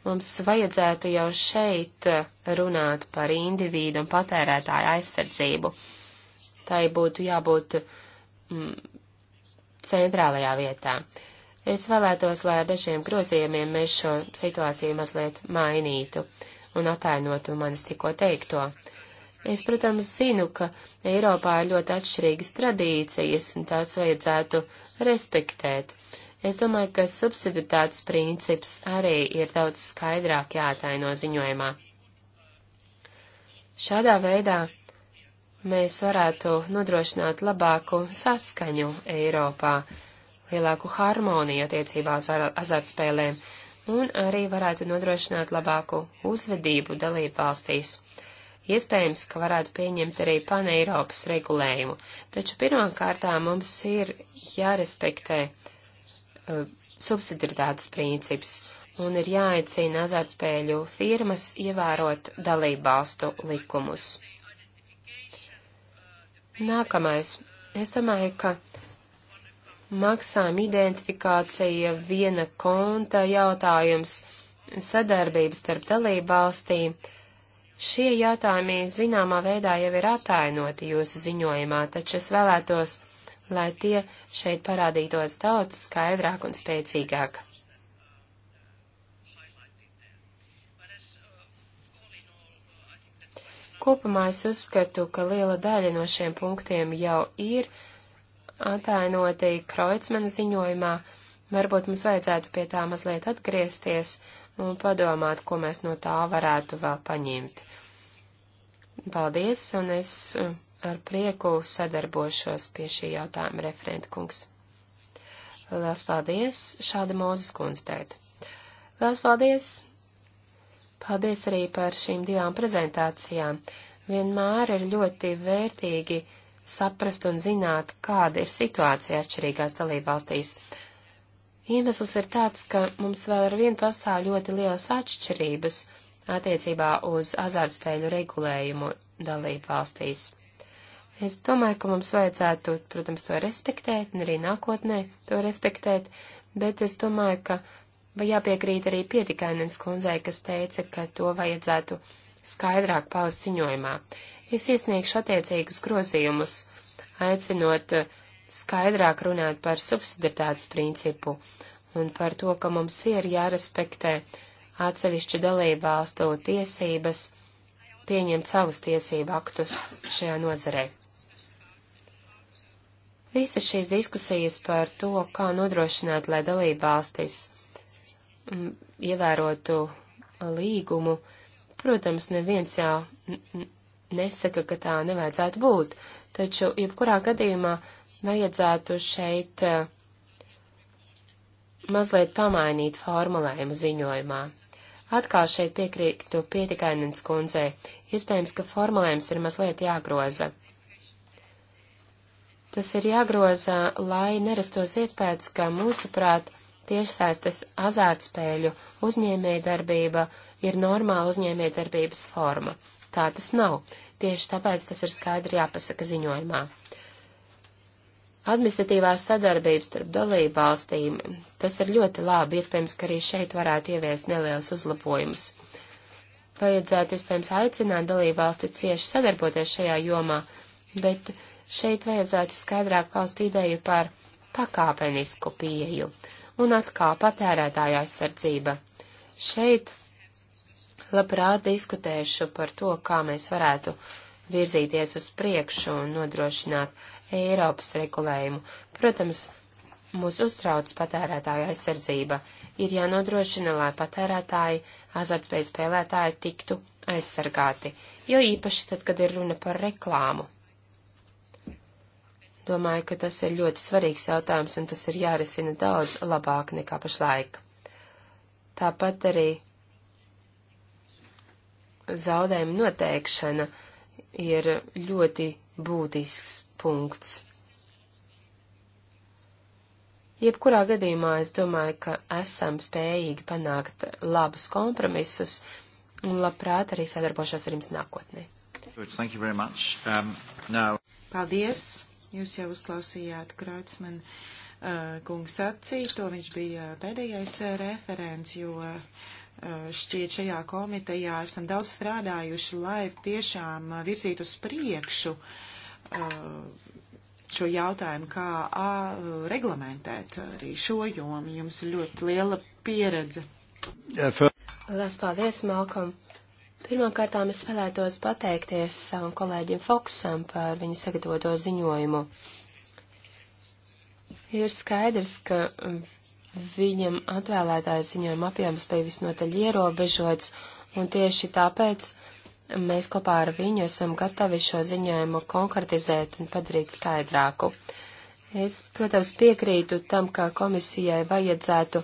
Mums vajadzētu jau šeit runāt par individu un patērētāju aizsardzību. Tai būtu jābūt mm, centrālajā vietā. Es vēlētos, lai ar dažiem grozījumiem mēs šo situāciju mazliet mainītu un atainotu manis tikko teikto. Es, protams, zinu, ka Eiropā ir ļoti atšķirīgas tradīcijas, un tās vajadzētu respektēt. Es domāju, ka subsiditātes princips arī ir daudz skaidrāk jātaino ziņojumā. Šādā veidā mēs varētu nodrošināt labāku saskaņu Eiropā, lielāku harmoniju attiecībās ar azartspēlēm un arī varētu nodrošināt labāku uzvedību dalību valstīs. Iespējams, ka varētu pieņemt arī paneiropas regulējumu, taču pirmām kārtām mums ir jārespektē uh, eh, subsidiritātes princips un ir jāaicina azartspēļu firmas ievērot dalībvalstu likumus. Nākamais. Es domāju, ka maksājuma identifikācija, viena konta jautājums, sadarbības starp dalībvalstīm. Šie jautājumi zināmā veidā jau ir atainoti jūsu ziņojumā, taču es vēlētos lai tie šeit parādītos daudz skaidrāk un spēcīgāk. Kopumā es uzskatu, ka liela daļa no šiem punktiem jau ir atainoti Kreutzmana ziņojumā. Varbūt mums vajadzētu pie tā mazliet atgriezties un padomāt, ko mēs no tā varētu vēl paņemt. Paldies, un es ar prieku sadarbošos pie šī jautājuma referenta kungs. Lielas paldies, šāda mūzes kundze tēt. Lielas paldies! Paldies arī par šīm divām prezentācijām. Vienmēr ir ļoti vērtīgi saprast un zināt, kāda ir situācija atšķirīgās dalībvalstīs. Iemesls ir tāds, ka mums vēl ar vienu pastāv ļoti lielas atšķirības attiecībā uz azartspēļu regulējumu dalībvalstīs. Es domāju, ka mums vajadzētu, protams, to respektēt, un arī nākotnē to respektēt, bet es domāju, ka vai jāpiekrīt arī pietikainas kundzei, kas teica, ka to vajadzētu skaidrāk paust ziņojumā. Es iesniegšu attiecīgus grozījumus, aicinot eh, skaidrāk runāt par subsidiatātes principu un par to, ka mums ir jārespektē atsevišķu dalībvalstu tiesības pieņemt savus tiesību aktus šajā nozarei. Visas šīs diskusijas par to, kā nodrošināt, lai dalība valstis mm, ievērotu līgumu, protams, neviens jau nesaka, ka tā nevajadzētu būt, taču jebkurā gadījumā vajadzētu šeit eh, mazliet pamainīt formulējumu ziņojumā. Atkal šeit piekrītu pietikainens kundzei, iespējams, ka formulējums ir mazliet jāgroza. Tas ir jāgrozā, lai nerastos iespējas, ka mūsuprāt tiešsaistes azārtspēļu uzņēmējdarbība ir normāla uzņēmējdarbības forma. Tā tas nav. Tieši tāpēc tas ir skaidri jāpasaka ziņojumā. Administratīvās sadarbības starp dalību valstīm tas ir ļoti labi, iespējams, ka arī šeit varētu ieviest nelielus uzlabojumus. Vajadzētu, iespējams, aicināt dalību valstis cieši sadarboties šajā jomā, bet uh, Šeit vajadzētu skaidrāk paust ideju par pakāpenisku pieju un atkal patērētāja aizsardzība. Šeit labprāt diskutēšu par to, kā mēs varētu virzīties uz priekšu un nodrošināt Eiropas regulējumu. Protams, mūs uztrauc patērētāja aizsardzība. Ir jānodrošina, lai patērētāji, azartspēļu spēlētāji tiktu aizsargāti, jo īpaši tad, kad ir runa par reklāmu. Domāju, ka tas ir ļoti svarīgs jautājums, un tas ir jārisina daudz labāk nekā pašlaik. Tāpat arī zaudējuma noteikšana ir ļoti būtisks punkts. Jebkurā gadījumā es domāju, ka esam spējīgi panākt labus kompromisus un labprāt arī sadarbošos ar jums nākotnē. Um, now... Paldies! Jūs jau uzklausījāt Kreutzmann uh, kungs sacīto, viņš bija pēdējais uh, referents, jo uh, šķiet šajā komitejā esam daudz strādājuši, lai tiešām uh, virzītu uz priekšu uh, šo jautājumu, kā a, uh, reglamentēt arī šo jomu. Jums ir ļoti liela pieredze. Lās paldies, Malkom. Pirmkārtām es vēlētos pateikties savam kolēģim Foksam par viņa sagatavoto ziņojumu. Ir skaidrs, ka um, viņam atvēlētājs ziņojuma apjoms bija visnotaļ ierobežots, un tieši tāpēc mēs kopā ar viņu esam gatavi šo ziņojumu konkretizēt un padarīt skaidrāku. Es, protams, piekrītu tam, ka komisijai vajadzētu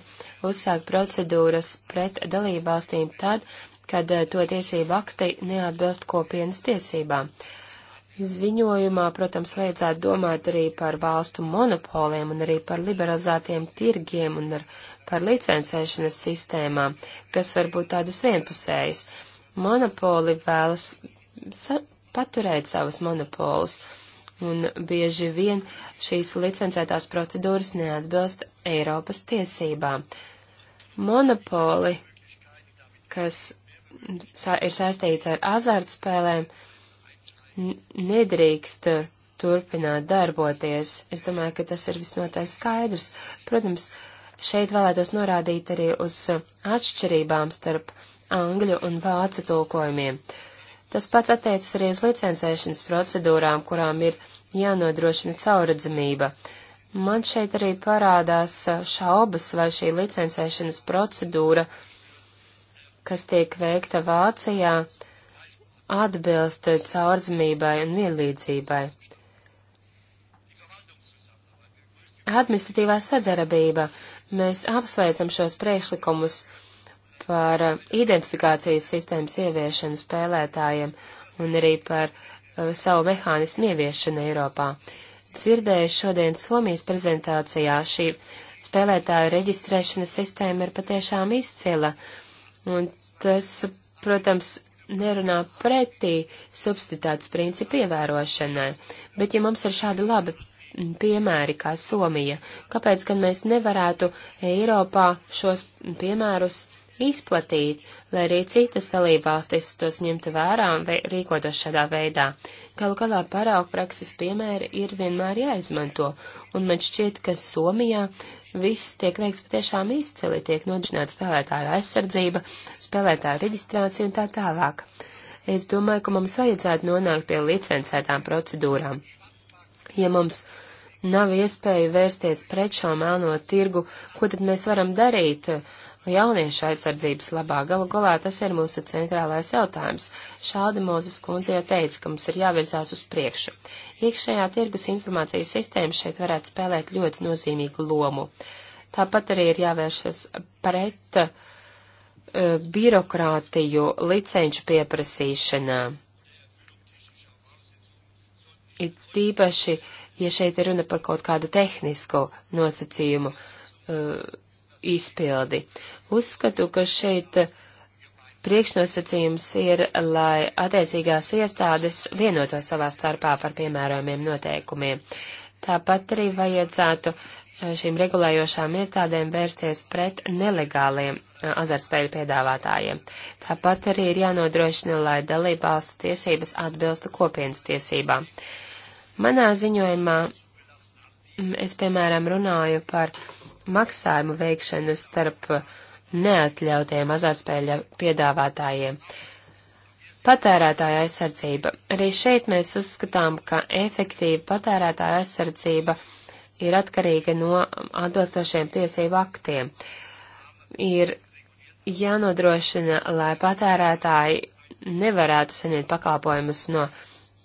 uzsākt procedūras pret dalībvalstīm tad, kad eh, to tiesību akti neatbilst kopienas tiesībām. Ziņojumā, protams, vajadzētu domāt arī par valstu monopoliem un arī par liberalizētiem tirgiem un ar, par licencēšanas sistēmām, kas var būt tādas vienpusējas. Monopoli vēlas paturēt savus monopolus, un bieži vien šīs licencētās procedūras neatbilst Eiropas tiesībām. Monopoli, kas ir saistīta ar azartspēlēm, nedrīkst turpināt darboties. Es domāju, ka tas ir visnotaļ skaidrs. Protams, šeit vēlētos norādīt arī uz atšķirībām starp angļu un vācu tulkojumiem. Tas pats attiecas arī uz licencēšanas procedūrām, kurām ir jānodrošina cauradzamība. Man šeit arī parādās šaubas, vai šī licencēšanas procedūra uh, kas tiek veikta Vācijā, atbilst caurzmībai un vienlīdzībai. Administratīvā sadarbība. Mēs apsveicam šos priekšlikumus par uh, identifikācijas sistēmas ieviešanu spēlētājiem un arī par uh, savu mehānismu ieviešanu Eiropā. Dzirdēju šodien Somijas prezentācijā šī spēlētāju reģistrēšanas sistēma ir patiešām izcila. Uh, Un tas, protams, nerunā pretī substitāts principu ievērošanai, bet ja mums ir šādi labi piemēri kā Somija, kāpēc gan mēs nevarētu Eiropā šos piemērus izplatīt, lai arī citas dalībvalstis tos ņemtu vērā un vei, rīkotos šādā veidā. Galu galā paraugu prakses piemēri ir vienmēr jāizmanto, un man šķiet, ka Somijā viss tiek veikts patiešām izcili, tiek nodrošināta spēlētāju aizsardzība, spēlētāju reģistrācija un tā tālāk. Es domāju, ka mums vajadzētu nonākt pie licencētām procedūrām. Ja mums nav iespēju vērsties pret šo melno tirgu, ko tad mēs varam darīt? jauniešu aizsardzības labā. Galu galā tas ir mūsu centrālais jautājums. Šādi mūzes kundze jau teica, ka mums ir jāvirzās uz priekšu. Iekšējā tirgus informācijas sistēma šeit varētu spēlēt ļoti nozīmīgu lomu. Tāpat arī ir jāvēršas pret uh, birokrātiju licenču pieprasīšanā. It tīpaši, ja šeit ir runa par kaut kādu tehnisko nosacījumu uh, izpildi. Uzskatu, ka šeit priekšnosacījums ir, lai attiecīgās iestādes vienotos savā starpā par piemērojumiem noteikumiem. Tāpat arī vajadzētu eh, šīm regulējošām iestādēm vērsties pret nelegāliem eh, azartspēļu piedāvātājiem. Tāpat arī ir jānodrošina, lai dalībvalstu tiesības atbilstu kopienas tiesībām. Manā ziņojumā mm, es, piemēram, runāju par maksājumu veikšanu starp uh, neatļautiem azartspēļu piedāvātājiem. Patērētāja aizsardzība. Arī šeit mēs uzskatām, ka efektīva patērētāja aizsardzība ir atkarīga no atbilstošiem tiesību aktiem. Ir jānodrošina, lai patērētāji nevarētu saņemt pakalpojumus no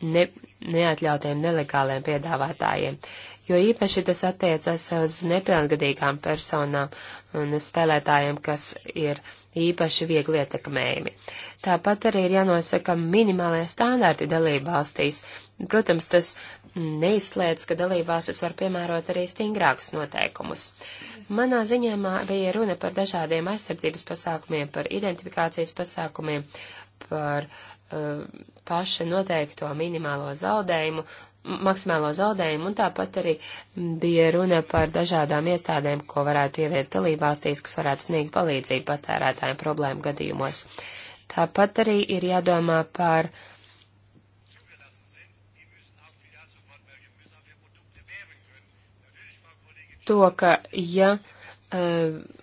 ne, neatļautiem nelegāliem piedāvātājiem. Uh, jo īpaši tas attiecas uz nepilngadīgām personām un uz spēlētājiem, kas ir īpaši viegli ietekmējami. Tāpat arī ir jānosaka minimālie standarti dalībvalstīs. Protams, tas neizslēdz, ka dalībvalstis var piemērot arī stingrākus noteikumus. Manā ziņāmā bija runa par dažādiem aizsardzības pasākumiem, par identifikācijas pasākumiem, par uh, paša noteikto minimālo zaudējumu maksimālo zaudējumu, un tāpat arī bija runa par dažādām iestādēm, ko varētu ieviest dalībvalstīs, kas varētu sniegt palīdzību patērētājiem problēmu gadījumos. Tāpat arī ir jādomā par to, ka ja uh,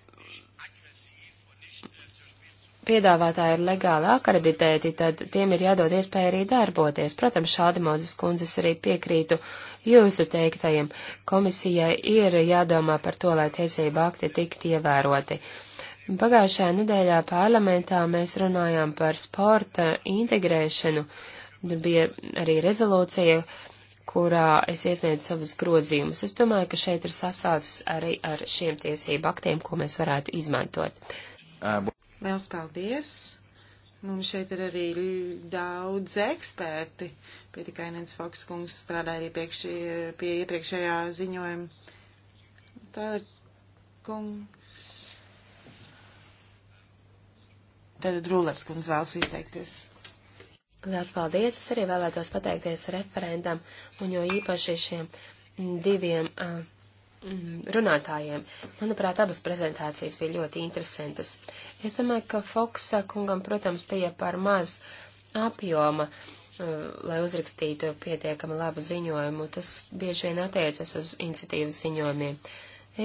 piedāvātāji ir legāli akreditēti, tad tiem ir jādod iespēja arī darboties. Protams, šādi mūzes kundzes arī piekrītu jūsu teiktajiem. Komisijai ir jādomā par to, lai tiesība akti tikt ievēroti. Pagājušajā nedēļā parlamentā mēs runājām par sporta integrēšanu. Bija arī rezolūcija, kurā es iesniedzu savus grozījumus. Es domāju, ka šeit ir sasācis arī ar šiem tiesību aktiem, ko mēs varētu izmantot. Liels paldies! Mums šeit ir arī daudz eksperti. Pietikainens Fokskungs strādāja arī piekši, pie iepriekšējā ziņojuma. Tā ir kungs. Tad Rūleps kungs vēlas izteikties. Liels paldies! Es arī vēlētos pateikties referendam un jo īpaši šiem diviem. Uh, runātājiem. Manuprāt, abas prezentācijas bija ļoti interesantas. Es domāju, ka Foksa kungam, protams, bija par maz apjoma, uh, lai uzrakstītu pietiekami labu ziņojumu. Tas bieži vien attiecas uz iniciatīvas ziņojumiem.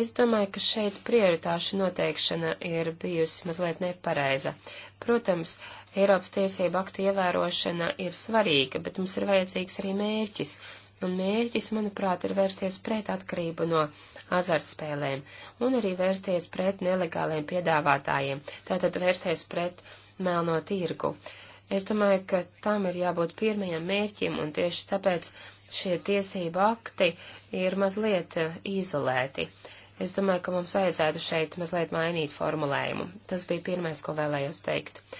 Es domāju, ka šeit prioritāšu noteikšana ir bijusi mazliet nepareiza. Protams, Eiropas tiesību aktu ievērošana ir svarīga, bet mums ir vajadzīgs arī mērķis. Uh, un mērķis, manuprāt, ir vērsties pret atkarību no azartspēlēm un arī vērsties pret nelegāliem piedāvātājiem, tātad vērsties pret melno tirgu. Es domāju, ka tam ir jābūt pirmajam mērķim, un tieši tāpēc šie tiesība akti ir mazliet eh, izolēti. Es domāju, ka mums vajadzētu šeit mazliet mainīt formulējumu. Tas bija pirmais, ko vēlējos teikt. Uh,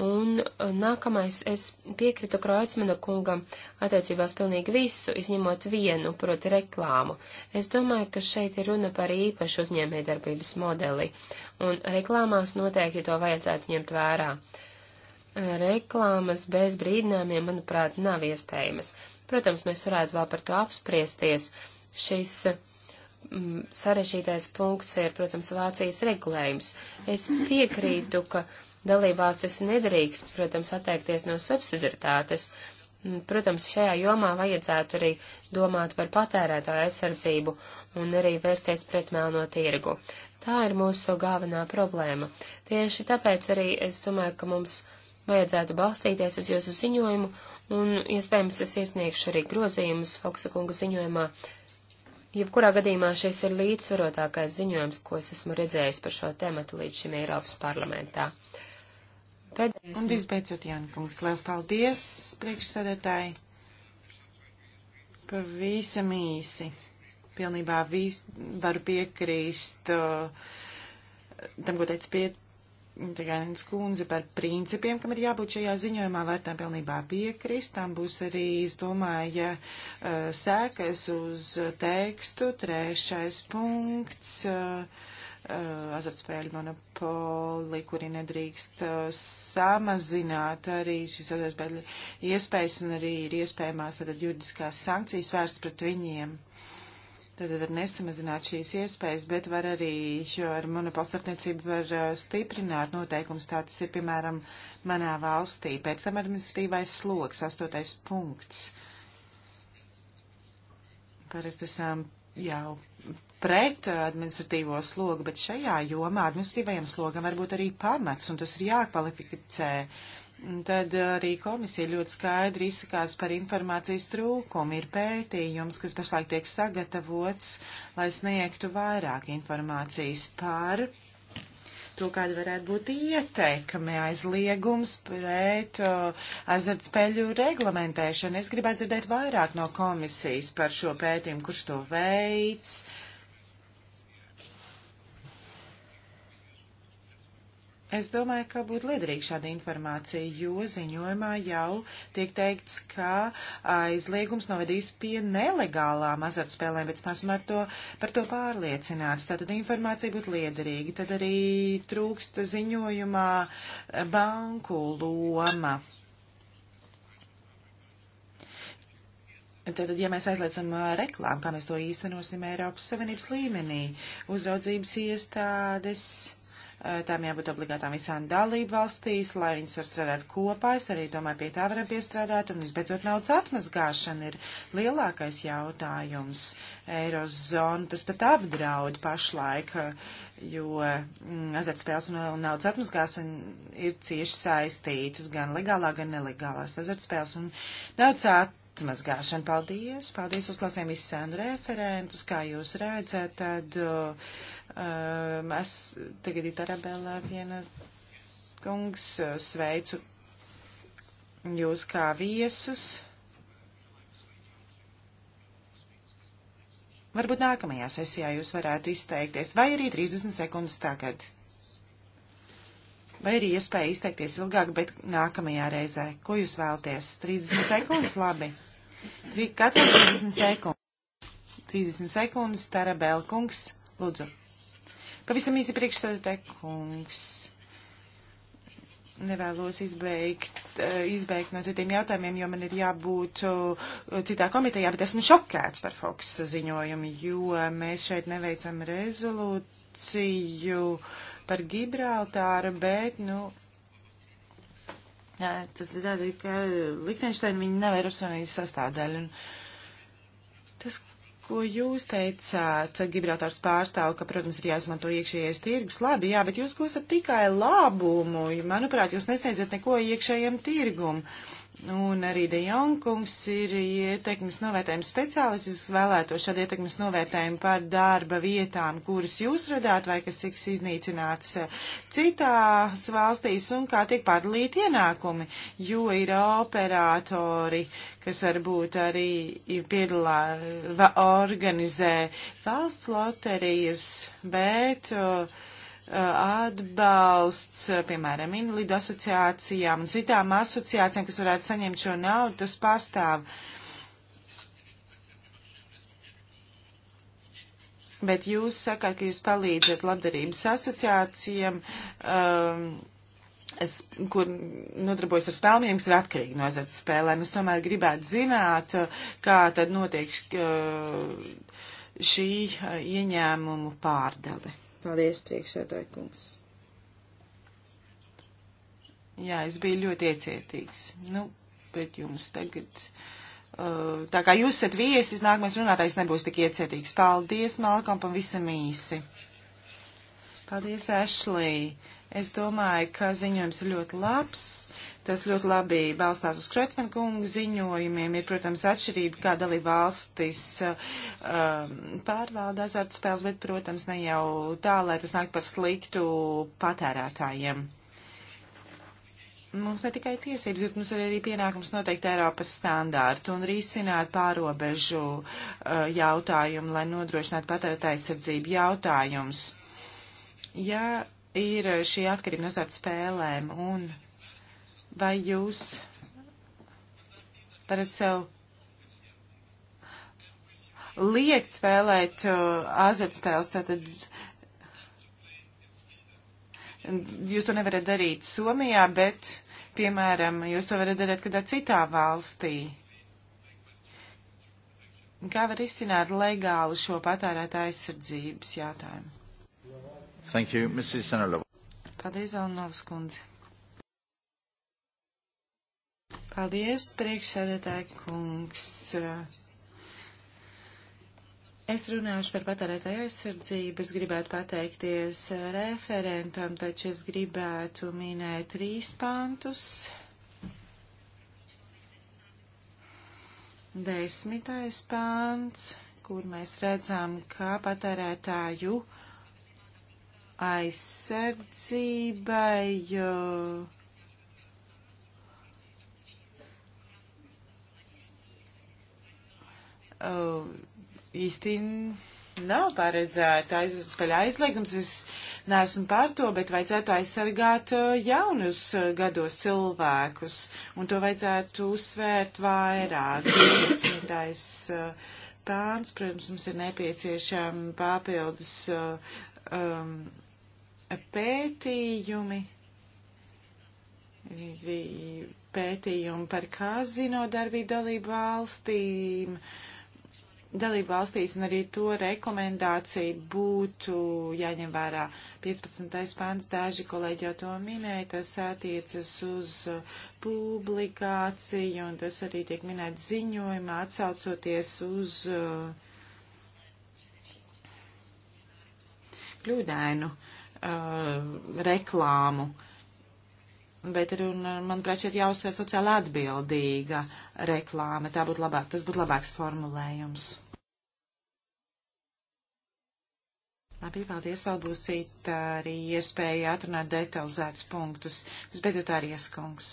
Un uh, nākamais, es piekritu Kreutzmana kungam attiecībās pilnīgi visu, izņemot vienu, proti reklāmu. Es domāju, ka šeit ir runa par īpašu uzņēmējdarbības modeli, un reklāmās noteikti to vajadzētu ņemt vērā. Reklāmas bez brīdinājumiem, manuprāt, nav iespējamas. Protams, mēs varētu vēl par to apspriesties. Šis mm, sarežģītais punkts ir, protams, Vācijas regulējums. Es piekrītu, ka. Mm Dalībvalstis nedrīkst, protams, atteikties no subsidiritātes. Mm, protams, šajā jomā vajadzētu arī domāt par patērētāju aizsardzību un arī vērsties pret melno tirgu. Tā ir mūsu galvenā problēma. Tieši tāpēc arī es domāju, ka mums vajadzētu balstīties uz jūsu ziņojumu, un iespējams es iesniegšu arī grozījumus Foksa kunga ziņojumā. Jebkurā gadījumā šis ir līdzsvarotākais ziņojums, ko es esmu redzējis par šo tematu līdz šim Eiropas parlamentā. Pēdējais. Un visbeidzot, Jānkungs, liels paldies priekšsēdētāji. Pavisam īsi. Pilnībā vis, varu piekrīst uh, tam, ko teica pie Tagainas kundze par principiem, kam ir jābūt šajā ziņojumā, var tam pilnībā piekrist. Tam būs arī, es domāju, uh, sēkas uz tekstu, trešais punkts. Uh, Eh, azartspēļu monopoli, kuri nedrīkst eh, samazināt arī šīs azartspēļu iespējas un arī ir iespējamās tātad juridiskās sankcijas vērsts pret viņiem. Tad var nesamazināt šīs iespējas, bet var arī ar monopolstarpniecību var eh, stiprināt noteikums. Tāds ir, piemēram, manā valstī. Pēc tam administratīvais sloks, astotais punkts. Parasti esam jau pret eh, administratīvo slogu, bet šajā jomā administratīvajam slogam var būt arī pamats, un tas ir jākvalificē. Tad eh, arī komisija ļoti skaidri izsakās par informācijas trūkumu. Ir pētījums, kas pašlaik tiek sagatavots, lai sniegtu vairāk informācijas par to, kāda varētu būt ieteikami aizliegums pret eh, azartspēļu reglamentēšanu. Es gribētu dzirdēt vairāk no komisijas par šo pētījumu, kurš to veids, uh, Es domāju, ka būtu liederīga šāda informācija, jo ziņojumā jau tiek teikts, ka aizliegums novedīs pie nelegālām azartspēlēm, bet es neesmu ar to, par to pārliecināts. Tātad informācija būtu liederīga. Tad arī trūkst ziņojumā banku loma. Tātad, ja mēs aizliedzam uh, reklāmu, kā mēs to īstenosim Eiropas Savienības līmenī, uzraudzības iestādes Eh, tām jābūt obligātām visām dalību valstīs, lai viņas var strādāt kopā. Es arī domāju, pie tā varam piestrādāt. Un visbeidzot, naudas atmazgāšana ir lielākais jautājums. Eirozonu tas pat apdraud pašlaik, eh, jo mm, azartspēles un naudas atmazgāšana ir cieši saistītas gan legālā, gan nelegālās azartspēles un naudas atmazgāšana atmazgāšanu. Paldies! Paldies! Uzklausījām visus sēnu referentus. Kā jūs redzat, tad um, es tagad ir Tarabēlā viena kungs sveicu jūs kā viesus. Varbūt nākamajā sesijā jūs varētu izteikties, vai arī 30 sekundes tagad. Vai arī iespēja izteikties ilgāk, bet nākamajā reizē. Ko jūs vēlties? 30 sekundes, labi. Katram 30 sekundes. 30 sekundes, Tara Belkungs, lūdzu. Pavisam īsi priekšsēdētāj kungs. Nevēlos izbeigt, eh, izbeigt no citiem jautājumiem, jo man ir jābūt eh, citā komitejā, bet esmu šokēts par Fox ziņojumu, jo mēs šeit neveicam rezolūciju par Gibraltāru, bet, nu, Jā, tas ir tādēļ, ka Lichtensteina viņi nav Eiropas Savienības sastāvdaļa. Un tas, ko jūs teicāt, Gibraltārs pārstāv, ka, protams, ir jāizmanto iekšējais tirgus. Labi, jā, bet jūs gūstat tikai labumu. Manuprāt, jūs nesniedzat neko iekšējiem tirgum. Un arī De Jongkungs ir ieteikums novērtējuma speciālists. Es vēlētos šādu ieteikums novērtējumu par darba vietām, kuras jūs radāt vai kas tiks iznīcināts eh, citās valstīs un kā tiek pārdalīti ienākumi, jo ir operatori, kas varbūt arī piedalā, va, organizē valsts loterijas, bet. Uh, atbalsts, piemēram, invalidu asociācijām un citām asociācijām, kas varētu saņemt šo naudu, tas pastāv. Bet jūs sakāt, ka jūs palīdzat labdarības asociācijām, um, es, kur nodarbojas ar spēlēm, kas ir atkarīgi no azarta spēlēm. Es tomēr gribētu zināt, kā tad notiek uh, šī uh, ieņēmumu pārdali. Paldies, priekšsēdāji kungs. Jā, es biju ļoti iecietīgs. Nu, bet jums tagad. Uh, tā kā jūs esat viesis, nākamais runātājs nebūs tik iecietīgs. Paldies, Malkam, pavisam īsi. Paldies, Ešlī. Es domāju, ka ziņojums ir ļoti labs. Tas ļoti labi balstās uz Kreutzmann kungu ziņojumiem. Ir, protams, atšķirība, kā dalība valstis um, pārvalda azartspēles, bet, protams, ne jau tā, lai tas nāk par sliktu patērētājiem. Mums ne tikai tiesības, bet mums ir arī pienākums noteikt Eiropas standārtu un risināt pārobežu uh, jautājumu, lai nodrošinātu patērētāju aizsardzību jautājums. Ja ir šī atkarība no azartspēlēm un Vai jūs varat sev liekt spēlēt uh, azartspēles, tātad jūs to nevarat darīt Somijā, bet, piemēram, jūs to varat darīt kādā citā valstī. Kā var izcināt legāli šo patērētāju aizsardzības jautājumu? Thank you, Mrs. Sanalova. Paldies, Alnovas kundze. Paldies, priekšsēdētāji kungs. Es runāšu par patērētāju aizsardzību. Es gribētu pateikties referentam, taču es gribētu minēt trīs pantus. Desmitais pants, kur mēs redzam, kā patērētāju aizsardzībai. Jo Uh, īsti nav paredzēta aiz, peļ aizliegums. Es neesmu pār to, bet vajadzētu aizsargāt uh, jaunus uh, gados cilvēkus. Un to vajadzētu uzsvērt vairāk. 15. pāns, protams, mums ir nepieciešami papildus um, pētījumi pētījumi par kazino darbību dalību valstīm, dalību valstīs un arī to rekomendāciju būtu jāņem vērā. 15. pāns daži kolēģi jau to minēja, tas attiecas uz publikāciju un tas arī tiek minēts ziņojumā atsaucoties uz uh, kļūdainu uh, reklāmu. Uh, Bet, runa, manuprāt, šeit jāuzsver sociāli atbildīga reklāma. Tā būtu labāk, tas būtu labāks formulējums. Labi, paldies, vēl būs cita arī iespēja atrunāt detalizētus punktus. Visbeidzot, arī ieskungs.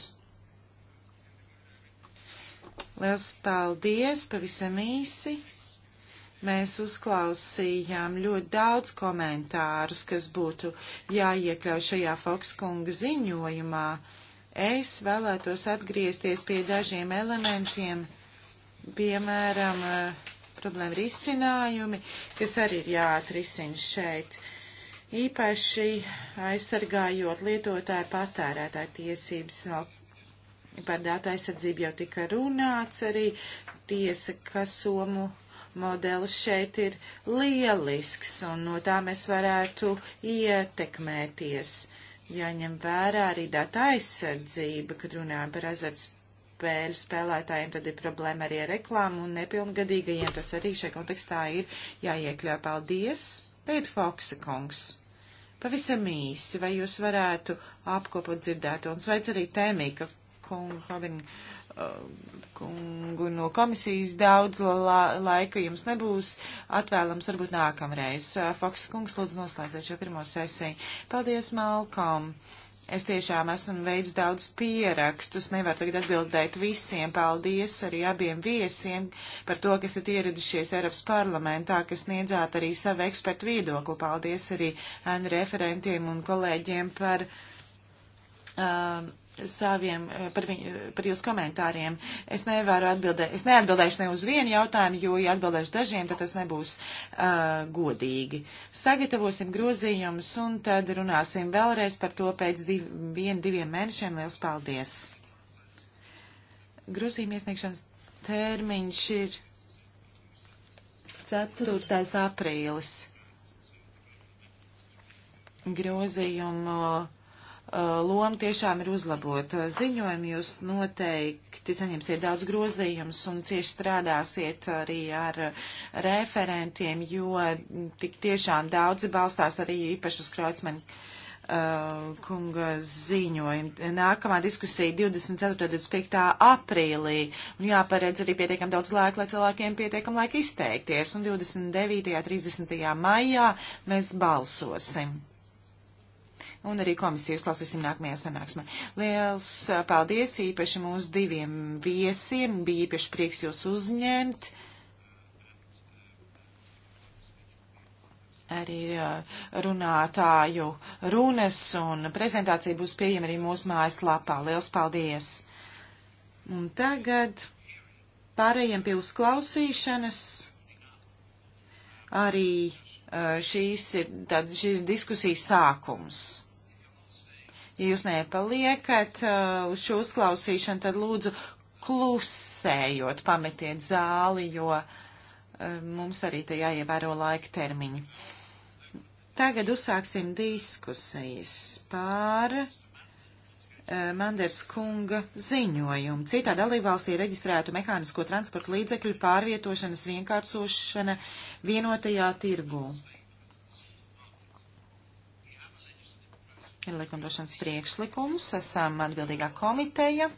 Liels paldies, pavisam īsi. Mēs uzklausījām ļoti daudz komentārus, kas būtu jāiekļauj šajā Fokskunga ziņojumā. Es vēlētos atgriezties pie dažiem elementiem, piemēram, problēma risinājumi, kas arī ir jāatrisina šeit īpaši aizsargājot lietotāju patērētāju tiesības. Par datu aizsardzību jau tika runāts arī tiesa, ka somu modelis šeit ir lielisks, un no tā mēs varētu ietekmēties. Jāņem ja vērā arī data aizsardzība, kad runājam par azartspēļu spēlētājiem, tad ir problēma arī ar reklāmu un nepilngadīgajiem. Tas arī šajā kontekstā ir jāiekļauj. Paldies, Tēt Foksa kungs! Pavisam īsi, vai jūs varētu apkopot dzirdēto un sveic arī Tēmīka kungu Hovinu kungu no komisijas daudz la laika jums nebūs atvēlams varbūt nākamreiz. Uh, Foks kungs, lūdzu noslēdziet šo pirmo sesiju. Paldies, Malkom! Es tiešām esmu veids daudz pierakstus, nevaru tagad atbildēt visiem. Paldies arī abiem viesiem par to, kas ir ieradušies Eiropas parlamentā, kas niedzāt arī savu ekspertu viedokli. Paldies arī referentiem un kolēģiem par. Um, saviem, eh, par, viņu, eh, par jūsu komentāriem. Es nevaru atbildēt, es neatbildēšu ne uz vienu jautājumu, jo, ja atbildēšu dažiem, tad tas nebūs uh, godīgi. Sagatavosim grozījumus un tad runāsim vēlreiz par to pēc div, vien, diviem mēnešiem. Liels paldies! Grozījuma iesniegšanas termiņš ir 4. aprīlis. Grozījumu. Uh, Uh, loma tiešām ir uzlabot. Ziņojumi jūs noteikti saņemsiet daudz grozījumus un cieši strādāsiet arī ar referentiem, jo mm, tik tiešām daudzi balstās arī īpaši uz Kreutzmann uh, kunga ziņojumu. Nākamā diskusija 24. un 25. aprīlī, un jāparedz arī pietiekam daudz laika, lai cilvēkiem pietiekam laika izteikties, un 29. un 30. maijā mēs balsosim un arī komisiju uzklausīsim nākamajā sanāksmē. Liels paldies īpaši mūsu diviem viesiem. Bija īpaši prieks jūs uzņemt. Arī runātāju runas un prezentācija būs pieejama arī mūsu mājaslapā. Liels paldies! Un tagad pārējiem pie uzklausīšanas arī Eh, šīs ir, tad šīs ir diskusijas sākums. Ja jūs nepaliekat eh, uz šo uzklausīšanu, tad lūdzu klusējot pametiet zāli, jo eh, mums arī te jāievēro laika termiņi. Tagad uzsāksim diskusijas par Eh, Manders kunga ziņojumu. Citā dalībvalstī reģistrētu mehānisko transportu līdzekļu pārvietošanas vienkāršošana vienotajā tirgū. Ir likumdošanas priekšlikums, esam atbildīgā komiteja.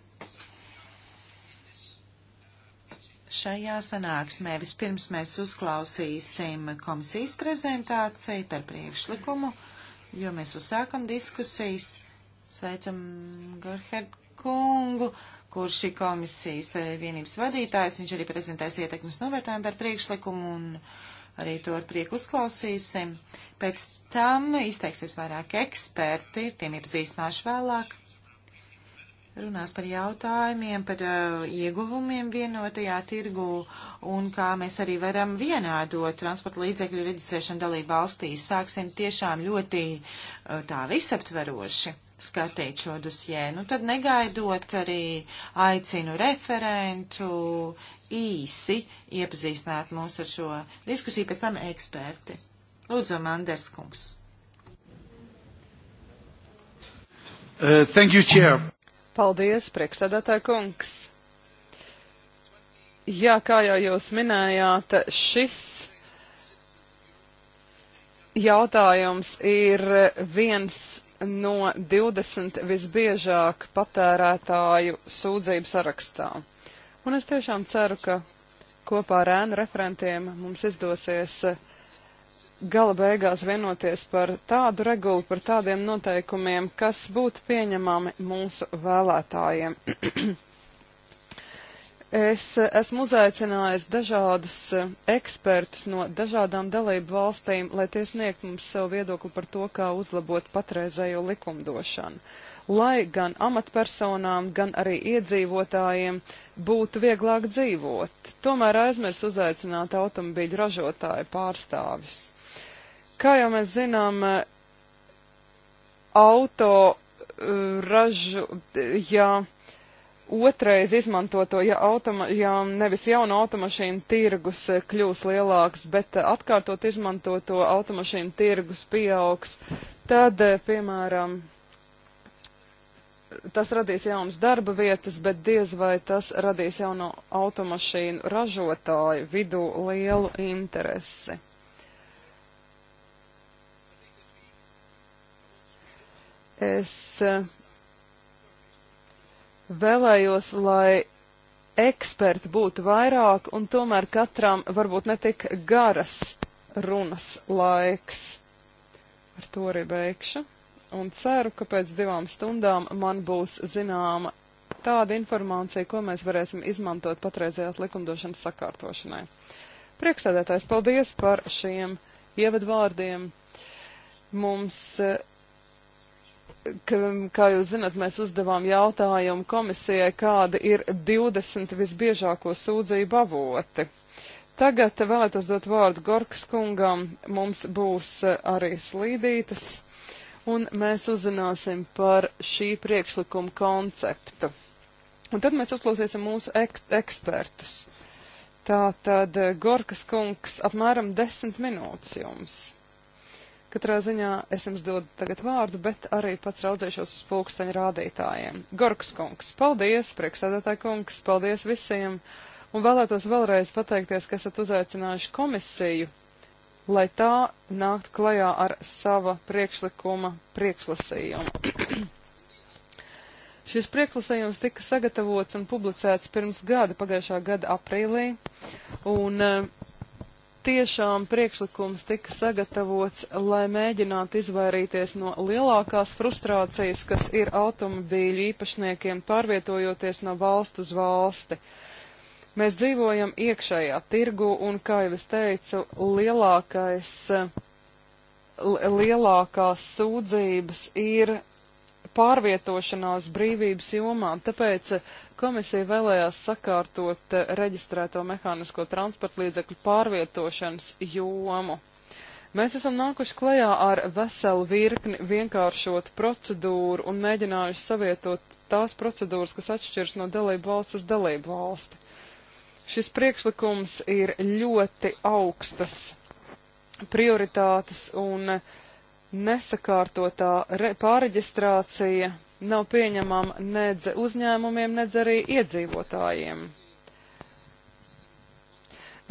Šajā sanāksmē vispirms mēs uzklausīsim komisijas prezentāciju par priekšlikumu, jo mēs uzsākam diskusijas Sveicam Gerhard Kungu, kurš ir komisijas vienības vadītājs. Viņš arī prezentēs ietekmes novērtējumu par priekšlikumu un arī to ar prieku uzklausīsim. Pēc tam izteiksies vairāk eksperti, tiem iepazīstināšu vēlāk. Runās par jautājumiem, par uh, ieguvumiem vienotajā tirgu un kā mēs arī varam vienādot transporta līdzekļu reģistrēšanu dalību valstīs. Sāksim tiešām ļoti uh, tā visaptveroši skatīt šo dosjē. Nu, tad negaidot arī aicinu referentu īsi iepazīstināt mūs ar šo diskusiju, pēc tam eksperti. Lūdzu, Manders kungs. Uh, thank you, Chair. Paldies, priekšsēdētāja kungs. Jā, kā jau jūs minējāt, šis jautājums ir viens no 20 visbiežāk patērētāju sūdzību sarakstā. Un es tiešām ceru, ka kopā ar ēnu referentiem mums izdosies eh, gala beigās vienoties par tādu regulu, par tādiem noteikumiem, kas būtu pieņemami mūsu vēlētājiem. Es esmu uzaicinājis dažādus e, ekspertus no dažādām dalību valstīm, lai tie sniegt mums savu viedokli par to, kā uzlabot patreizējo likumdošanu lai gan amatpersonām, gan arī iedzīvotājiem būtu vieglāk dzīvot. Tomēr aizmirs uzaicināt automobīļu ražotāju pārstāvis. Kā jau mēs zinām, e, auto e, ražu, ja otrais izmantoto, ja, automa, ja nevis jauna automašīna tirgus kļūs lielāks, bet atkārtot izmantoto automašīnu tirgus pieaugs, tad, piemēram, tas radīs jaunas darba vietas, bet diez vai tas radīs jauno automašīnu ražotāju vidū lielu interesi. Es Vēlējos, lai eksperti būtu vairāk un tomēr katram varbūt netik garas runas laiks. Ar to arī beigšu un ceru, ka pēc divām stundām man būs zināma tāda informācija, ko mēs varēsim izmantot patreizējās likumdošanas sakārtošanai. Priekšsēdētājs, paldies par šiem ievadvārdiem. Mums eh, ka, kā jūs zinat, mēs uzdevām jautājumu komisijai, kāda ir 20 visbiežāko sūdzību avoti. Tagad vēlētos dot vārdu Gorkas kungam. Mums būs eh, arī slīdītas, un mēs uzzināsim par šī priekšlikuma konceptu. Un tad mēs uzklausīsim mūsu ek ekspertus. Tā tad eh, Gorkas kungs apmēram desmit minūtes jums. Katrā ziņā es jums dodu tagad vārdu, bet arī pats raudzēšos uz pulksteņa rādītājiem. Gorks kungs, paldies, priekšsēdētāji kungs, paldies visiem, un vēlētos vēlreiz pateikties, ka esat uzaicinājuši komisiju, lai tā nākt klajā ar sava priekšlikuma priekšlasījumu. Šis priekšlasījums tika sagatavots un publicēts pirms gada, pagājušā gada aprīlī, un uh, tiešām priekšlikums tika sagatavots, lai mēģinātu izvairīties no lielākās frustrācijas, kas ir automobīļu īpašniekiem pārvietojoties no valsts uz valsti. Mēs dzīvojam iekšējā tirgu un, kā jau es teicu, lielākais, lielākās sūdzības ir pārvietošanās brīvības jomā, tāpēc Komisija vēlējās sakārtot eh, reģistrēto mehānisko transporta līdzekļu pārvietošanas jomu. Mēs esam nākuši klajā ar veselu virkni vienkāršotu procedūru un mēģinājuši savietot tās procedūras, kas atšķiras no dalību valsts uz dalību valsti. Šis priekšlikums ir ļoti augstas prioritātes un nesakārtotā pārreģistrācija nav pieņemama nedz uzņēmumiem, nedz arī iedzīvotājiem.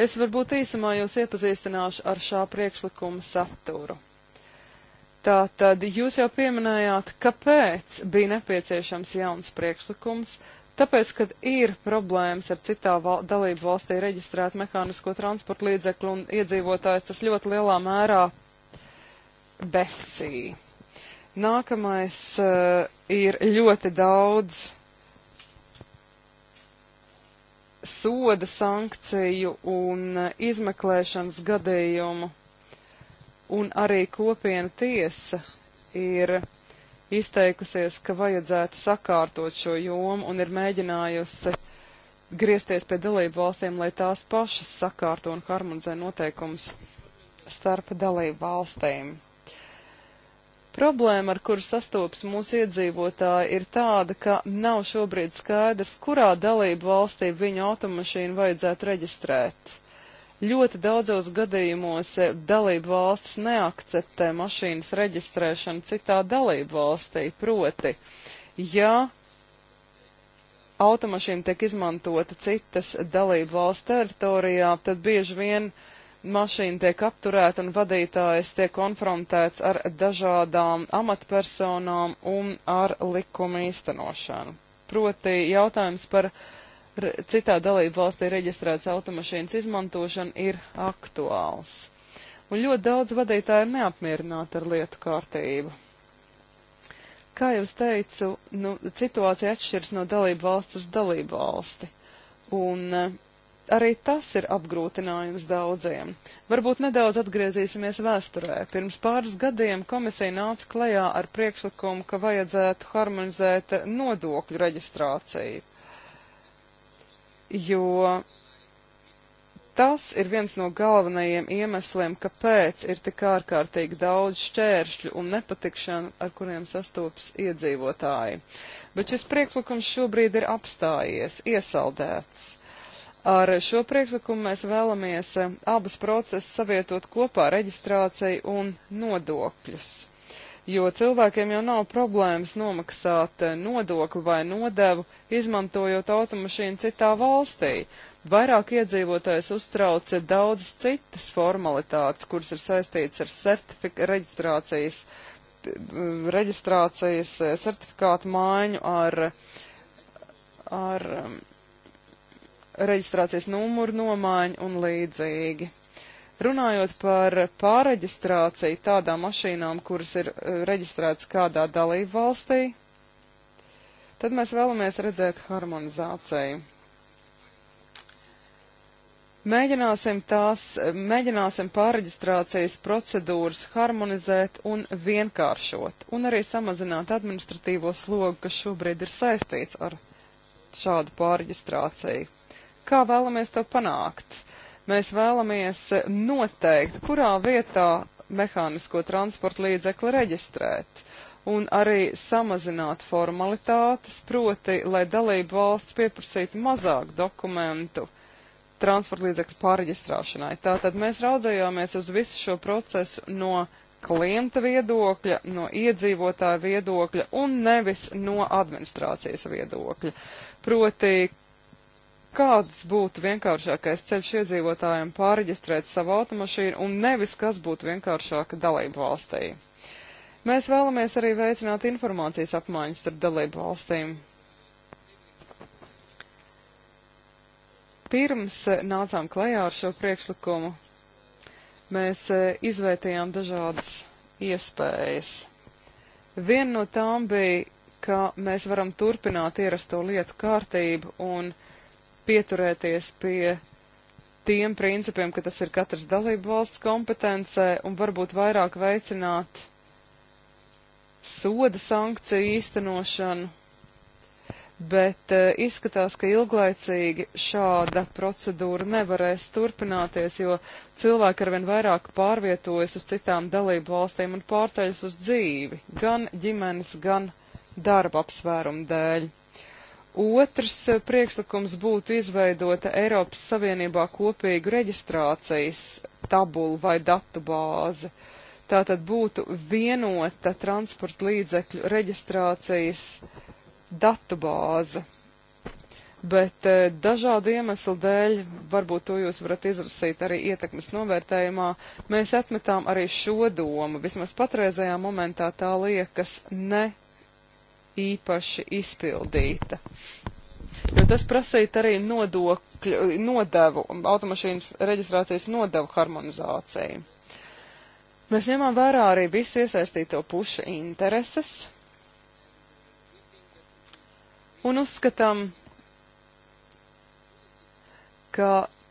Es varbūt īsumā jūs iepazīstināšu ar šā priekšlikuma saturu. Tā tad jūs jau pieminējāt, kāpēc bija nepieciešams jauns priekšlikums, tāpēc, kad ir problēmas ar citā val dalību valstī reģistrēt mehānisko transportu līdzeklu un iedzīvotājs tas ļoti lielā mērā besī. Nākamais uh, ir ļoti daudz soda sankciju un eh, izmeklēšanas gadījumu, un arī kopiena tiesa ir izteikusies, ka vajadzētu sakārtot šo jomu un ir mēģinājusi griezties pie dalību valstīm, lai tās pašas sakārto un harmonizē noteikums starp dalību valstīm. Problēma, ar kuru sastopas mūsu iedzīvotāji, ir tāda, ka nav šobrīd skaidrs, kurā dalību valstī viņu automašīnu vajadzētu reģistrēt. Ļoti daudzos gadījumos dalību valstis neakceptē mašīnas reģistrēšanu citā dalību valstī, proti, ja automašīna tiek izmantota citas dalību valsts teritorijā, tad bieži vien uh, mašīna tiek apturēta un vadītājs tiek konfrontēts ar dažādām amatpersonām un ar likumu īstenošanu. Proti jautājums par citā dalību valstī reģistrētas automašīnas izmantošanu ir aktuāls. Un ļoti daudz vadītāji ir neapmierināti ar lietu kārtību. Kā jau es teicu, nu, situācija atšķiras no dalību valsts uz dalību valsti. Un Arī tas ir apgrūtinājums daudziem. Varbūt nedaudz atgriezīsimies vēsturē. Pirms pāris gadiem komisija nāca klajā ar priekšlikumu, ka vajadzētu harmonizēt nodokļu reģistrāciju, jo tas ir viens no galvenajiem iemesliem, kāpēc ir tik ārkārtīgi daudz šķēršļu un nepatikšanu, ar kuriem sastopas iedzīvotāji. Bet šis priekšlikums šobrīd ir apstājies, iesaldēts. Ar šo priekšlikumu mēs vēlamies eh, abus procesus savietot kopā - reģistrāciju un nodokļus. Jo cilvēkiem jau nav problēmas nomaksāt eh, nodokli vai nodevu, izmantojot automašīnu citā valstī. Vairāk iedzīvotājs uztrauc daudzas citas formalitātes, kuras ir saistītas ar reģistrācijas, eh, reģistrācijas certifikātu maiņu, ar, ar reģistrācijas numuru nomaiņu un līdzīgi. Runājot par pāreģistrāciju tādām mašīnām, kuras ir e, reģistrētas kādā dalību valstī, tad mēs vēlamies redzēt harmonizāciju. Mēģināsim tās, mēģināsim pāreģistrācijas procedūras harmonizēt un vienkāršot, un arī samazināt administratīvo slogu, kas šobrīd ir saistīts ar šādu pāreģistrāciju. Kā vēlamies to panākt? Mēs vēlamies noteikt, kurā vietā mehānisko transporta līdzekli reģistrēt un arī samazināt formalitātes, proti, lai dalību valsts pieprasītu mazāk dokumentu transporta līdzekļu pārreģistrāšanai. Tātad mēs raudzējāmies uz visu šo procesu no klienta viedokļa, no iedzīvotāja viedokļa un nevis no administrācijas viedokļa. Proti, kāds būtu vienkāršākais ceļš iedzīvotājiem pārreģistrēt savu automašīnu un nevis kas būtu vienkāršāka dalību valstī. Mēs vēlamies arī veicināt informācijas apmaiņas starp dalību valstīm. Pirms eh, nācām klajā ar šo priekšlikumu, mēs eh, izvērtējām dažādas iespējas. Viena no tām bija, ka mēs varam turpināt ierasto lietu kārtību un uh, pieturēties pie tiem principiem, ka tas ir katras dalību valsts kompetencē un varbūt vairāk veicināt soda sankciju īstenošanu, bet e, izskatās, ka ilglaicīgi šāda procedūra nevarēs turpināties, jo cilvēki arvien vairāk pārvietojas uz citām dalību valstīm un pārceļas uz dzīvi, gan ģimenes, gan darba apsvērumu dēļ. Otrs eh, priekšlikums būtu izveidota Eiropas Savienībā kopīgu reģistrācijas tabulu vai datu bāzi. Tā tad būtu vienota transporta līdzekļu reģistrācijas datu bāze. Bet e, dažādu iemeslu dēļ, varbūt to jūs varat izrasīt arī ietekmes novērtējumā, mēs atmetām arī šo domu. Vismaz patreizajā momentā tā liekas ne īpaši izpildīta. Jo tas prasītu arī nodokļu, nodevu, automašīnas reģistrācijas nodevu harmonizāciju. Mēs ņemam vērā arī visu iesaistīto pušu intereses un uzskatām, ka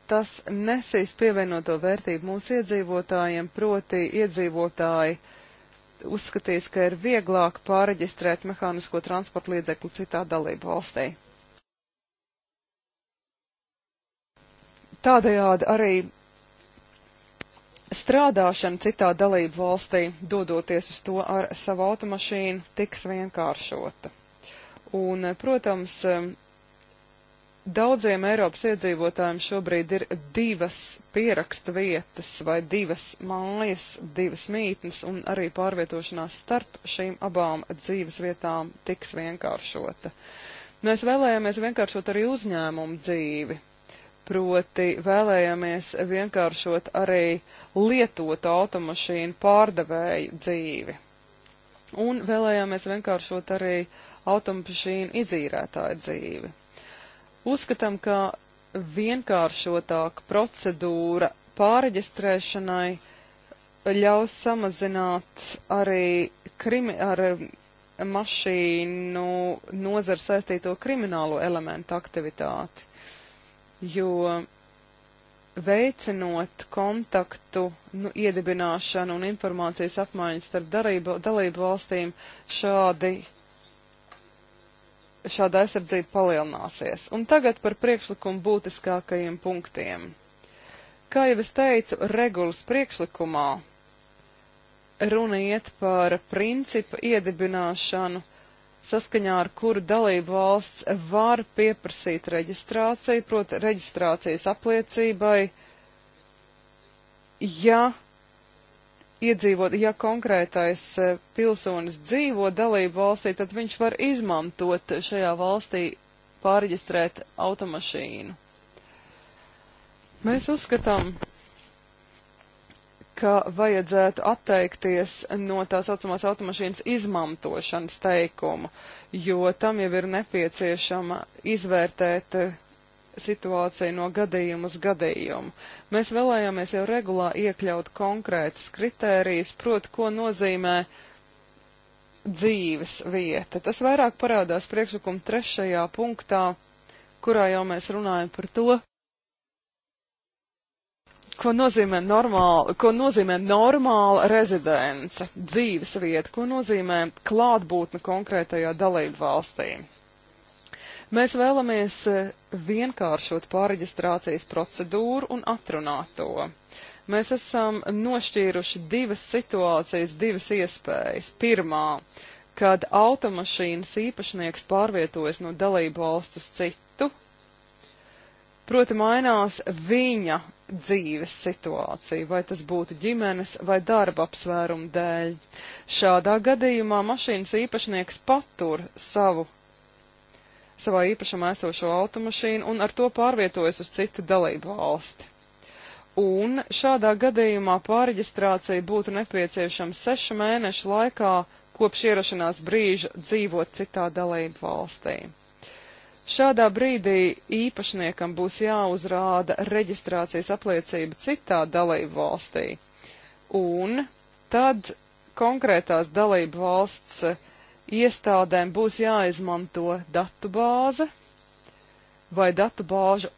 tas nesīs pievienoto vērtību mūsu iedzīvotājiem, proti iedzīvotāji uzskatīs, ka ir vieglāk pāreģistrēt mehānisko transporta līdzekli citā dalību valstī. Tādējādi arī strādāšana citā dalību valstī, dodoties uz to ar savu automašīnu, tiks vienkāršota. Un, protams, Daudziem Eiropas iedzīvotājiem šobrīd ir divas pierakstu vietas vai divas mājas, divas mītnes, un arī pārvietošanās starp šīm abām dzīves vietām tiks vienkāršota. Mēs vēlējāmies vienkāršot arī uzņēmumu dzīvi, proti vēlējāmies vienkāršot arī lietotu automašīnu pārdevēju dzīvi. Un vēlējāmies vienkāršot arī automašīnu izīrētāju dzīvi. Uzskatām, ka vienkāršotāka procedūra pāreģistrēšanai ļaus samazināt arī krimi, ar um, mašīnu nozaru saistīto kriminālo elementu aktivitāti, jo veicinot kontaktu nu, iedibināšanu un informācijas apmaiņas starp darību, dalību valstīm, šādi šāda aizsardzība palielināsies. Un tagad par priekšlikumu būtiskākajiem punktiem. Kā jau es teicu, regulas priekšlikumā runa iet par principu iedibināšanu, saskaņā ar kuru dalību valsts var pieprasīt reģistrāciju, proti reģistrācijas apliecībai, ja iedzīvot, ja konkrētais eh, pilsonis dzīvo dalību valstī, tad viņš var izmantot šajā valstī pārreģistrēt automašīnu. Mēs uzskatām, ka vajadzētu atteikties no tā saucamās automašīnas izmantošanas teikuma, jo tam jau ir nepieciešama izvērtēt eh, situācija no gadījuma uz gadījumu. Mēs vēlējāmies jau regulā iekļaut konkrētas kritērijas, proti, ko nozīmē dzīves vieta. Tas vairāk parādās priekšlikuma trešajā punktā, kurā jau mēs runājam par to, ko nozīmē normāla, ko nozīmē normāla rezidence, dzīves vieta, ko nozīmē klātbūtne konkrētajā dalību valstīm. Mēs vēlamies eh, vienkāršot pārreģistrācijas procedūru un atrunāt to. Mēs esam nošķīruši divas situācijas, divas iespējas. Pirmā, kad automašīnas īpašnieks pārvietojas no dalību valsts uz citu, proti mainās viņa dzīves situācija, vai tas būtu ģimenes vai darba apsvērumu dēļ. Šādā gadījumā mašīnas īpašnieks patur savu savā īpašumā esošo automašīnu un ar to pārvietojas uz citu dalību valsti. Un šādā gadījumā pārreģistrācija būtu nepieciešama sešu mēnešu laikā kopš ierašanās brīža dzīvot citā dalību valstī. Šādā brīdī īpašniekam būs jāuzrāda reģistrācijas apliecība citā dalību valstī, un tad konkrētās dalību valsts uh, iestādēm būs jāizmanto datu bāze vai datu bāžu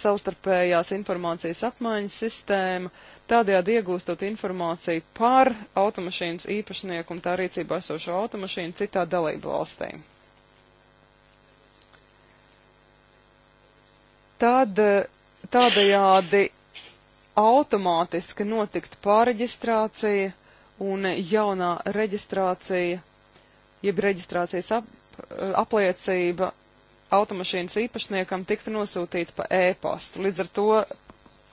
savstarpējās informācijas apmaiņas sistēma, tādējādi iegūstot informāciju par automašīnas īpašnieku un tā rīcībā esošo automašīnu citā dalību valstī. Tad eh, tādējādi automātiski notikt pārreģistrācija un jaunā reģistrācija jeb reģistrācijas ap, eh, apliecība automašīnas īpašniekam tiktu nosūtīta pa e-pastu. Līdz ar to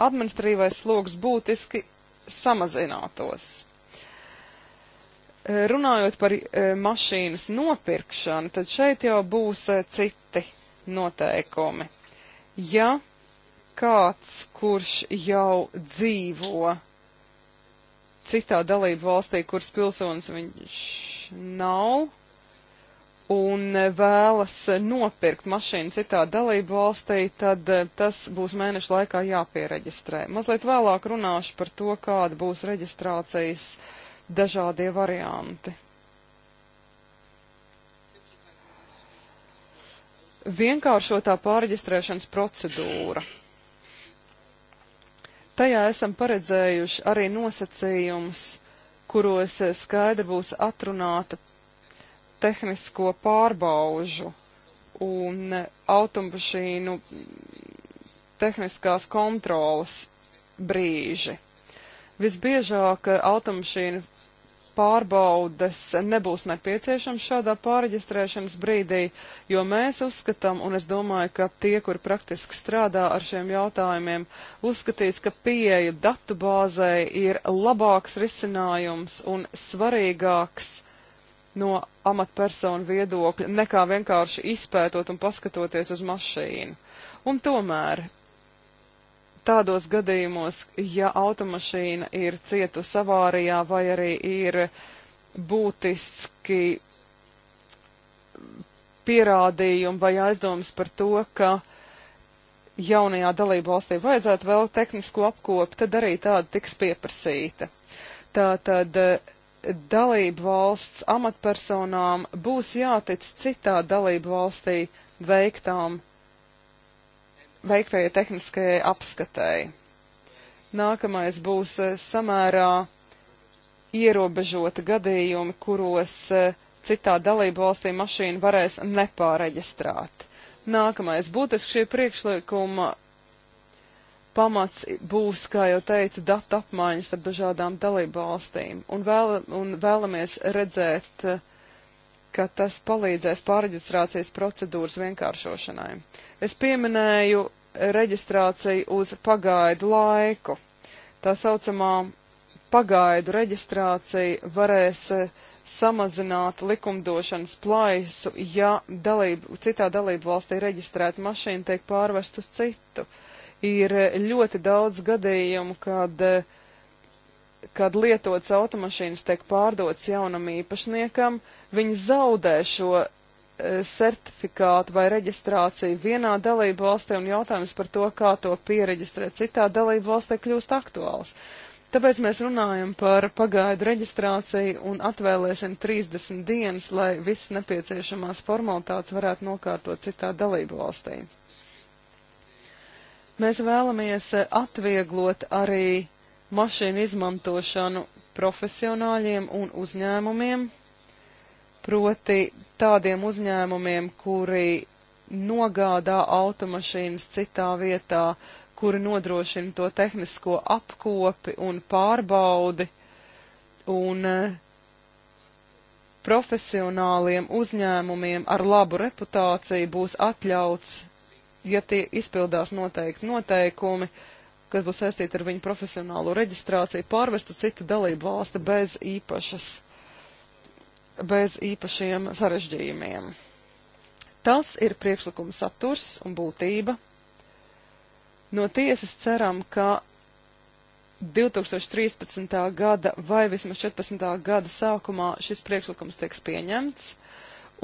administratīvais sloks būtiski samazinātos. Eh, runājot par eh, mašīnas nopirkšanu, tad šeit jau būs citi noteikumi. Ja kāds, kurš jau dzīvo citā dalību valstī, kuras pilsonis viņš nav un vēlas nopirkt mašīnu citā dalību valstī, tad eh, tas būs mēnešu laikā jāpiereģistrē. Mazliet vēlāk runāšu par to, kāda būs reģistrācijas dažādie varianti. Vienkāršotā pārreģistrēšanas procedūra. Tajā esam paredzējuši arī nosacījumus kuros eh, skaidri būs atrunāta tehnisko pārbaužu un eh, automašīnu tehniskās kontrolas brīži. Visbiežāk eh, automašīnu pārbaudes nebūs nepieciešams šādā pāreģistrēšanas brīdī, jo mēs uzskatām, un es domāju, ka tie, kur praktiski strādā ar šiem jautājumiem, uzskatīs, ka pieeja datubāzei ir labāks risinājums un svarīgāks no amatpersonu viedokļa nekā vienkārši izpētot un paskatoties uz mašīnu. Un tomēr tādos gadījumos, ja automašīna ir cietusi avārijā vai arī ir būtiski pierādījumi vai aizdomas par to, ka jaunajā dalību valstī vajadzētu vēl tehnisko apkopu, tad arī tāda tiks pieprasīta. Tātad eh, dalību valsts amatpersonām būs jātic citā dalību valstī veiktām veiktajai tehniskajai apskatēji. Nākamais būs eh, samērā ierobežota gadījumi, kuros eh, citā dalību valstī mašīna varēs nepāreģistrēt. Nākamais būtiski šī priekšlikuma pamats būs, kā jau teicu, datu apmaiņas ar dažādām dalību valstīm un, vēl, un vēlamies redzēt uh, ka tas palīdzēs pārreģistrācijas procedūras vienkāršošanai. Es pieminēju reģistrāciju uz pagaidu laiku. Tā saucamā pagaidu reģistrācija varēs e, samazināt likumdošanas plaisu, ja dalību, citā dalību valstī reģistrēta mašīna tiek pārvest uz citu. Ir e, ļoti daudz gadījumu, kad, e, kad lietots automašīnas tiek pārdots jaunam īpašniekam, uh, viņi zaudē šo e, certifikātu vai reģistrāciju vienā dalību valstī un jautājums par to, kā to pieregistrēt citā dalību valstī kļūst aktuāls. Tāpēc mēs runājam par pagaidu reģistrāciju un atvēlēsim 30 dienas, lai viss nepieciešamās formalitātes varētu nokārtot citā dalību valstī. Mēs vēlamies e, atvieglot arī mašīnu izmantošanu profesionāļiem un uzņēmumiem, proti tādiem uzņēmumiem, kuri nogādā automašīnas citā vietā, kuri nodrošina to tehnisko apkopi un pārbaudi, un profesionāliem uzņēmumiem ar labu reputāciju būs atļauts, ja tie izpildās noteikti noteikumi, kas būs saistīti ar viņu profesionālo reģistrāciju, pārvest uz citu dalību valsti bez īpašas uh, bez īpašiem sarežģījumiem. Tas ir priekšlikuma saturs un būtība. No tiesas ceram, ka 2013. gada vai vismaz 14. gada sākumā šis priekšlikums tiks pieņemts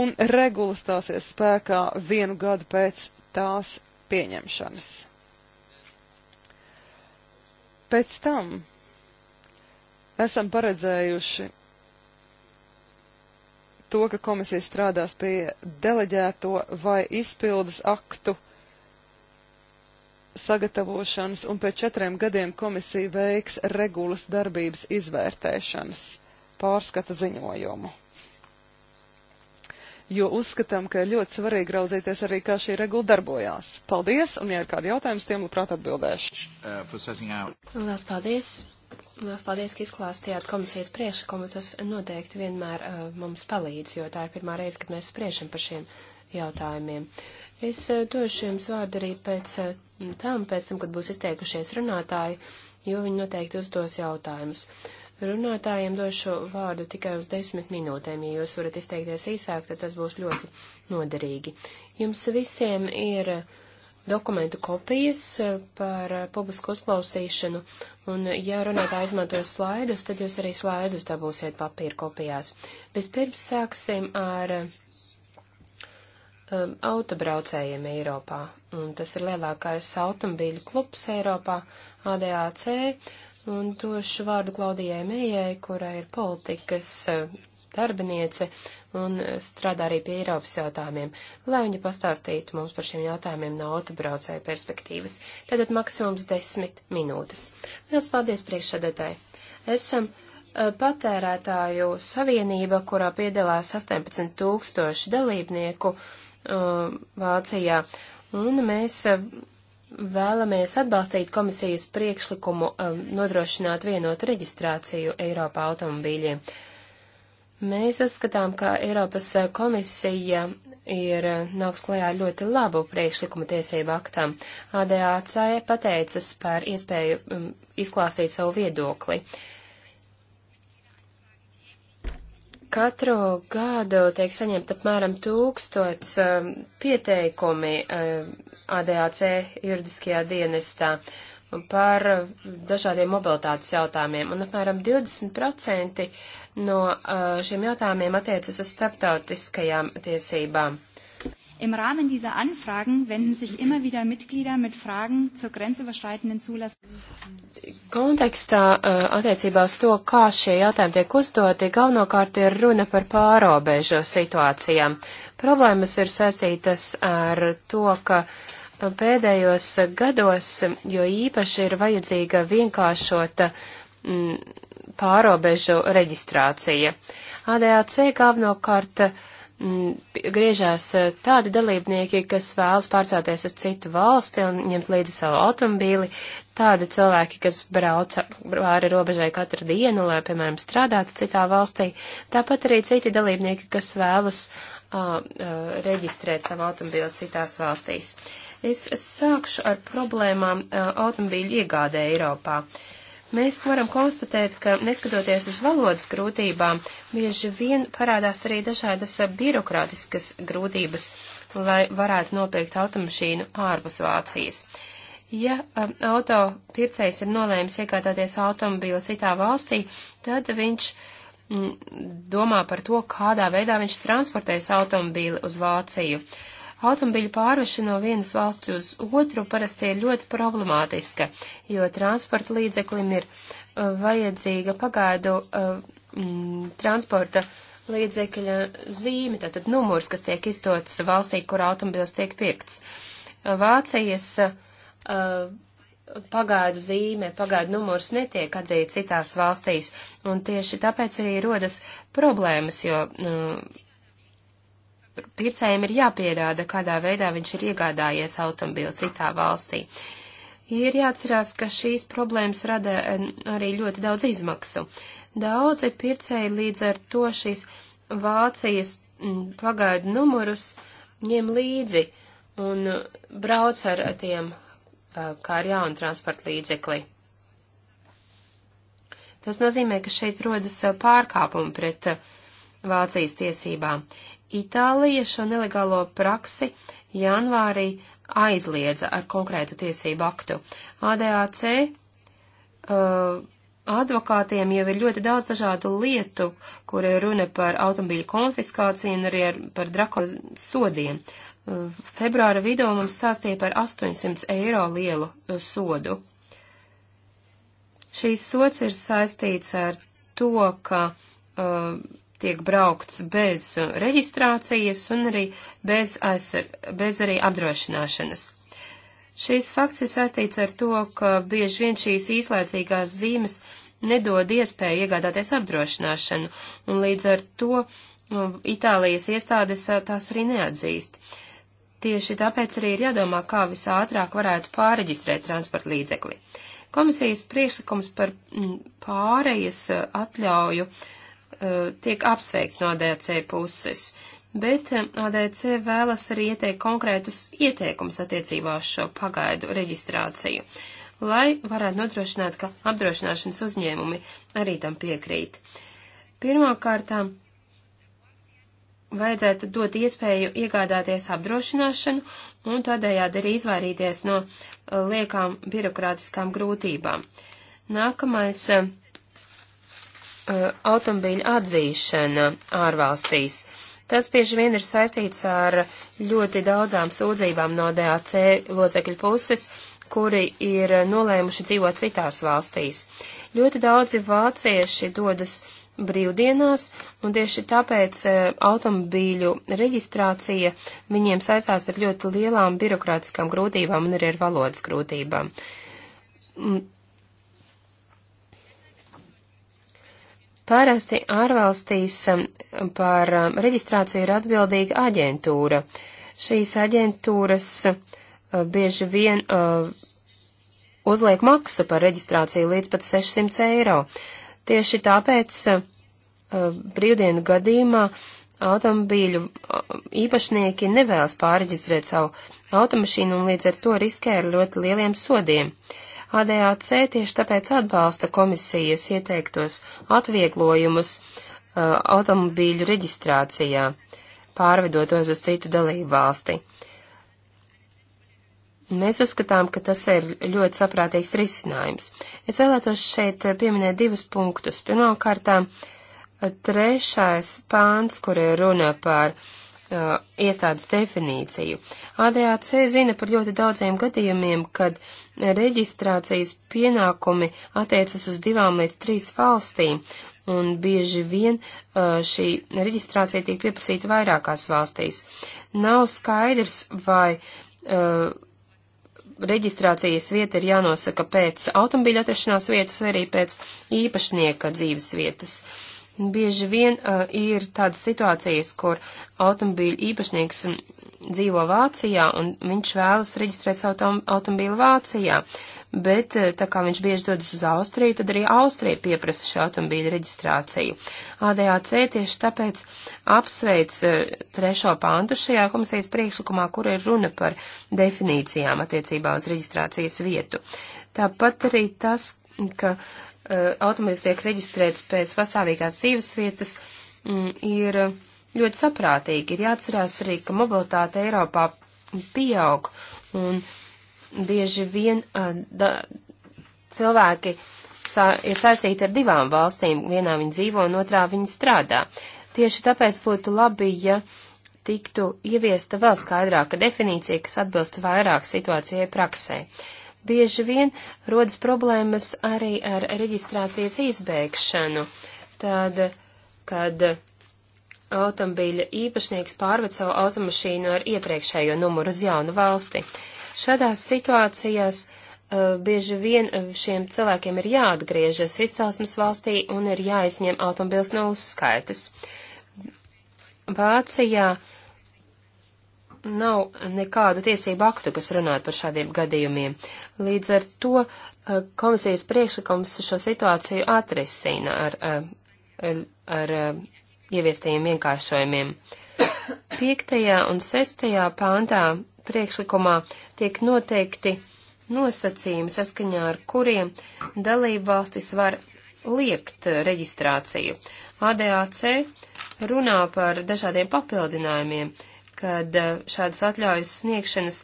un regula stāsies spēkā vienu gadu pēc tās pieņemšanas. Pēc tam esam paredzējuši to, ka komisija strādās pie deleģēto vai izpildes aktu sagatavošanas, un pēc četriem gadiem komisija veiks regulas darbības izvērtēšanas pārskata ziņojumu. Jo uzskatām, ka ir ļoti svarīgi raudzīties arī, kā šī regula darbojās. Paldies, un ja ir kādi jautājums, tiem labprāt atbildēšu. Uh, Lielas paldies! Lielas paldies, ka izklāstījāt komisijas priekšlikumu. Tas noteikti vienmēr uh, mums palīdz, jo tā ir pirmā reize, kad mēs spriežam par šiem jautājumiem. Es uh, došu jums vārdu arī pēc uh, tam, pēc tam, kad būs izteikušies runātāji, jo viņi noteikti uzdos jautājumus. Runātājiem došu vārdu tikai uz desmit minūtēm. Ja jūs varat izteikties īsāk, tad tas būs ļoti noderīgi. Jums visiem ir. Uh, dokumentu kopijas eh, par eh, publisku uzklausīšanu, un eh, ja runātā izmantos slaidus, tad jūs arī slaidus dabūsiet papīra kopijās. Vispirms sāksim ar um, autobraucējiem Eiropā, un tas ir lielākais automobīļu klubs Eiropā, ADAC, un došu vārdu Klaudijai Mējai, kura ir politikas darbiniece un strādā arī pie Eiropas jautājumiem, lai viņa pastāstītu mums par šiem jautājumiem no autobraucēju perspektīvas. Tātad maksimums desmit minūtes. Liels paldies priekšsēdētāji! Esam eh, patērētāju savienība, kurā piedalās 18 tūkstoši dalībnieku um, Vācijā, un mēs eh, vēlamies atbalstīt komisijas priekšlikumu um, nodrošināt vienotu reģistrāciju Eiropā automobīļiem. Uh, Mēs uzskatām, ka Eiropas komisija ir eh, nāks klajā ļoti labu priekšlikumu tiesību aktam. ADAC pateicas par iespēju um, izklāstīt savu viedokli. Katru gadu tiek saņemt apmēram tūkstots um, pieteikumi um, eh, ADAC juridiskajā dienestā par dažādiem mobilitātes jautājumiem, un apmēram 20% no uh, šiem jautājumiem attiecas uz starptautiskajām tiesībām. Im Rahmen dieser Anfragen wenden sich immer wieder Mitglieder mit Fragen zur grenzüberschreitenden Zulassung. Kontekstā uh, attiecībā uz to, kā šie jautājumi tiek uzdoti, galvenokārt ir runa par pārobežu situācijām. Problēmas ir saistītas ar to, ka uh, pēdējos gados, jo īpaši ir vajadzīga vienkāršota mm, pārobežu reģistrācija. ADAC galvenokārt m, mm, griežās eh, tādi dalībnieki, kas vēlas pārcēties uz citu valsti un ņemt līdzi savu automobīli, tādi cilvēki, kas brauc pāri robežai katru dienu, lai, piemēram, strādātu citā valstī, tāpat arī citi dalībnieki, kas vēlas uh, uh, reģistrēt savu automobīli citās valstīs. Es sākšu ar problēmām uh, automobīļu iegādē Eiropā. Uh, Mēs varam konstatēt, ka neskatoties uz valodas grūtībām, bieži vien parādās arī dažādas birokrātiskas grūtības, lai varētu nopirkt automašīnu ārpus Vācijas. Ja um, auto pircējs ir nolēmis iegādāties automobīlu citā valstī, tad viņš mm, domā par to, kādā veidā viņš transportēs automobīli uz Vāciju. Uh, Automobīļu pārvešana no vienas valsts uz otru parasti ir ļoti problemātiska, jo transporta līdzeklim ir uh, vajadzīga pagaidu uh, mm, transporta līdzekļa zīme, tātad numurs, kas tiek izdots valstī, kur automobils tiek pirkts. Uh, Vācijas uh, pagaidu zīme, pagaidu numurs netiek atzīta citās valstīs, un tieši tāpēc arī rodas problēmas, jo uh, pircējiem ir jāpierāda, kādā veidā viņš ir iegādājies automobili citā valstī. Ir jāatcerās, ka šīs problēmas rada eh, arī ļoti daudz izmaksu. Daudzi pircēji līdz ar to šīs Vācijas mm, pagaidu numurus ņem līdzi un brauc ar tiem eh, kā ar jaunu transporta līdzekli. Tas nozīmē, ka šeit rodas eh, pārkāpumi pret Vācijas tiesībām. Itālija šo nelegālo praksi janvārī aizliedza ar konkrētu tiesību aktu. ADAC uh, advokātiem jau ir ļoti daudz dažādu lietu, kur ir runa par automobīļu konfiskāciju un arī ar, par drakonu sodiem. Uh, februāra vidū mums stāstīja par 800 eiro lielu uh, sodu. Šīs sots ir saistīts ar to, ka uh, tiek braukts bez uh, reģistrācijas un arī bez, aizsar, bez arī apdrošināšanas. Šīs fakts ir saistīts ar to, ka bieži vien šīs īslaicīgās zīmes nedod iespēju iegādāties apdrošināšanu, un līdz ar to nu, Itālijas iestādes uh, tās arī neatzīst. Tieši tāpēc arī ir jādomā, kā visātrāk varētu pāreģistrēt transporta līdzekli. Komisijas priekšlikums par mm, pārejas uh, atļauju uh, Eh, tiek apsveikts no ADC puses, bet eh, ADC vēlas arī ieteikt konkrētus ieteikumus attiecībā uz šo pagaidu reģistrāciju, lai varētu nodrošināt, ka apdrošināšanas uzņēmumi arī tam piekrīt. Pirmkārtām vajadzētu dot iespēju iegādāties apdrošināšanu un tādējādi arī izvairīties no liekām birokrātiskām grūtībām. Nākamais eh, Uh, automobīļu atzīšana ārvalstīs. Tas bieži vien ir saistīts ar ļoti daudzām sūdzībām no DAC locekļu puses, kuri ir nolēmuši dzīvot citās valstīs. Ļoti daudzi vācieši dodas brīvdienās, un tieši tāpēc e, automobīļu reģistrācija viņiem saistās ar ļoti lielām birokrātiskām grūtībām un arī ar valodas grūtībām. Mm, Parasti ārvalstīs um, par um, reģistrāciju ir atbildīga aģentūra. Šīs aģentūras uh, bieži vien uh, uzliek maksu par reģistrāciju līdz pat 600 eiro. Tieši tāpēc uh, brīvdienu gadījumā automobīļu īpašnieki nevēlas pārreģistrēt savu automašīnu un līdz ar to riskē ar ļoti lieliem sodiem. Uh, ADAC tieši tāpēc atbalsta komisijas ieteiktos atvieglojumus uh, automobīļu reģistrācijā, pārvedotos uz citu dalību valsti. Mēs uzskatām, ka tas ir ļoti saprātīgs risinājums. Es vēlētos šeit pieminēt divus punktus. Pirmkārtām, trešais pāns, kur ir runa par uh, uh, iestādes definīciju. ADAC zina par ļoti daudziem gadījumiem, kad reģistrācijas pienākumi attiecas uz divām līdz trīs valstīm, un bieži vien uh, šī reģistrācija tiek pieprasīta vairākās valstīs. Nav skaidrs, vai uh, reģistrācijas vieta ir jānosaka pēc automobīļa atrašanās vietas vai arī pēc īpašnieka dzīves vietas. Uh, Bieži vien uh, ir tādas situācijas, kur automobīļa īpašnieks um, dzīvo Vācijā un viņš vēlas reģistrēt savu autom automobīlu Vācijā, bet uh, tā kā viņš bieži dodas uz Austriju, tad arī Austrija pieprasa šo automobīļa reģistrāciju. ADAC tieši tāpēc apsveic uh, trešo pāntu šajā komisijas priekšlikumā, kur ir runa par definīcijām attiecībā uz reģistrācijas vietu. Tāpat arī tas, ka uh, automobilis tiek reģistrēts pēc pastāvīgās dzīves vietas, mm, ir ļoti saprātīgi. Ir jāatcerās arī, ka mobilitāte Eiropā pieaug un bieži vien da, cilvēki sa, ir saistīti ar divām valstīm. Vienā viņi dzīvo un otrā viņi strādā. Tieši tāpēc būtu labi, ja tiktu ieviesta vēl skaidrāka definīcija, kas atbilst vairāk situācijai praksē. Uh, bieži vien rodas problēmas arī ar reģistrācijas izbēgšanu. Tad, kad automobīļa īpašnieks pārved savu automašīnu ar iepriekšējo numuru uz jaunu valsti. Šādās situācijās uh, bieži vien e, šiem cilvēkiem ir jāatgriežas izcelsmes valstī un ir jāizņem automobils no uzskaitas. Vācijā uh, nav nekādu tiesību aktu, kas runātu par šādiem gadījumiem. Līdz ar to eh, komisijas priekšlikums šo situāciju atrisina ar, eh, ar, ar eh, ieviestajiem vienkāršojumiem. 5. un 6. pāntā priekšlikumā tiek noteikti nosacījumi, saskaņā ar kuriem dalību valstis var liekt reģistrāciju. ADAC runā par dažādiem papildinājumiem, kad eh, šādas atļaujas sniegšanas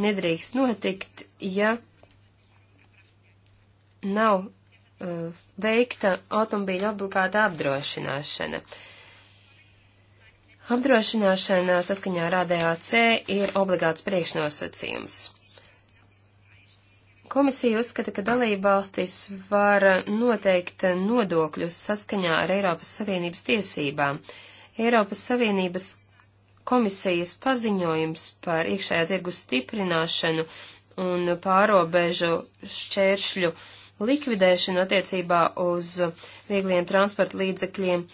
nedrīkst notikt, ja nav uh, veikta automobīļa obligāta apdrošināšana. Apdrošināšana saskaņā ar ADAC ir obligāts priekšnosacījums. Komisija uzskata, ka dalībvalstis var noteikt nodokļus saskaņā ar Eiropas Savienības tiesībām. Eiropas Savienības komisijas paziņojums par iekšējā tirgus stiprināšanu un pārobežu šķēršļu likvidēšanu attiecībā uz viegliem transporta līdzekļiem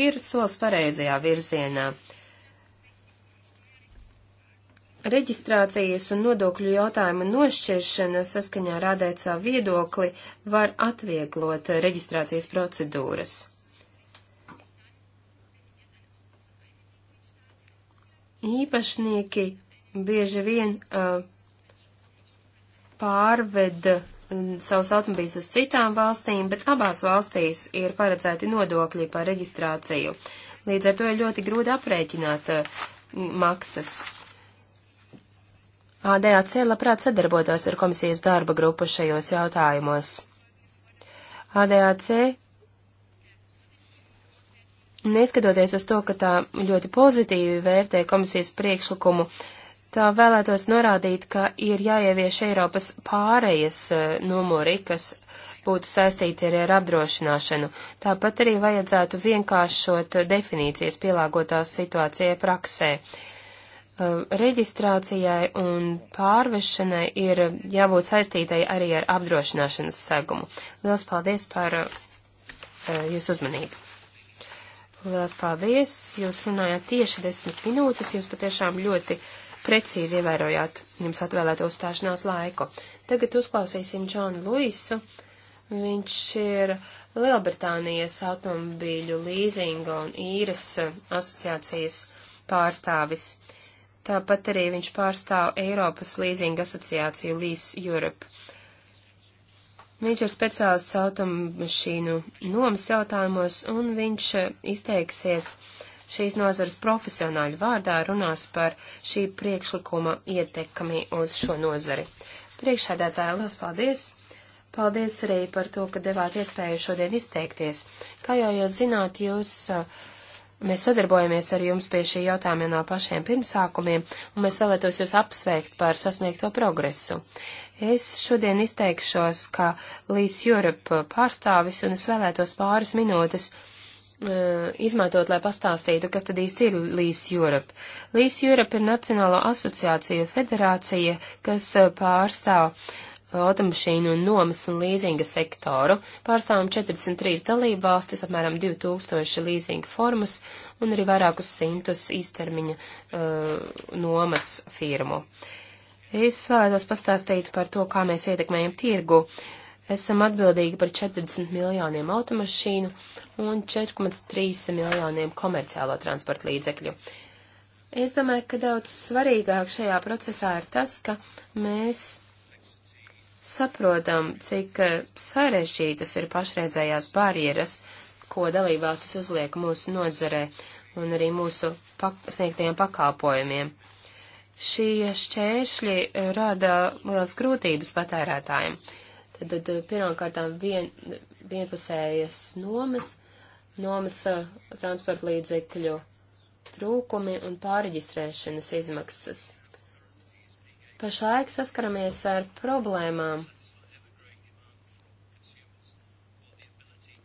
ir solis pareizajā virzienā. Reģistrācijas un nodokļu jautājuma nošķiršana saskaņā rādēt savu viedokli var atvieglot reģistrācijas procedūras. īpašnieki bieži vien uh, pārveda um, savus automobīļus uz citām valstīm, bet abās valstīs ir paredzēti nodokļi par reģistrāciju. Līdz ar to ir ļoti grūti aprēķināt uh, maksas. ADAC labprāt sadarbotos ar komisijas darba grupu šajos jautājumos. ADAC Neskatoties uz to, ka tā ļoti pozitīvi vērtē komisijas priekšlikumu, tā vēlētos norādīt, ka ir jāievieš Eiropas pārējas eh, numuri, kas būtu saistīti arī ar apdrošināšanu. Tāpat arī vajadzētu vienkāršot definīcijas pielāgotās situācijai praksē. Eh, reģistrācijai un pārvešanai ir jābūt saistītai arī ar apdrošināšanas segumu. Lielas paldies par eh, jūsu uzmanību! Lielas paldies! Jūs runājāt tieši desmit minūtes, jūs patiešām ļoti precīzi ievērojāt jums atvēlēto uzstāšanās laiku. Tagad uzklausīsim Džonu Luisu. Viņš ir Lielbritānijas automobīļu līzinga un īres asociācijas pārstāvis. Tāpat arī viņš pārstāv Eiropas līzinga asociāciju Lease Europe. Viņš ir speciālists automašīnu nomas jautājumos, un viņš eh, izteiksies šīs nozares profesionāļu vārdā, runās par šī priekšlikuma ietekmi uz šo nozari. Priekšsēdētāji, liels paldies! Paldies arī par to, ka devāt iespēju šodien izteikties. Kā jau jūs zināt, jūs uh, Mēs sadarbojamies ar jums pie šī jautājuma no pašiem pirmsākumiem, un mēs vēlētos jūs apsveikt par sasniegto progresu. Es šodien izteikšos kā Līs Europe pārstāvis, un es vēlētos pāris minūtes uh, izmantot, lai pastāstītu, kas tad īsti ir Līs Europe. Līs Europe ir Nacionālo asociāciju federācija, kas uh, pārstāv uh, automašīnu un nomas un līzinga sektoru. Pārstāvam 43 dalību valstis, apmēram 2000 līzinga formas un arī vairākus simtus īstermiņa uh, nomas firmu. Es vēlētos pastāstīt par to, kā mēs ietekmējam tirgu. Esam atbildīgi par 40 miljoniem automašīnu un 4,3 miljoniem komerciālo transporta līdzekļu. Es domāju, ka daudz svarīgāk šajā procesā ir tas, ka mēs saprotam, cik eh, sarežģītas ir pašreizējās barjeras, ko dalībvalstis uzliek mūsu nozarē un arī mūsu pak sniegtiem pakalpojumiem. Šie šķēršļi rada liels grūtības patērētājiem. Tad, tad eh, pirmkārtām vien, vienpusējas nomas, nomas eh, transporta līdzekļu trūkumi un pāreģistrēšanas izmaksas. Pašlaik saskaramies ar problēmām.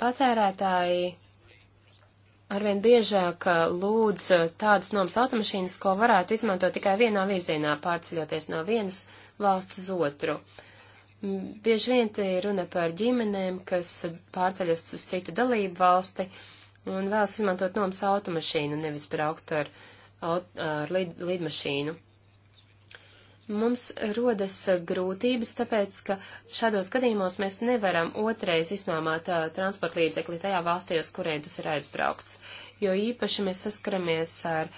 Patērētāji arvien biežāk uh, lūdz uh, tādas nomas automašīnas, ko varētu izmantot tikai vienā virzienā, pārceļoties no vienas valsts uz otru. Bieži vien te ir runa par ģimenēm, kas pārceļas uz citu dalību valsti un vēlas izmantot nomas automašīnu, nevis braukt ar, ar līd, līdmašīnu. Mums rodas grūtības, tāpēc, ka šādos gadījumos mēs nevaram otrais iznomāt uh, transporta līdzekli tajā valstī, uz kuriem tas ir aizbraukts. Jo īpaši mēs saskaramies ar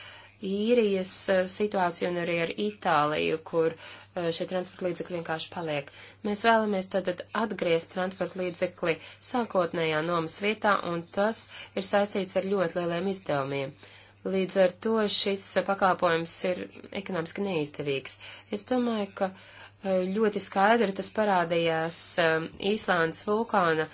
īrijas uh, situāciju un arī ar Itāliju, kur uh, šie transporta līdzekļi vienkārši paliek. Mēs vēlamies tātad atgriezt transporta līdzekli sākotnējā nomas vietā, un tas ir saistīts ar ļoti lieliem izdevumiem. Uh, Līdz ar to šis pakāpojums ir ekonomiski neizdevīgs. Es domāju, ka e, ļoti skaidri tas parādījās e, Īslandes vulkāna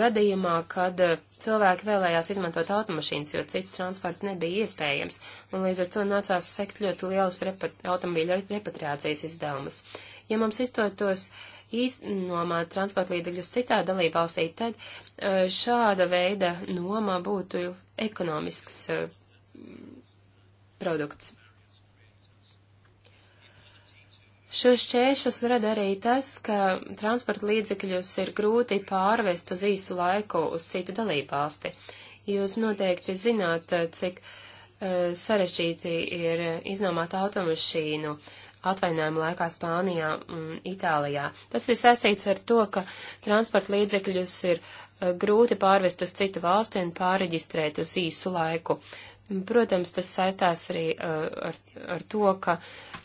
gadījumā, kad e, cilvēki vēlējās izmantot automašīnas, jo cits transports nebija iespējams, un līdz ar to nācās sekt ļoti lielus repat automobīļu repatriācijas izdevumus. Ja mums izdotos īstenomāt transporta līdzekļus citā dalībvalstī, tad šāda veida nomā būtu ekonomisks produkts. Šos šķēršļus rada arī tas, ka transporta līdzekļus ir grūti pārvest uz īsu laiku uz citu dalībvalsti. Jūs noteikti zināt, cik uh, sarežģīti ir iznomāt automašīnu atvaļinājuma laikā Spānijā un Itālijā. Tas ir saistīts ar to, ka transporta līdzekļus ir uh, grūti pārvest uz citu valsti un pāreģistrēt uz īsu laiku. Uh, Protams, tas saistās arī uh, ar, ar to, ka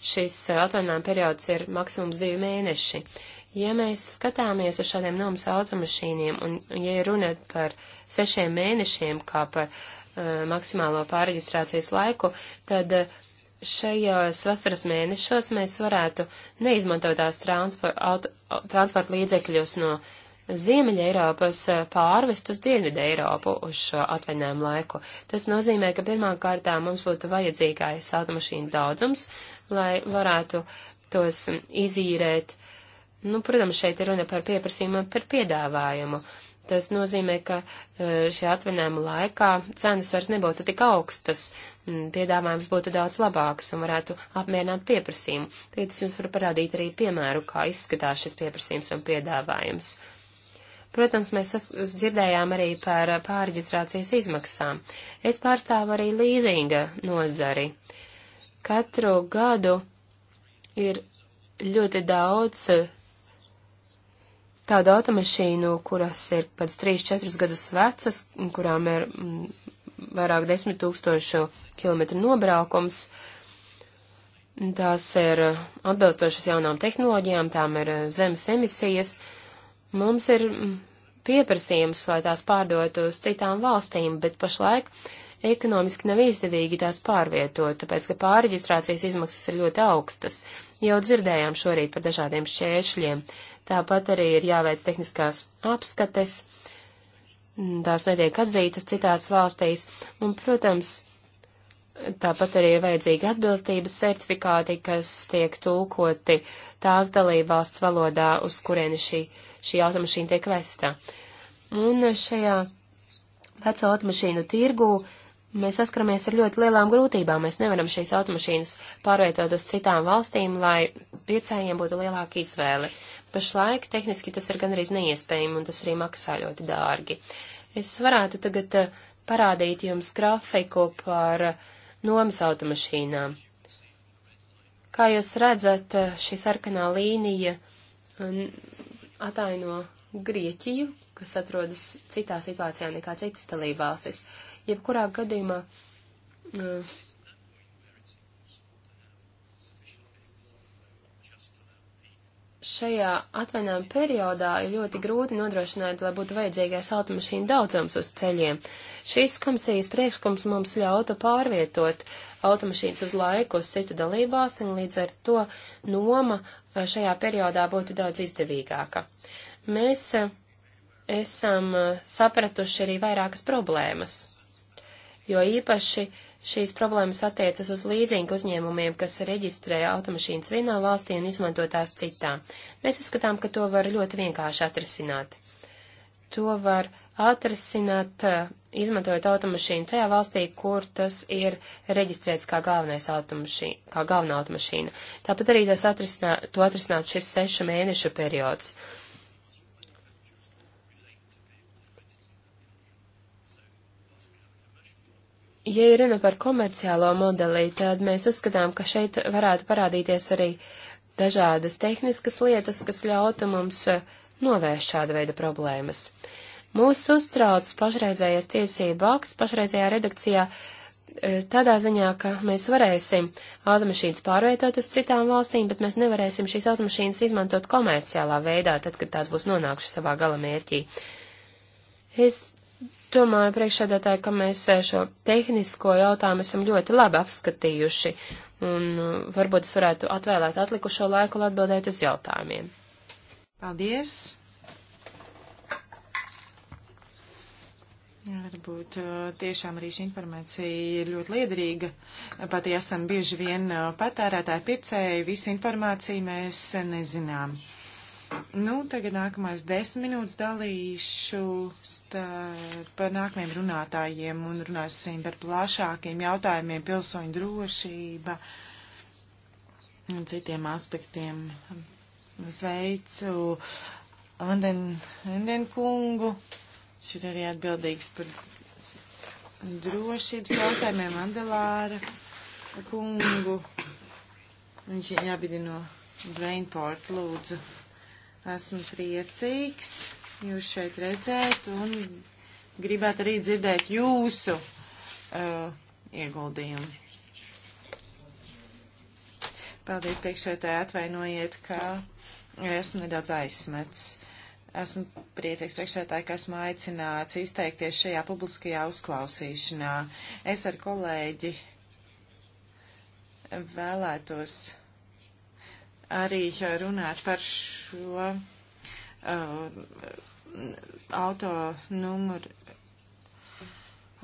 šis uh, atvainājuma periods ir maksimums divi mēneši. Ja mēs skatāmies uz šādiem nomas automašīniem, un, un ja runa par sešiem mēnešiem kā par uh, maksimālo pārreģistrācijas laiku, tad uh, šajos vasaras mēnešos mēs varētu neizmantot tās transpor, auto, transporta līdzekļus no uh, Ziemeļa Eiropas eh, pārvest uz Dienvidu Eiropu uz šo atvaļinājumu laiku. Tas nozīmē, ka pirmām kārtām mums būtu vajadzīgais automašīnu daudzums, lai varētu tos mm, izīrēt. Nu, protams, šeit ir runa par pieprasījumu un par piedāvājumu. Tas nozīmē, ka eh, šī atvinājuma laikā cenas vairs nebūtu tik augstas, mm, piedāvājums būtu daudz labāks un varētu apmierināt pieprasījumu. Tagad es jums varu parādīt arī piemēru, kā izskatās šis pieprasījums un piedāvājums. Uh, Protams, mēs dzirdējām arī par pārģistrācijas izmaksām. Es pārstāvu arī līzinga nozari. Katru gadu ir ļoti daudz tādu automašīnu, kuras ir kādus 3-4 gadus vecas, kurām ir mm, vairāk desmit tūkstošu kilometru nobraukums. Tās ir atbilstošas jaunām tehnoloģijām, tām ir eh, zemes emisijas, Mums ir mm, pieprasījums, lai tās pārdotu uz citām valstīm, bet pašlaik ekonomiski nav izdevīgi tās pārvietot, tāpēc, ka pārreģistrācijas izmaksas ir ļoti augstas. Jau dzirdējām šorīt par dažādiem šķēršļiem. Tāpat arī ir jāveic tehniskās apskates, tās netiek atzītas citās valstīs, un, protams, Tāpat arī ir vajadzīgi atbilstības certifikāti, kas tiek tulkoti tās dalībvalsts valodā, uz kurieni šī, šī automašīna tiek vestā. Un šajā veco automašīnu tirgū mēs saskaramies ar ļoti lielām grūtībām. Mēs nevaram šīs automašīnas pārvietot uz citām valstīm, lai piecējiem būtu lielāka izvēle. Pašlaik tehniski tas ir gandrīz neiespējami, un tas arī maksā ļoti dārgi. Es varētu tagad eh, parādīt jums grafiku par uh, nomas automašīnām. Kā jūs redzat, šī sarkanā līnija um, ataino Grieķiju, kas atrodas citā situācijā nekā citas dalībvalstis. Jebkurā gadījumā uh, šajā atvainājuma periodā ir ļoti grūti nodrošināt, lai būtu vajadzīgais automašīnu daudzums uz ceļiem. Šīs komisijas priekšlikums mums ļautu pārvietot automašīnas uz laiku uz citu dalībās, un līdz ar to noma eh, šajā periodā būtu daudz izdevīgāka. Mēs eh, esam eh, sapratuši arī vairākas problēmas, jo īpaši uh, Šīs problēmas attiecas uz līzingu uzņēmumiem, kas reģistrē automašīnas vienā valstī un izmanto tās citā. Mēs uzskatām, ka to var ļoti vienkārši atrisināt. To var atrisināt, eh, izmantojot automašīnu tajā valstī, kur tas ir reģistrēts kā, kā galvenā automašīna. Tāpat arī tas atrisināt, to atrisināt šis sešu mēnešu periods. Uh, Ja ir runa par komerciālo modeli, tad mēs uzskatām, ka šeit varētu parādīties arī dažādas tehniskas lietas, kas ļautu mums eh, novērst šāda veida problēmas. Mūs uztrauc pašreizējais tiesība akts pašreizējā redakcijā eh, tādā ziņā, ka mēs varēsim automašīnas pārvietot uz citām valstīm, bet mēs nevarēsim šīs automašīnas izmantot komerciālā veidā, tad, kad tās būs nonākušas savā galamērķī. Es Domāju, priekšsēdētāji, ka mēs eh, šo tehnisko jautājumu esam ļoti labi apskatījuši, un eh, varbūt es varētu atvēlēt atlikušo laiku, lai atbildētu uz jautājumiem. Paldies! Varbūt eh, tiešām arī šī informācija ir ļoti liederīga. Pat ja esam bieži vien patērētāji pircēji, visu informāciju mēs nezinām. Nu, tagad nākamās desmit minūtes dalīšu par nākamajiem runātājiem un runāsim par plašākiem jautājumiem pilsoņu drošība un citiem aspektiem. Sveicu Anden, Anden kungu, viņš ir arī atbildīgs par drošības jautājumiem Andelāra kungu. Viņš ir jābidi no Brainport, lūdzu. Esmu priecīgs jūs šeit redzēt un gribētu arī dzirdēt jūsu uh, ieguldījumu. Paldies priekšētāji, atvainojiet, ka esmu nedaudz aizsmets. Esmu priecīgs priekšētāji, ka esmu aicināts izteikties šajā publiskajā uzklausīšanā. Es ar kolēģi vēlētos arī runāt par šo uh, auto numuru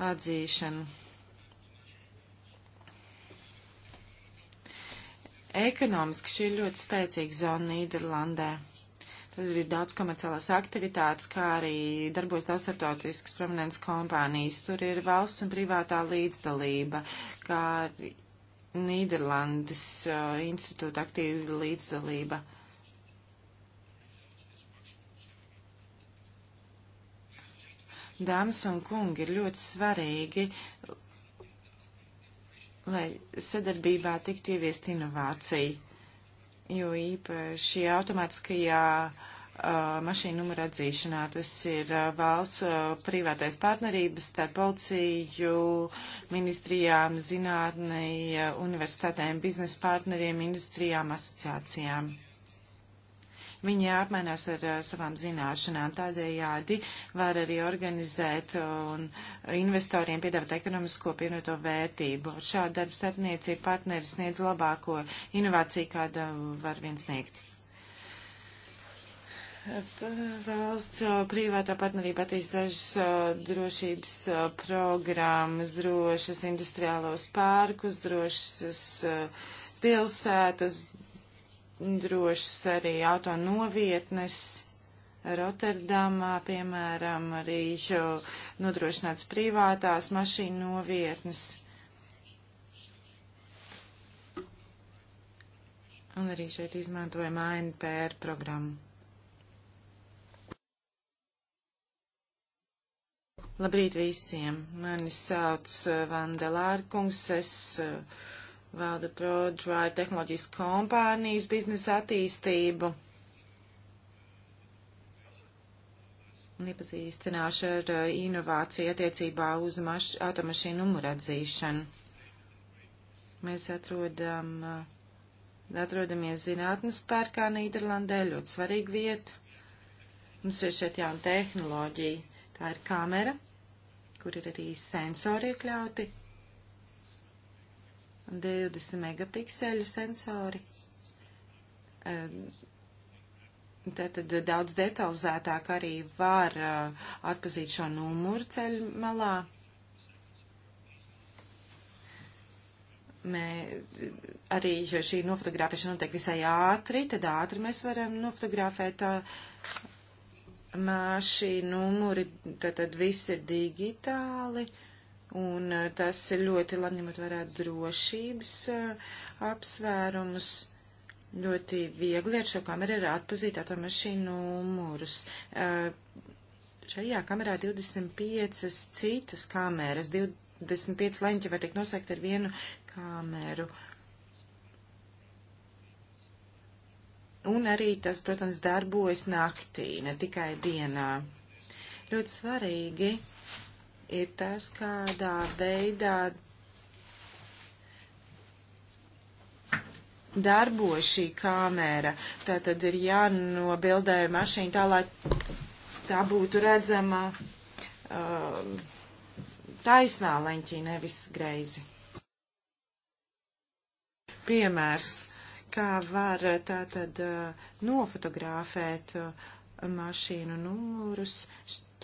atzīšanu. Ekonomiski šī ir ļoti spēcīga zona Nīderlandē. Tad ir daudz komerciālās aktivitātes, kā arī darbojas daudz starptautiskas prominentas kompānijas. Tur ir valsts un privātā līdzdalība, kā arī Nīderlandes uh, institūta aktīva līdzdalība. Dāmas un kungi, ir ļoti svarīgi, lai sadarbībā tiktu ieviest inovācija, jo īpaši automātiskajā uh, Uh, mašīnu numuru atzīšanā. Tas ir uh, valsts uh, privātais partnerības starp policiju, ministrijām, zinātnei, universitātēm, biznesa partneriem, industrijām, asociācijām. Viņi apmainās ar, ar savām zināšanām, tādējādi var arī organizēt un investoriem piedāvāt ekonomisko pievienoto vērtību. Šāda darba starpniecība partneris sniedz labāko inovāciju, kāda var viens sniegt. Valsts privātā partnerība attīst dažas drošības programmas, drošas industriālos pārkus, drošas pilsētas, drošas arī autonovietnes. Rotterdamā, piemēram, arī nodrošināts privātās mašīnu novietnes. Un arī šeit izmantojam ANPR programmu. Labrīt visiem! Mani sauc eh, Vanda Lārkungs, es eh, valda ProDrive tehnoloģijas kompānijas biznesa attīstību. Un iepazīstināšu ar eh, inovāciju attiecībā uz maš, automašīnu numuru atzīšanu. Mēs atrodam, atrodamies zinātnes pērkā Nīderlandē, ļoti svarīga vieta. Mums ir šeit jauna tehnoloģija. Tā ir kamera, kur ir arī sensori iekļauti, 20 megapikseļu sensori. Tātad daudz detalizētāk arī var atpazīt šo numuru ceļu malā. Mē, arī šī nofotografēšana notiek visai ātri, tad ātri mēs varam nofotografēt uh, šī numuri, tad, tad viss ir digitāli, un eh, tas ir ļoti labi ņemot vērā drošības eh, apsvērumus. Ļoti viegli ar šo kameru ir atpazīt automašīnu numurus. Eh, šajā kamerā 25 citas kameras, 25 leņķi var tikt nosaukt ar vienu kameru. Uh, Un arī tas, protams, darbojas naktī, ne tikai dienā. Ļoti svarīgi ir tas, kādā veidā darbo šī kāmera. Tā tad ir jānobildē mašīna tā, lai tā būtu redzama uh, taisnā leņķī, nevis greizi. Piemērs kā var eh, tātad eh, nofotografēt eh, mašīnu numurus.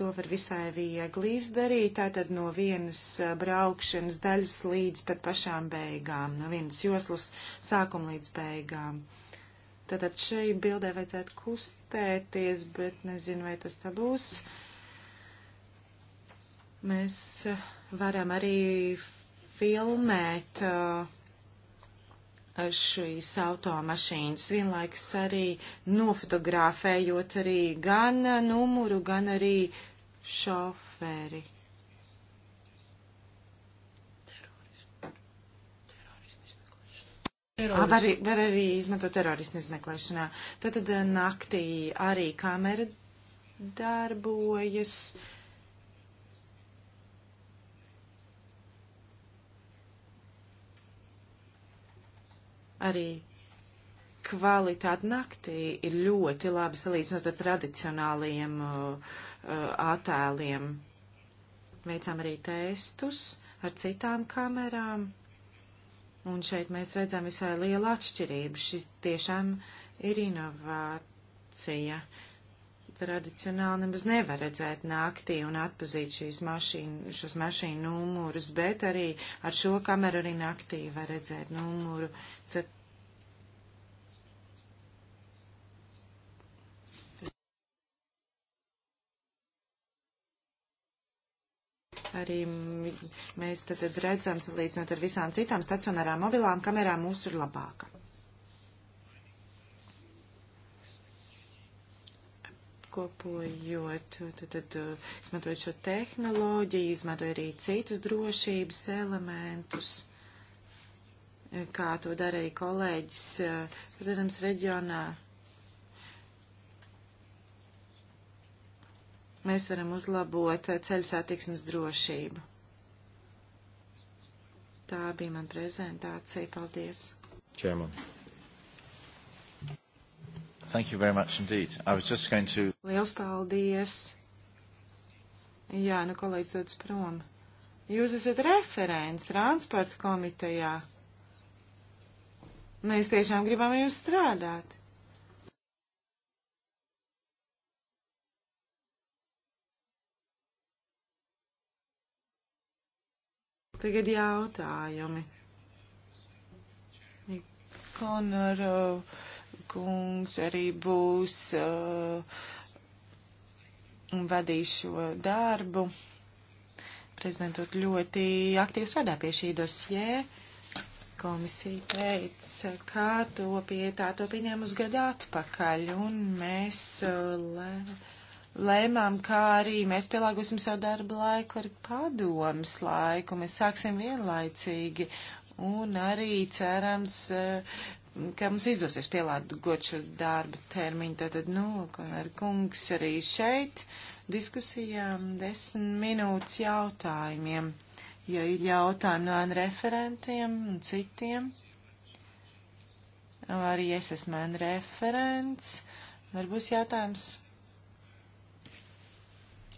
To var visai viegli izdarīt, tātad no vienas braukšanas daļas līdz pat pašām beigām, no vienas joslas sākuma līdz beigām. Tātad šai bildē vajadzētu kustēties, bet nezinu, vai tas tā būs. Mēs varam arī filmēt uh, šīs automašīnas, vienlaikus arī nofotografējot arī gan numuru, gan arī šoferi. Terorismu. Var, var arī izmantot terorismu izmeklēšanā. Tad, tad naktī arī kamera darbojas. Uh, Arī kvalitāte naktī ir ļoti labi salīdzinot ar tradicionāliem uh, uh, attēliem. Veicām arī testus ar citām kamerām, un šeit mēs redzam visai lielu atšķirību. Šis tiešām ir inovācija tradicionāli nemaz nevar redzēt naktī un atpazīt šīs mašīnu, šos mašīnu numurus, bet arī ar šo kameru arī naktī var redzēt numuru. Sat... Arī mēs tad redzam, salīdzinot ar visām citām stacionārām mobilām kamerām, mūsu ir labāka. apkopojot, tad, tad uh, izmantojot šo tehnoloģiju, izmantoja arī citus drošības elementus, uh, kā to dara arī kolēģis, uh, protams, reģionā. Mēs varam uzlabot ceļu satiksmes drošību. Tā bija man prezentācija. Paldies! Čēman. Thank you very much indeed. I was just going to... Liels paldies. Jā, nu kolēģis dodas prom. Jūs esat referents transporta komitejā. Mēs tiešām gribam jūs strādāt. Tagad jautājumi. Konoru. Uh, kungs arī būs uh, un vadīs šo darbu. Prezidentot ļoti aktīvi strādā pie šī dosjē. Komisija teica, kā to pie tā to pieņēma uz gadu atpakaļ, un mēs uh, lē, lēmām, kā arī mēs pielāgosim savu darbu laiku ar padomas laiku. Mēs sāksim vienlaicīgi un arī cerams uh, ka mums izdosies pielāgot šo darba termiņu. Tātad, nu, ar kungs arī šeit diskusijām desmit minūtes jautājumiem. Ja ir jautājumi no referentiem un citiem, arī es esmu referents, varbūt jautājums.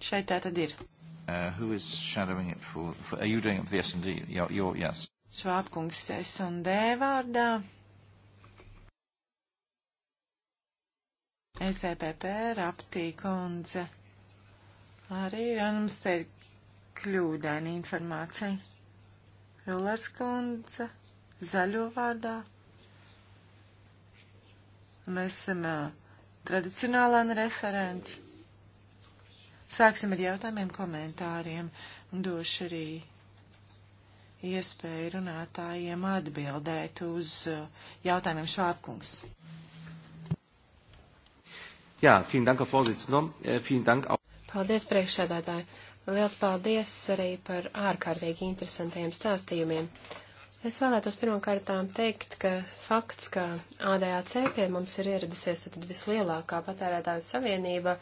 Šeit tā tad ir. Uh, who is shadowing it for, for? Are you doing it for the S&D? You're, you're yes. Švābkungs S&D vārdā. SEPP raptī kundze. Arī ir, un mums te ir kļūdaina informācija. Rulers kundze, zaļo vārdā. Mēs esam uh, tradicionālā referenti. Sāksim ar jautājumiem, komentāriem un došu arī iespēju runātājiem atbildēt uz jautājumiem švāpkungs. Jā, vielen dank, Fozicno, äh, vielen dank. Paldies, priekšsēdētāji. Liels paldies arī par ārkārtīgi interesantiem stāstījumiem. Es vēlētos pirmkārtām teikt, ka fakts, ka ADAC pie mums ir ieradusies tad vislielākā patērētāju savienība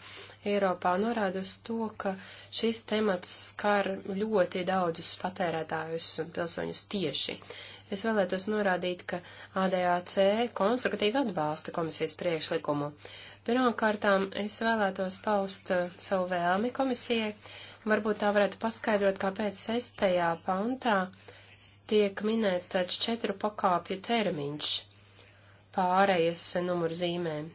Eiropā, norāda uz to, ka šis temats skar ļoti daudzus patērētājus un pilsoņus tieši. Es vēlētos norādīt, ka ADAC konstruktīvi atbalsta komisijas priekšlikumu. Pirmkārtām es vēlētos paust uh, savu vēlmi komisijai. Varbūt tā varētu paskaidrot, kāpēc sestajā pantā tiek minēts tāds četru pakāpju termiņš pārējas numurzīmēm.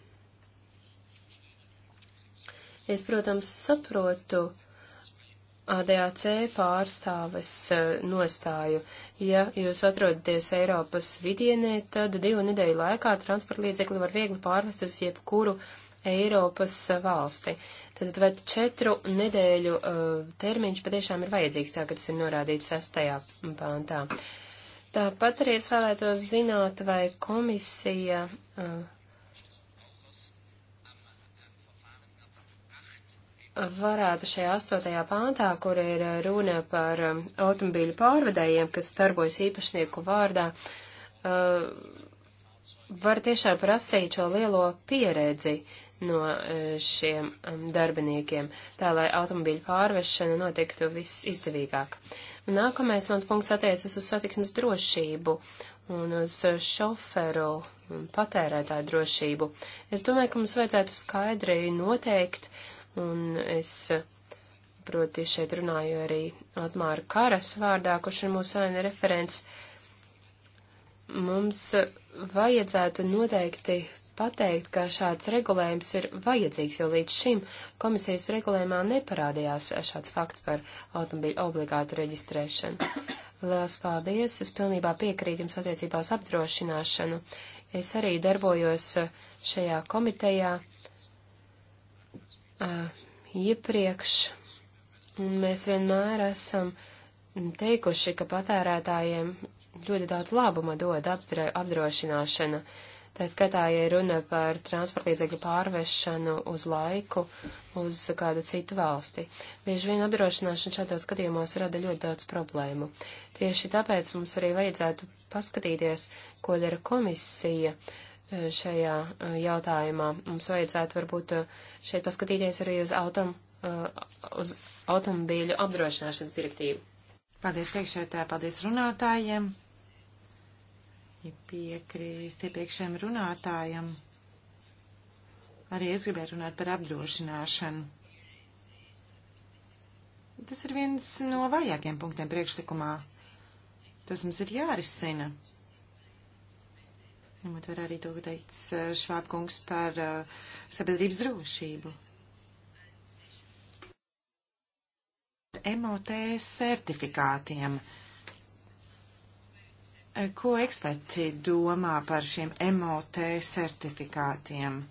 Es, protams, saprotu, uh, ADAC pārstāves eh, nostāju. Ja jūs atrodaties Eiropas vidienē, tad divu nedēļu laikā transporta līdzekli var viegli pārvest uz jebkuru Eiropas eh, valsti. Tad vai četru nedēļu uh, termiņš patiešām ir vajadzīgs, tā kā tas ir norādīts sastajā pāntā. Tāpat arī es vēlētos zināt, vai komisija uh, varētu šajā astotajā pāntā, kur ir eh, runa par eh, automobīļu pārvadējiem, kas starbojas īpašnieku vārdā, eh, var tiešām prasīt šo lielo pieredzi no šiem mm, darbiniekiem, tā lai automobīļu pārvešana notiktu viss izdevīgāk. Nākamais mans punkts attiecas uz satiksmes drošību un uz šoferu un mm, patērētāju drošību. Es domāju, ka mums vajadzētu skaidri noteikt, uh, un es, proti, šeit runāju arī Otmāra Karas vārdā, kurš ir mūsu saimne referents, mums vajadzētu noteikti pateikt, ka šāds regulējums ir vajadzīgs, jo līdz šim komisijas regulējumā neparādījās šāds fakts par automobīļu obligātu reģistrēšanu. Lielas paldies! Es pilnībā piekrītu jums attiecībā uz apdrošināšanu. Es arī darbojos šajā komitejā, uh, iepriekš, un mēs vienmēr esam teikuši, ka patērētājiem ļoti daudz labuma dod apdre, apdrošināšana. Tā skatā, ja runa par transportlīdzekļu pārvešanu uz laiku, uz kādu citu valsti. Bieži vien apdrošināšana šādos gadījumos rada ļoti daudz problēmu. Tieši tāpēc mums arī vajadzētu paskatīties, ko dara komisija, uh, šajā uh, jautājumā. Mums vajadzētu varbūt uh, šeit paskatīties arī uz, autom, uh, uz automobīļu apdrošināšanas direktīvu. Paldies, priekšētāji, paldies runātājiem. Piekrīst iepriekšējiem runātājiem. Arī es gribēju runāt par apdrošināšanu. Tas ir viens no vājākiem punktiem priekšlikumā. Tas mums ir jārisina. Ņemot vērā arī to, ko teica eh, Švābkungs par uh, sabiedrības drošību. MOT certifikātiem. Eh, ko eksperti domā par šiem MOT certifikātiem?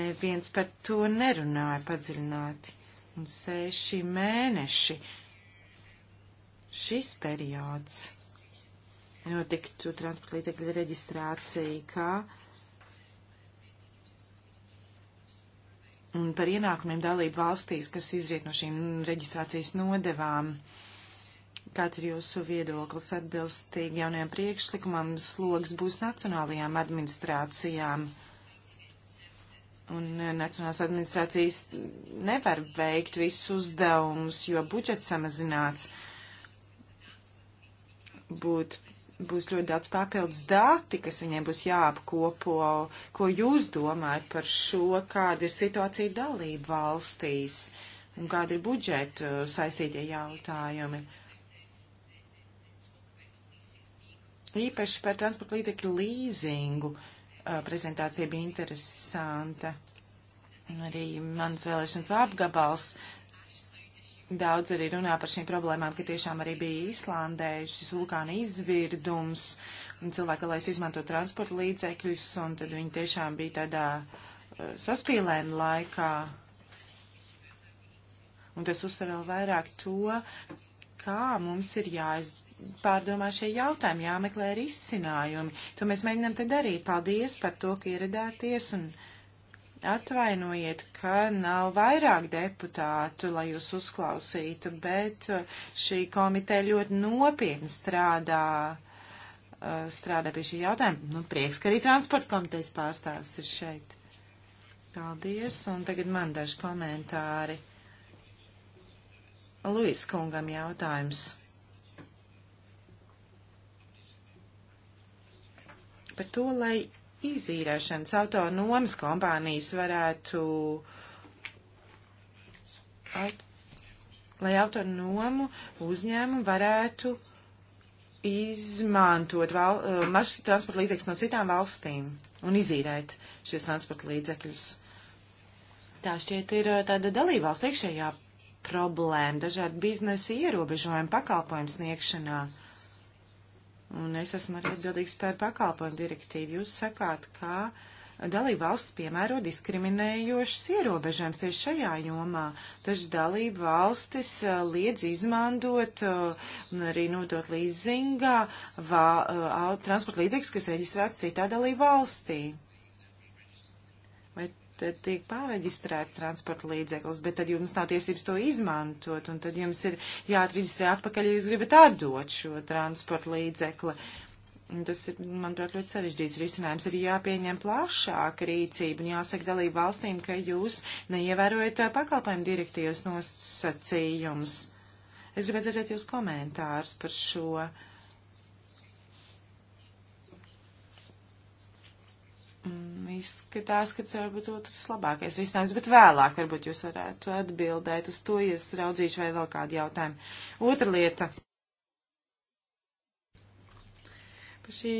Neviens par to nerunāja padziļināti. Un seši mēneši. Šis periods notiktu transporta līdzekļu reģistrācija, kā un par ienākumiem dalību valstīs, kas izriet no šīm reģistrācijas nodevām. Kāds ir jūsu viedoklis atbilstīgi jaunajam priekšlikumam? Slogs būs nacionālajām administrācijām. Un eh, Nacionālās administrācijas nevar veikt visus uzdevumus, jo budžets samazināts. Būt būs ļoti daudz papildus dati, kas viņiem būs jāapkopo. Ko jūs domājat par šo, kāda ir situācija dalība valstīs un kāda ir budžeta uh, saistītie jautājumi? Īpaši par transporta līdzekļu līzingu uh, prezentācija bija interesanta. Un arī mans vēlēšanas apgabals uh, Daudz arī runā par šīm problēmām, ka tiešām arī bija Īslandē šis vulkāna izvirdums, un cilvēki vēlēs izmantot transporta līdzekļus, un tad viņi tiešām bija tādā uh, saspīlēm laikā. Un tas uzsver vēl vairāk to, kā mums ir jāizdara pārdomā šie jautājumi, jāmeklē risinājumi. To mēs mēģinām te darīt. Paldies par to, ka ieradāties un Atvainojiet, ka nav vairāk deputātu, lai jūs uzklausītu, bet uh, šī komiteja ļoti nopietni strādā, uh, strādā pie šī jautājuma. Nu, prieks, ka arī transporta komitejas pārstāvis ir šeit. Paldies, un tagad man daži komentāri. Luis kungam jautājums. Par to, lai izīrēšanas autonomas kompānijas varētu, at, lai autonomu uzņēmumu varētu izmantot val, eh, mašas transporta līdzekļus no citām valstīm un izīrēt šīs transporta līdzekļus. Tā šķiet ir eh, tāda dalībvalsts iekšējā problēma, dažādi biznesa ierobežojumi pakalpojumu sniegšanā. Uh, Un es esmu arī atbildīgs par pakalpojumu direktīvu. Jūs sakāt, ka dalība valsts piemēro diskriminējošas ierobežojums tieši šajā jomā, taču dalība valstis eh, liedz izmantot eh, un arī nodot līdzingā eh, transporta līdzekļus, kas reģistrēts citā dalība valstī tad tiek pāreģistrēts transporta līdzeklis, bet tad jums nav tiesības to izmantot, un tad jums ir jāatreģistrē atpakaļ, ja jūs gribat atdot šo transporta līdzekli. Un tas ir, manuprāt, ļoti sarežģīts risinājums. Ir jāpieņem plašāka rīcība un jāsaka dalību valstīm, ka jūs neievērojat uh, pakalpojumu direktīvas nosacījums. Es gribētu dzirdēt jūs komentārus par šo. Uh, Mm, izskatās, ka tas varbūt otrs labākais risinājums, bet vēlāk varbūt jūs varētu atbildēt uz to, ja es raudzīšu vai vēl kādu jautājumu. Otra lieta. Par šī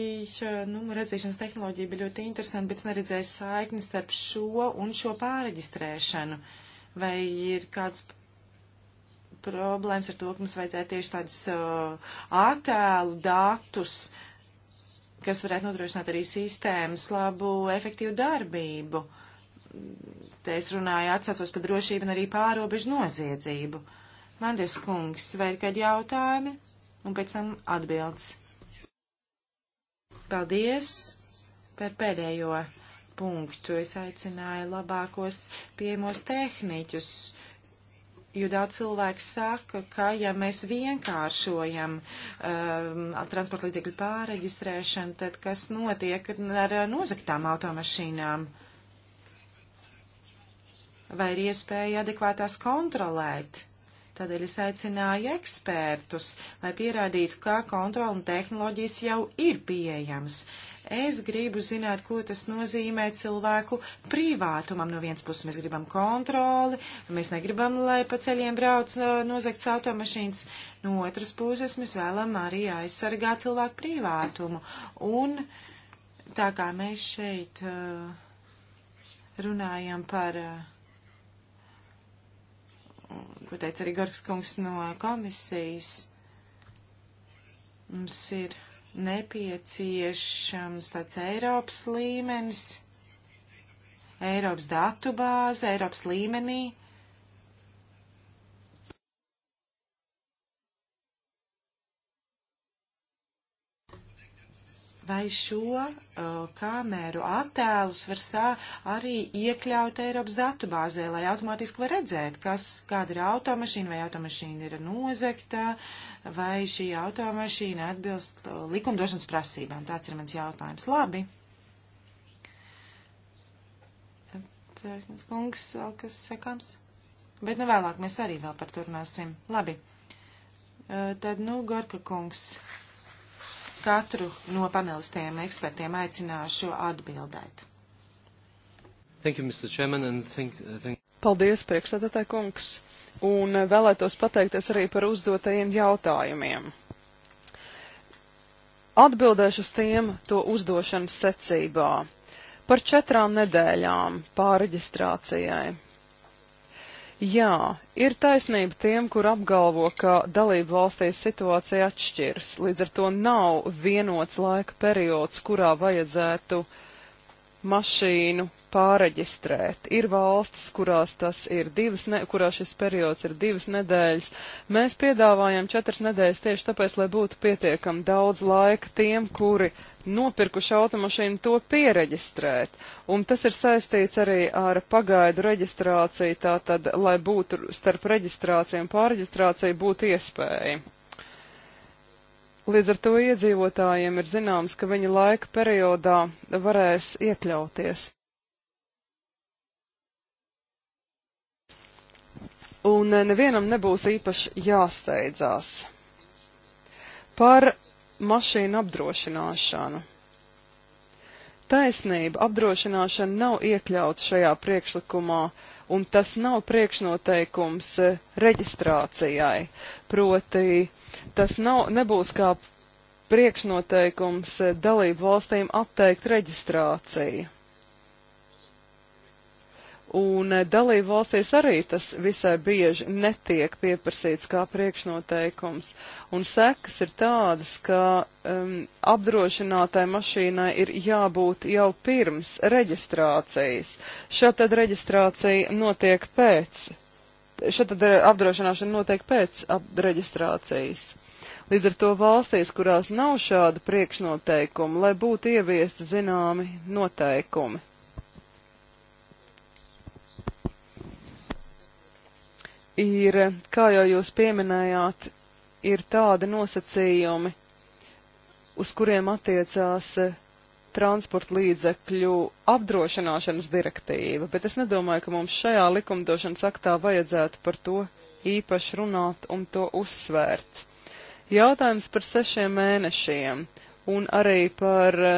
numuru redzīšanas tehnoloģija bija ļoti interesanta, bet es neredzēju saikni starp šo un šo pāreģistrēšanu. Vai ir kāds problēmas ar to, ka mums vajadzēja tieši tādus uh, attēlu datus? Uh, kas varētu nodrošināt arī sistēmas labu, efektīvu darbību. Te es runāju, atsaucos par drošību un arī pārobežu noziedzību. Mandes kungs, vai ir kādi jautājumi? Un pēc tam atbildes. Paldies par pēdējo punktu. Es aicināju labākos pieejamos tehniķus Jo daudz cilvēku saka, ka ja mēs vienkāršojam um, transporta līdzekļu pāreģistrēšanu, tad kas notiek ar nozaktām automašīnām? Vai ir iespēja adekvātās kontrolēt? Tādēļ es aicināju ekspertus, lai pierādītu, ka kontrola un tehnoloģijas jau ir pieejams. Es gribu zināt, ko tas nozīmē cilvēku privātumam. No vienas puses mēs gribam kontroli, mēs negribam, lai pa ceļiem brauc nozagts automašīnas. No otras puses mēs vēlam arī aizsargāt cilvēku privātumu. Un tā kā mēs šeit runājam par ko teica arī Gorgs kungs no komisijas, mums ir nepieciešams tāds Eiropas līmenis, Eiropas datubāze, Eiropas līmenī, vai šo uh, kameru attēlus var sā arī iekļaut Eiropas datubāzē, lai automātiski var redzēt, kas, kāda ir automašīna, vai automašīna ir nozegta, vai šī automašīna atbilst uh, likumdošanas prasībām. Tāds ir mans jautājums. Labi. Pērkins kungs, vēl kas sekams? Bet nu vēlāk mēs arī vēl par to runāsim. Labi. Uh, tad, nu, Gorka kungs katru no panelistiem ekspertiem aicināšu atbildēt. Thank you, Mr. Chairman, and thank, uh, thank... Paldies, priekšsēdētāji kungs, un uh, vēlētos pateikties arī par uzdotajiem jautājumiem. Atbildēšu uz tiem to uzdošanas secībā. Par četrām nedēļām pārreģistrācijai. Jā, ir taisnība tiem, kur apgalvo, ka dalību valstīs situācija atšķiras. Līdz ar to nav vienots laika periods, kurā vajadzētu mašīnu pāreģistrēt. Ir valstis, kurās, tas ir divas ne, kurās šis periods ir divas nedēļas. Mēs piedāvājam četras nedēļas tieši tāpēc, lai būtu pietiekam daudz laika tiem, kuri nopirkuši automašīnu to piereģistrēt. Un tas ir saistīts arī ar pagaidu reģistrāciju, tātad, lai būtu starp reģistrāciju un pāreģistrāciju būtu iespēja. Līdz ar to iedzīvotājiem ir zināms, ka viņi laika periodā varēs iekļauties. un eh, nevienam nebūs īpaši jāsteidzās. Par mašīnu apdrošināšanu. Taisnība apdrošināšana nav iekļauts šajā priekšlikumā, un tas nav priekšnoteikums eh, reģistrācijai. Proti, tas nav, nebūs kā priekšnoteikums eh, dalību valstīm atteikt reģistrāciju. Un eh, dalību valstīs arī tas visai bieži netiek pieprasīts kā priekšnoteikums. Un sekas ir tādas, ka um, apdrošinātai mašīnai ir jābūt jau pirms reģistrācijas. Šāda reģistrācija notiek pēc. Šāda eh, apdrošināšana notiek pēc reģistrācijas. Līdz ar to valstīs, kurās nav šāda priekšnoteikuma, lai būtu ieviesti zināmi noteikumi. ir, kā jau jūs pieminējāt, ir tādi nosacījumi, uz kuriem attiecās e, transporta līdzekļu apdrošināšanas direktīva, bet es nedomāju, ka mums šajā likumdošanas aktā vajadzētu par to īpaši runāt un to uzsvērt. Jautājums par sešiem mēnešiem un arī par e,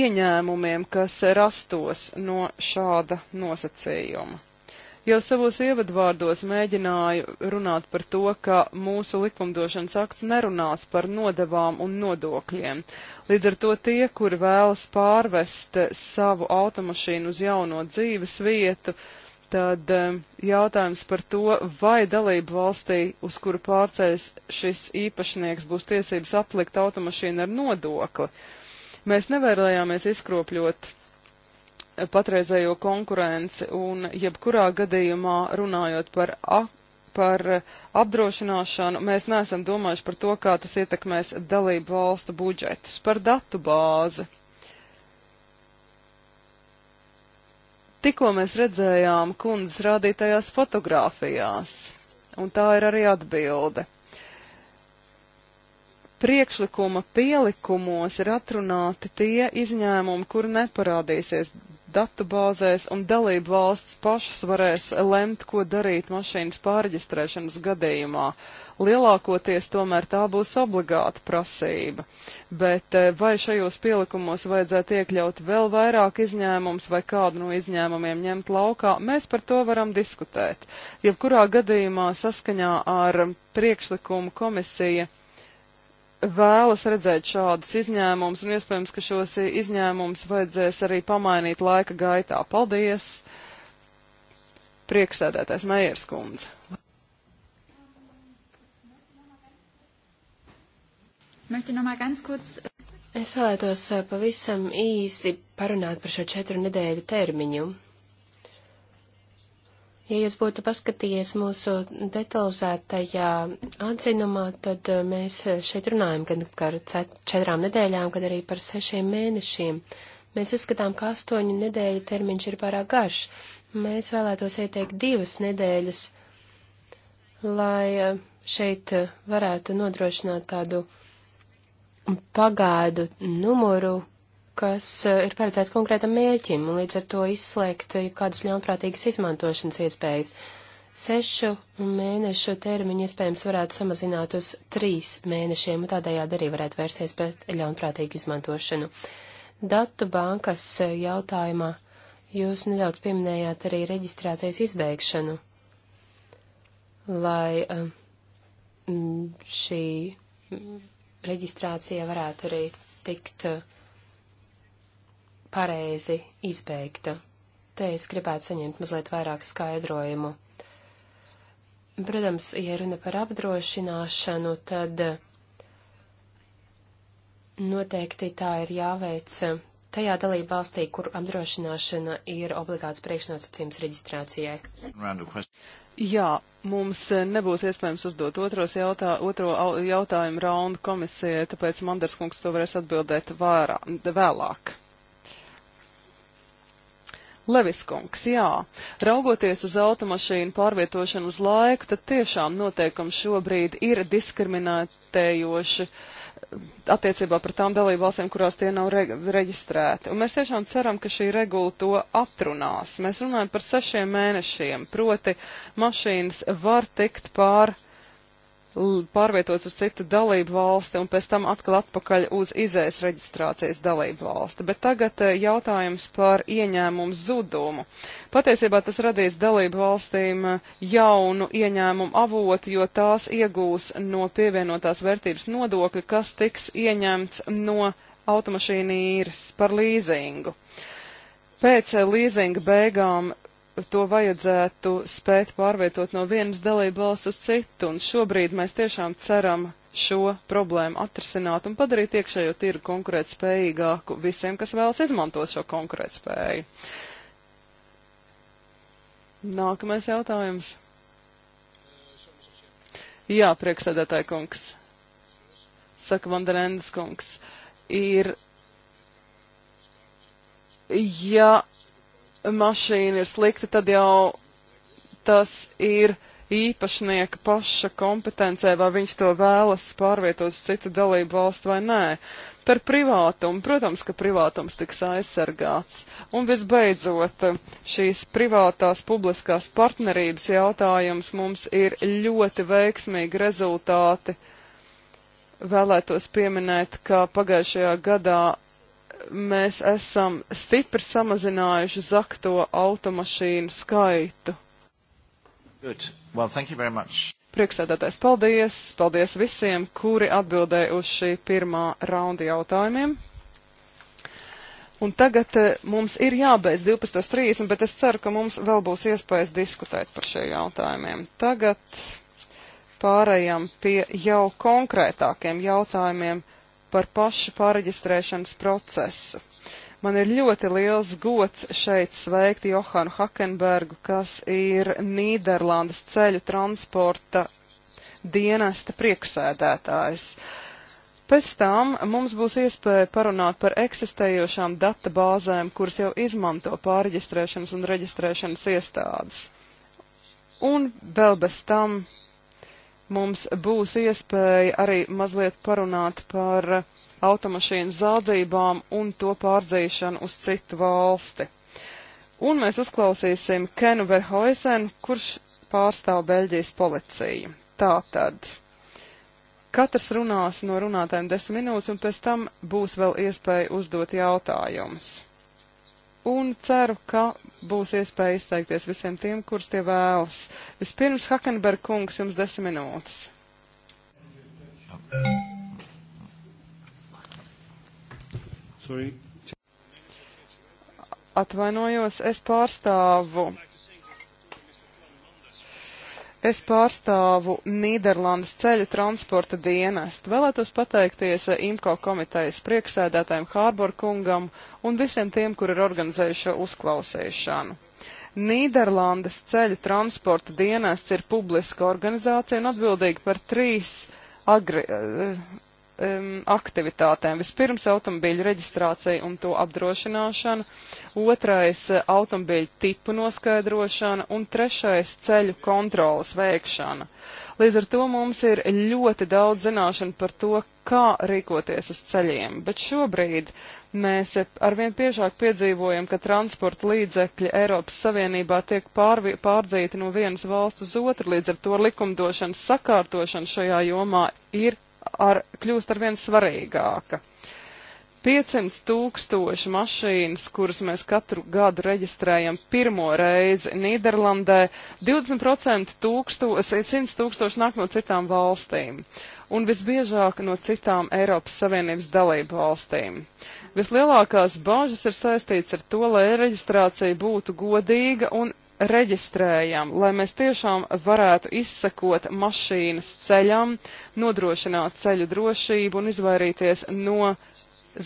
ieņēmumiem, kas rastos no šāda nosacījuma. Jau savos ievadvārdos mēģināju runāt par to, ka mūsu likumdošanas akts nerunās par nodevām un nodokļiem. Līdz ar to tie, kuri vēlas pārvest savu automašīnu uz jauno dzīves vietu, tad eh, jautājums par to, vai dalību valstī, uz kuru pārceļas šis īpašnieks, būs tiesības aplikt automašīnu ar nodokli. Mēs nevēlējāmies izkropļot patreizējo konkurenci un jebkurā gadījumā runājot par, a, par apdrošināšanu, mēs neesam domājuši par to, kā tas ietekmēs dalību valstu budžetus, par datu bāzi. Tikko mēs redzējām kundzes rādītajās fotogrāfijās, un tā ir arī atbilde priekšlikuma pielikumos ir atrunāti tie izņēmumi, kur neparādīsies datubāzēs, un dalību valsts pašas varēs lemt, ko darīt mašīnas pārģistrēšanas gadījumā. Lielākoties tomēr tā būs obligāta prasība, bet eh, vai šajos pielikumos vajadzētu iekļaut vēl vairāk izņēmums vai kādu no izņēmumiem ņemt laukā, mēs par to varam diskutēt. Jebkurā gadījumā saskaņā ar priekšlikumu komisija vēlas redzēt šādus izņēmumus, un iespējams, ka šos izņēmumus vajadzēs arī pamainīt laika gaitā. Paldies! Prieksēdētais Meijers kundze. Es vēlētos eh, pavisam īsi parunāt par šo četru nedēļu termiņu. Ja jūs būtu paskatījies mūsu detalizētajā atzinumā, tad uh, mēs uh, šeit runājam gan par četrām nedēļām, gan arī par sešiem mēnešiem. Mēs uzskatām, ka astoņu nedēļu termiņš ir pārāk garš. Mēs vēlētos ieteikt divas nedēļas, lai uh, šeit varētu nodrošināt tādu pagaidu numuru, kas eh, ir paredzēts konkrētam mērķim, un līdz ar to izslēgt eh, kādas ļaunprātīgas izmantošanas iespējas. Sešu mēnešu termiņu iespējams varētu samazināt uz trīs mēnešiem, un tādējādi arī varētu vērsties pret ļaunprātīgu izmantošanu. Datu bankas eh, jautājumā jūs nedaudz pieminējāt arī reģistrācijas izbeigšanu, lai šī reģistrācija varētu arī tikt uh, pareizi izbeigta. Te es gribētu saņemt mazliet vairāk skaidrojumu. Protams, ja runa par apdrošināšanu, tad noteikti tā ir jāveic tajā dalība valstī, kur apdrošināšana ir obligāts priekšnosacījums reģistrācijai. Jā, mums nebūs iespējams uzdot otros jautā, otro jautājumu raundu komisijai, tāpēc Manders kungs to varēs atbildēt vārā, vēlāk. Leviskungs, jā, raugoties uz automašīnu pārvietošanu uz laiku, tad tiešām noteikums šobrīd ir diskriminētējoši eh, attiecībā par tām dalību valstīm, kurās tie nav re reģistrēti. Un mēs tiešām ceram, ka šī regula to atrunās. Mēs runājam par sešiem mēnešiem, proti mašīnas var tikt pārvietotas pārvietots uz citu dalību valsti un pēc tam atkal atpakaļ uz izējas reģistrācijas dalību valsti. Bet tagad eh, jautājums par ieņēmumu zudumu. Patiesībā tas radīs dalību valstīm eh, jaunu ieņēmumu avotu, jo tās iegūs no pievienotās vērtības nodokļa, kas tiks ieņemts no automašīnu īres par līzingu. Pēc eh, līzinga beigām to vajadzētu spēt pārvietot no vienas dalībvalsts uz citu, un šobrīd mēs tiešām ceram šo problēmu atrisināt un padarīt iekšējo tirgu konkurētspējīgāku visiem, kas vēlas izmantot šo konkurētspēju. Nākamais jautājums. Jā, priekšsēdētāji kungs, saka Vanderendas kungs, ir, ja mašīna ir slikta, tad jau tas ir īpašnieka paša kompetencē, vai viņš to vēlas pārvietot uz citu dalību valstu vai nē. Par privātumu, protams, ka privātums tiks aizsargāts. Un visbeidzot, šīs privātās publiskās partnerības jautājums mums ir ļoti veiksmīgi rezultāti vēlētos pieminēt, ka pagājušajā gadā mēs esam stipri samazinājuši zakto automašīnu skaitu. Good. Well, thank you very much. Prieksēdētais paldies, paldies visiem, kuri atbildēja uz šī pirmā raunda jautājumiem. Un tagad eh, mums ir jābeidz 12.30, bet es ceru, ka mums vēl būs iespējas diskutēt par šiem jautājumiem. Tagad pārējām pie jau konkrētākiem jautājumiem par pašu pārreģistrēšanas procesu. Man ir ļoti liels gods šeit sveikt Johanu Hakenbergu, kas ir Nīderlandes ceļu transporta dienesta priekšsēdētājs. Pēc tam mums būs iespēja parunāt par eksistējošām databāzēm, kuras jau izmanto pārreģistrēšanas un reģistrēšanas iestādes. Un vēl bez tam mums būs iespēja arī mazliet parunāt par automašīnu zādzībām un to pārdzīšanu uz citu valsti. Un mēs uzklausīsim Kenu Verhoisen, kurš pārstāv Beļģijas policiju. Tātad. Katrs runās no runātājiem desmit minūtes, un pēc tam būs vēl iespēja uzdot jautājumus un ceru, ka būs iespēja izteikties visiem tiem, kurus tie vēlas. Vispirms Hakenberg kungs jums desmit minūtes. Sorry. Atvainojos, es pārstāvu Es pārstāvu Nīderlandes ceļu transporta dienestu. Vēlētos pateikties IMCO komitejas priekšsēdētājiem Hārbor kungam un visiem tiem, kur ir organizējuši šo uzklausīšanu. Nīderlandes ceļu transporta dienests ir publiska organizācija un atbildīga par trīs agri, um, aktivitātēm. Vispirms automobīļu reģistrācija un to apdrošināšana, otrais uh, automobīļu tipu noskaidrošana un trešais ceļu kontrolas veikšana. Līdz ar to mums ir ļoti daudz zināšanu par to, kā rīkoties uz ceļiem, bet šobrīd mēs arvien biežāk piedzīvojam, ka transporta līdzekļi Eiropas Savienībā tiek pārvi, pārdzīti no vienas valsts uz otru, līdz ar to likumdošanas sakārtošana šajā jomā ir ar, kļūst ar vien svarīgāka. 500 tūkstoši mašīnas, kuras mēs katru gadu reģistrējam pirmo reizi Nīderlandē, 20% tūkstos, 100 tūkstoši nāk no citām valstīm un visbiežāk no citām Eiropas Savienības dalību valstīm. Vislielākās bāžas ir saistīts ar to, lai reģistrācija būtu godīga un reģistrējam, lai mēs tiešām varētu izsekot mašīnas ceļam, nodrošināt ceļu drošību un izvairīties no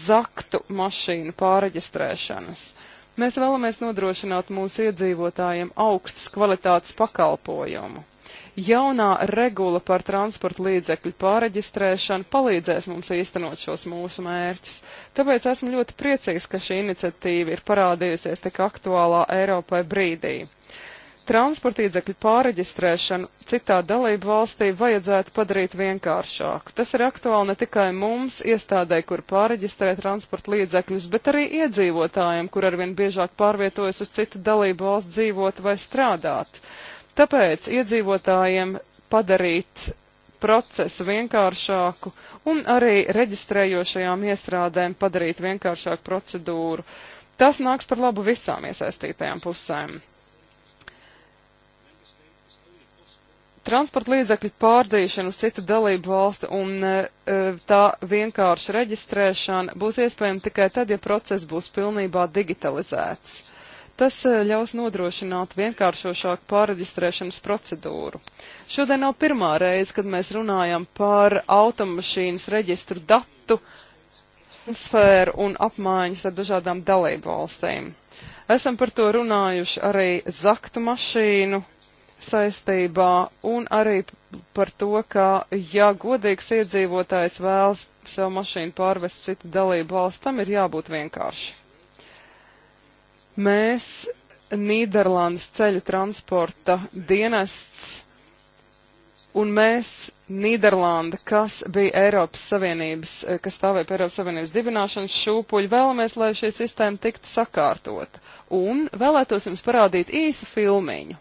zaktu mašīnu pāreģistrēšanas. Mēs vēlamies nodrošināt mūsu iedzīvotājiem augstas kvalitātes pakalpojumu. Jaunā regula par transporta līdzekļu pāreģistrēšanu palīdzēs mums īstenot šos mūsu mērķus. Tāpēc esmu ļoti priecīgs, ka šī iniciatīva ir parādījusies tik aktuālā Eiropai brīdī transportīdzekļu pāreģistrēšanu citā dalību valstī vajadzētu padarīt vienkāršāku. Tas ir aktuāli ne tikai mums, iestādē, kur pāreģistrē transporta līdzekļus, bet arī iedzīvotājiem, kur arvien biežāk pārvietojas uz citu dalību valsts dzīvot vai strādāt. Tāpēc iedzīvotājiem padarīt procesu vienkāršāku un arī reģistrējošajām iestrādēm padarīt vienkāršāku procedūru. Tas nāks par labu visām iesaistītajām pusēm. transporta līdzekļu pārdzīšana uz citu dalību valstu un e, e, tā vienkārša reģistrēšana būs iespējama tikai tad, ja process būs pilnībā digitalizēts. Tas e, ļaus nodrošināt vienkāršošāku pārreģistrēšanas procedūru. Šodien nav pirmā reize, kad mēs runājam par automašīnas reģistru datu transferu un apmaiņas ar dažādām dalību valstīm. Esam par to runājuši arī zaktu mašīnu saistībā un arī par to, ka, ja godīgs iedzīvotājs vēlas savu mašīnu pārvest citu dalību valsts, tam ir jābūt vienkārši. Mēs Nīderlandes ceļu transporta dienests un mēs, Nīderlanda, kas bija Eiropas Savienības, kas stāvēja pie Eiropas Savienības dibināšanas šūpuļi, vēlamies, lai šī sistēma tiktu sakārtota. Un vēlētos jums parādīt īsu filmiņu.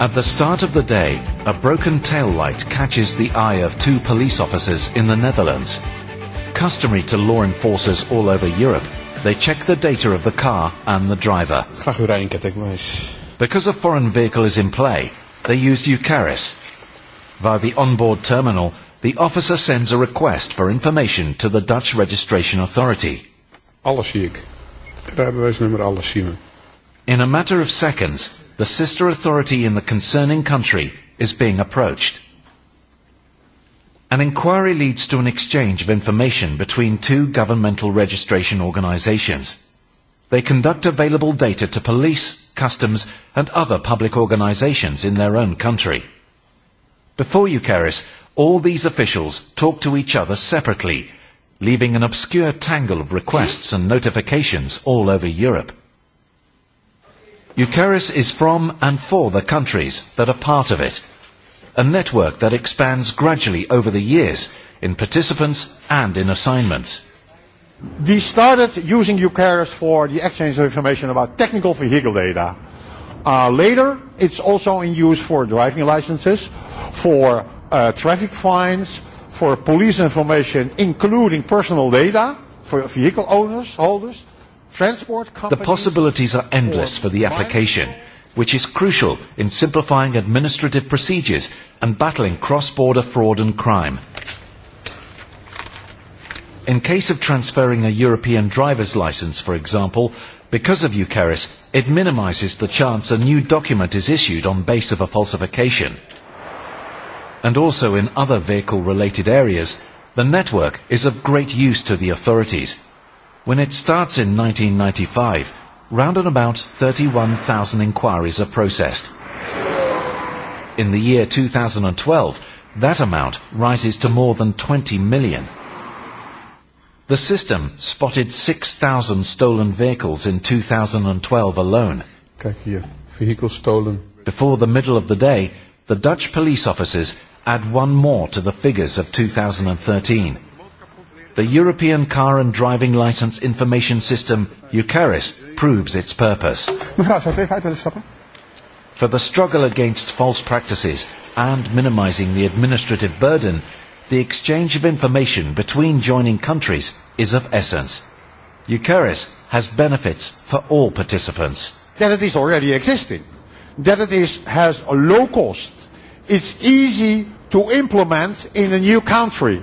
At the start of the day, a broken tail light catches the eye of two police officers in the Netherlands. Customary to law enforcers all over Europe, they check the data of the car and the driver. Graag uw rijketting, meis. Because a foreign vehicle is in play, they used Eucharis. Via the onboard terminal, the officer sends a request for information to the Dutch registration authority. Alles zie ik. Rijbewijsnummer, alles zien we. In a matter of seconds, the sister authority in the concerning country is being approached. An inquiry leads to an exchange of information between two governmental registration organizations. They conduct available data to police, customs, and other public organizations in their own country. Before Eucharis, all these officials talk to each other separately, leaving an obscure tangle of requests and notifications all over Europe. Eucharis is from and for the countries that are part of it, a network that expands gradually over the years in participants and in assignments. We started using Eucharis for the exchange of information about technical vehicle data. Uh, later, it's also in use for driving licenses, for uh, traffic fines, for police information, including personal data for vehicle owners, holders, The possibilities are endless for the application, which is crucial in simplifying administrative procedures and battling cross-border fraud and crime. In case of transferring a European driver's license, for example, because of Eucharis, it minimises the chance a new document is issued on base of a falsification. And also in other vehicle-related areas, the network is of great use to the authorities When it starts in 1995, round and about 31,000 inquiries are processed. In the year 2012, that amount rises to more than 20 million. The system spotted 6,000 stolen vehicles in 2012 alone. Kijk hier, vehicles stolen. Before the middle of the day, the Dutch police officers add one more to the figures of 2013. The European Car and Driving License Information System, Eucharis, proves its purpose. For the struggle against false practices and minimising the administrative burden, the exchange of information between joining countries is of essence. Eucharis has benefits for all participants. That it is already existing, that it is, has a low cost, it's easy to implement in a new country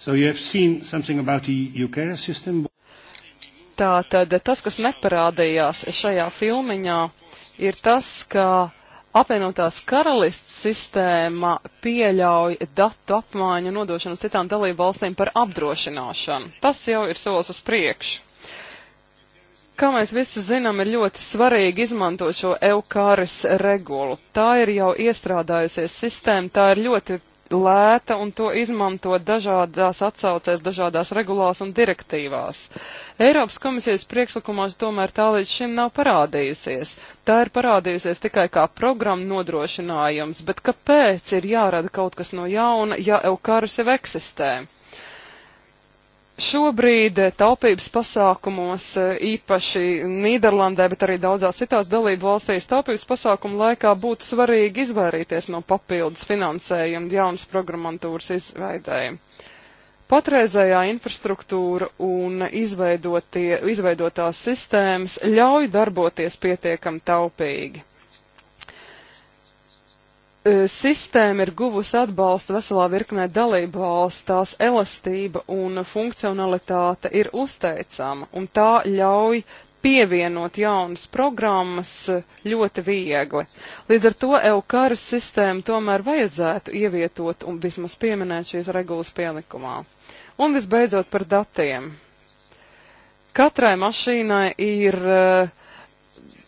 So you have seen something about the UK system. Tātad tas, kas neparādījās šajā filmiņā, ir tas, ka apvienotās karalists sistēma pieļauj datu apmaiņu nodošanu citām dalību valstīm par apdrošināšanu. Tas jau ir solis uz priekšu kā mēs visi zinām, ir ļoti svarīgi izmantot šo eukāris regulu. Tā ir jau iestrādājusies sistēma, tā ir ļoti lēta un to izmanto dažādās atsaucēs, dažādās regulās un direktīvās. Eiropas komisijas priekšlikumos tomēr tā līdz šim nav parādījusies. Tā ir parādījusies tikai kā programma nodrošinājums, bet kāpēc ir jārada kaut kas no jauna, ja Eukaris jau eksistē? Šobrīd eh, taupības pasākumos, eh, īpaši Nīderlandē, bet arī daudzās citās dalību valstīs, taupības pasākumu laikā būtu svarīgi izvairīties no papildus finansējuma jaunas programmatūras izveidēji. Patreizējā infrastruktūra un izveidotās sistēmas ļauj darboties pietiekami taupīgi. E, sistēma ir guvusi atbalstu veselā virknē dalību valsts, tās elastība un funkcionalitāte ir uzteicama, un tā ļauj pievienot jaunas programmas ļoti viegli. Līdz ar to EUKARAS sistēmu tomēr vajadzētu ievietot un vismaz pieminēt šīs regulas pielikumā. Un visbeidzot par datiem. Katrai mašīnai ir uh,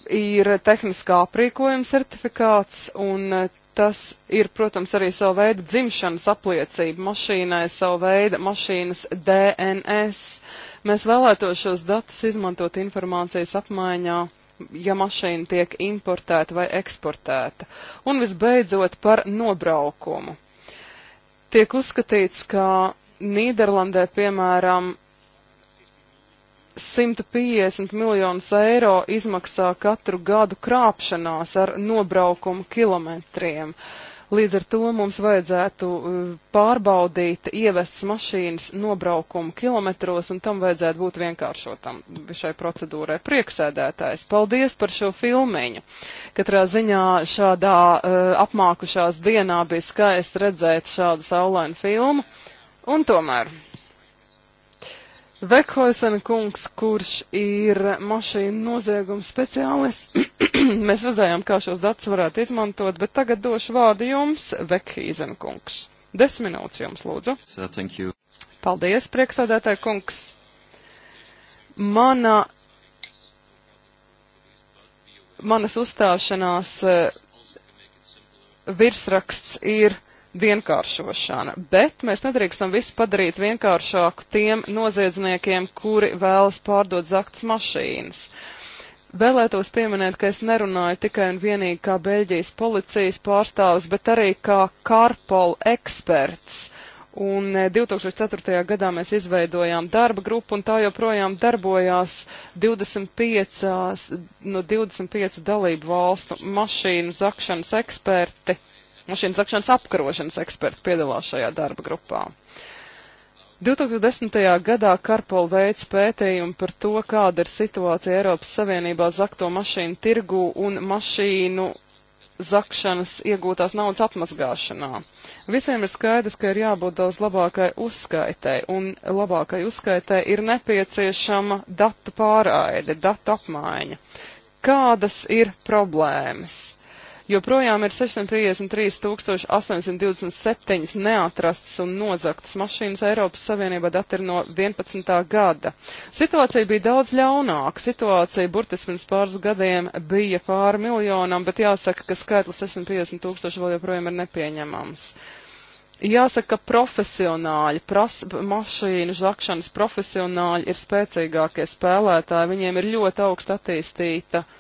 ir tehniskā aprīkojuma certifikāts, un e, Tas ir, protams, arī sava veida dzimšanas apliecība mašīnai, sava veida mašīnas DNS. Mēs vēlētos šos datus izmantot informācijas apmaiņā, ja mašīna tiek importēta vai eksportēta. Un visbeidzot par nobraukumu. Tiek uzskatīts, ka Nīderlandē, piemēram, 150 miljonus eiro izmaksā katru gadu krāpšanās ar nobraukumu kilometriem. Līdz ar to mums vajadzētu uh, pārbaudīt ievestas mašīnas nobraukumu kilometros, un tam vajadzētu būt vienkāršotam šai procedūrai. Prieksēdētājs, paldies par šo filmiņu. Katrā ziņā šādā uh, apmākušās dienā bija skaisti redzēt šādu saulainu filmu, un tomēr. Vekhoisena kungs, kurš ir mašīnu nozieguma speciālists, mēs redzējām, kā šos datus varētu izmantot, bet tagad došu vārdu jums, Vekhīzena kungs. Desmit minūtes jums, lūdzu. So, Paldies, prieksādētāji kungs. Mana, manas uzstāšanās eh, virsraksts ir vienkāršošana, bet mēs nedrīkstam visu padarīt vienkāršāku tiem noziedzniekiem, kuri vēlas pārdot zaktas mašīnas. Vēlētos pieminēt, ka es nerunāju tikai un vienīgi kā Beļģijas policijas pārstāvis, bet arī kā Karpol eksperts. Un 2004. E, gadā mēs izveidojām darba grupu, un tā joprojām darbojās 25, no 25 dalību valstu mašīnu zakšanas eksperti mašīnu zakšanas apkarošanas eksperti piedalās šajā darba grupā. 2010. gadā Karpola veids pētījumu par to, kāda ir situācija Eiropas Savienībā zakto mašīnu tirgu un mašīnu zakšanas iegūtās naudas atmazgāšanā. Visiem ir skaidrs, ka ir jābūt daudz labākai uzskaitai, un labākai uzskaitai ir nepieciešama datu pārraide, datu apmaiņa. Kādas ir problēmas? Joprojām ir 653 827 neatrastas un nozaktas mašīnas Eiropas Savienībā dati ir no 11. gada. Situācija bija daudz ļaunāka. Situācija burtiski pirms pāris gadiem bija pāri miljonam, bet jāsaka, ka skaitlis 650 tūkstoši vēl joprojām ir nepieņemams jāsaka, profesionāļi, pras, mašīnu žakšanas profesionāļi ir spēcīgākie spēlētāji, viņiem ir ļoti augsta attīstīta uh,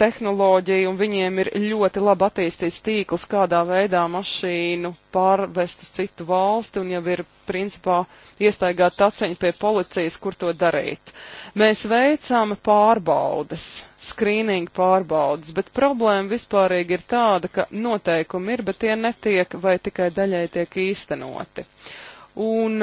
tehnoloģiju, un viņiem ir ļoti labi attīstīts tīkls, kādā veidā mašīnu pārvest uz citu valsti, un jau ir principā iestaigāt taciņu pie policijas, kur to darīt. Mēs veicam pārbaudas, skrīningu pārbaudas, bet problēma vispārīgi ir tāda, ka noteikumi ir, bet tie netiek vai tikai daļai tiek īstenoti. Un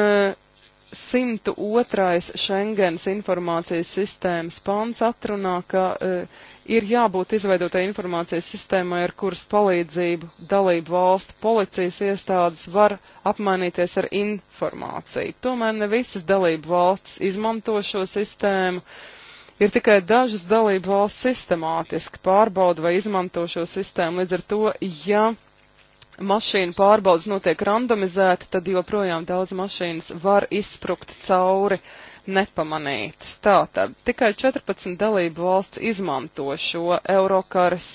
102. Eh, Schengens informācijas sistēmas pants atrunā, ka uh, ir jābūt izveidotai informācijas sistēmai, ar kuras palīdzību dalību valstu policijas iestādes var apmainīties ar informāciju. Tomēr ne visas dalību valstis izmanto šo sistēmu. Ir tikai dažas dalību valsts sistemātiski pārbauda vai izmanto šo sistēmu. Līdz ar to, ja mašīnu pārbaudas notiek randomizēti, tad joprojām daudz mašīnas var izsprukt cauri uh, nepamanītas. Tātad tikai 14 dalību valsts izmanto šo Eurokaras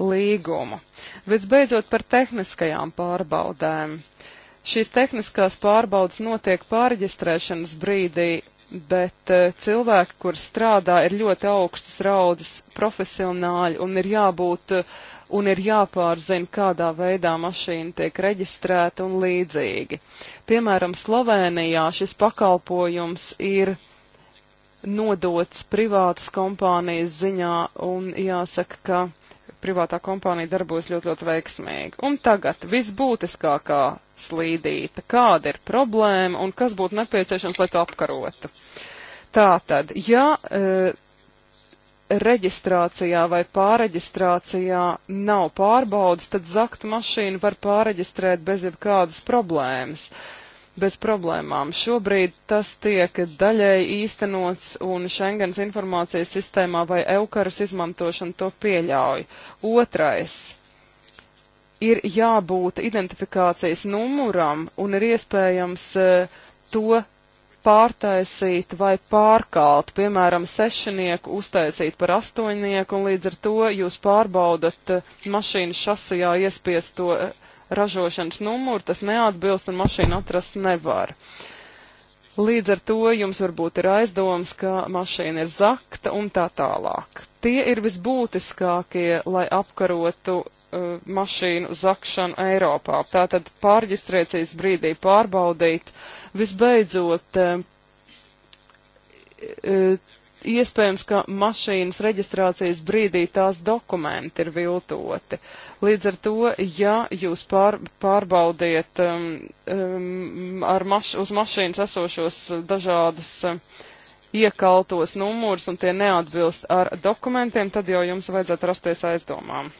līgumu. Visbeidzot par tehniskajām pārbaudēm. Šīs tehniskās pārbaudas notiek pārģistrēšanas brīdī, bet eh, cilvēki, kur strādā, ir ļoti augstas raudas profesionāļi un ir jābūt eh, un ir jāpārzina, kādā veidā mašīna tiek reģistrēta un līdzīgi. Piemēram, Slovenijā šis pakalpojums ir nodots privātas kompānijas ziņā un jāsaka, ka privātā kompānija darbojas ļoti, ļoti veiksmīgi. Un tagad visbūtiskākā slīdīta, kāda ir problēma un kas būtu nepieciešams, lai to apkarotu. Tātad, ja e, reģistrācijā vai pāreģistrācijā nav pārbaudas, tad zaktu mašīnu var pāreģistrēt bez jebkādas problēmas. E, bez problēmām. Šobrīd tas tiek daļēji īstenots un Schengens informācijas sistēmā vai eukaras izmantošana to pieļauj. Otrais. Ir jābūt identifikācijas numuram un ir iespējams uh, to pārtaisīt vai pārkalt, piemēram, sešnieku uztaisīt par astoņnieku, un līdz ar to jūs pārbaudat eh, mašīnas šasijā iespiesto eh, ražošanas numuru, tas neatbilst un mašīnu atrast nevar. Līdz ar to jums varbūt ir aizdoms, ka mašīna ir zakta un tā tālāk. Tie ir visbūtiskākie, lai apkarotu uh, mašīnu zakšanu Eiropā. Tātad pārģistrēcijas brīdī pārbaudīt. Visbeidzot, uh, uh, iespējams, ka mašīnas reģistrācijas brīdī tās dokumenti ir viltoti. Līdz ar to, ja jūs pār, pārbaudiet um, um, ar maš, uz mašīnas esošos dažādus um, iekaltos numurus un tie neatbilst ar dokumentiem, tad jau jums vajadzētu rasties aizdomām.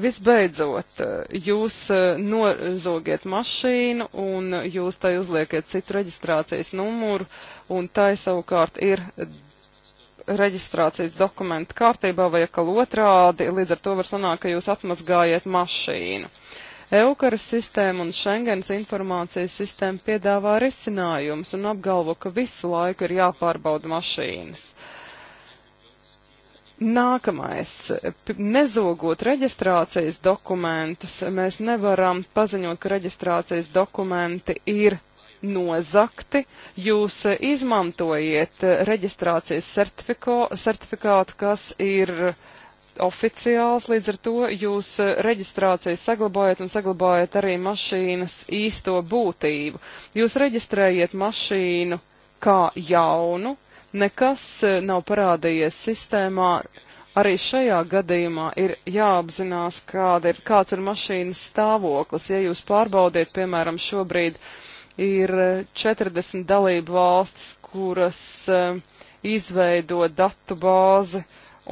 Visbeidzot, eh, jūs eh, nozogiet mašīnu un jūs tai uzliekiet citu reģistrācijas numuru un tai savukārt ir reģistrācijas dokumentu kārtībā vai akal otrādi, līdz ar to var sanākt, ka jūs atmazgājiet mašīnu. Eukaras sistēma un Schengens informācijas sistēma piedāvā risinājumus un apgalvo, ka visu laiku ir jāpārbauda mašīnas. Uh, Nākamais. Nezogot reģistrācijas dokumentus, mēs nevaram paziņot, ka reģistrācijas dokumenti ir nozakti. Jūs izmantojiet reģistrācijas certifikātu, kas ir oficiāls, līdz ar to jūs reģistrāciju saglabājat un saglabājat arī mašīnas īsto būtību. Jūs reģistrējat mašīnu kā jaunu, Nekas e, nav parādījies sistēmā. Arī šajā gadījumā ir jāapzinās, kāda ir, kāds ir mašīnas stāvoklis. Ja jūs pārbaudiet, piemēram, šobrīd ir 40 e, dalību valstis, kuras e, izveido datu bāzi,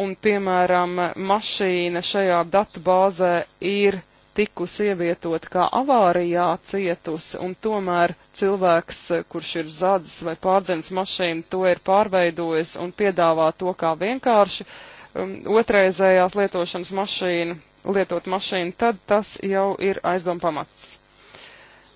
un, piemēram, mašīna šajā datu bāzē ir tikusi ievietota kā avārijā cietusi, un tomēr cilvēks, eh, kurš ir zādzis vai pārdzenis mašīnu, to ir pārveidojis un piedāvā to kā vienkārši um, otrreizējās lietošanas mašīnu, lietot mašīnu, tad tas jau ir aizdoma pamats.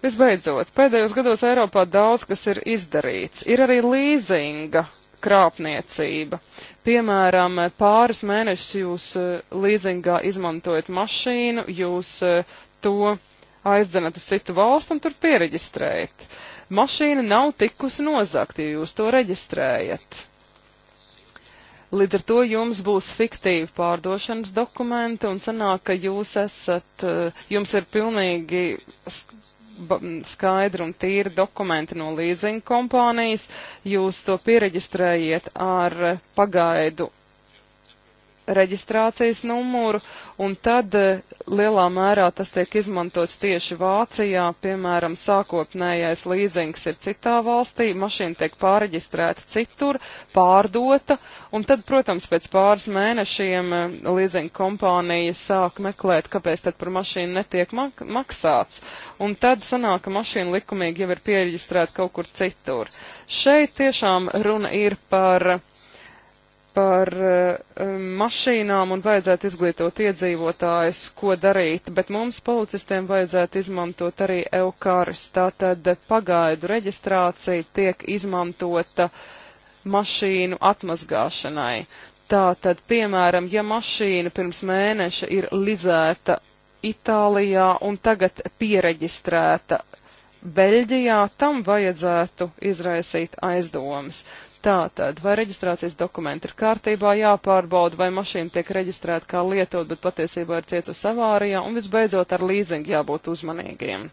Visbeidzot, pēdējos gados Eiropā daudz kas ir izdarīts. Ir arī līzinga krāpniecība. Piemēram, pāris mēnešus jūs eh, līzingā izmantojat mašīnu, jūs eh, to aizdzenat uz citu valstu un tur piereģistrējat. Mašīna nav tikusi nozagt, ja jūs to reģistrējat. Līdz ar to jums būs fiktīvi pārdošanas dokumenti un sanāk, ka jūs esat, eh, jums ir pilnīgi skaidri un tīri dokumenti no līzinga kompānijas, jūs to piereģistrējiet ar pagaidu reģistrācijas numuru, un tad e, lielā mērā tas tiek izmantots tieši Vācijā, piemēram, sākotnējais līzings ir citā valstī, mašīna tiek pāreģistrēta citur, pārdota, un tad, protams, pēc pāris mēnešiem e, līzinga kompānija sāk meklēt, kāpēc tad par mašīnu netiek mak maksāts, un tad sanāk, ka mašīna likumīgi jau ir piereģistrēta kaut kur citur. Šeit tiešām runa ir par par eh, eh, mašīnām un vajadzētu izglītot iedzīvotājus, ko darīt, bet mums policistiem vajadzētu izmantot arī eukārs. Tātad pagaidu reģistrācija tiek izmantota mašīnu atmazgāšanai. Tātad, piemēram, ja mašīna pirms mēneša ir lizēta Itālijā un tagad pieregistrēta Beļģijā, tam vajadzētu izraisīt aizdomas. Tātad, vai reģistrācijas dokumenti ir kārtībā jāpārbauda, vai mašīna tiek reģistrēta kā lietot, bet patiesībā ir cietusi avārijā, un visbeidzot ar līzingu jābūt uzmanīgiem.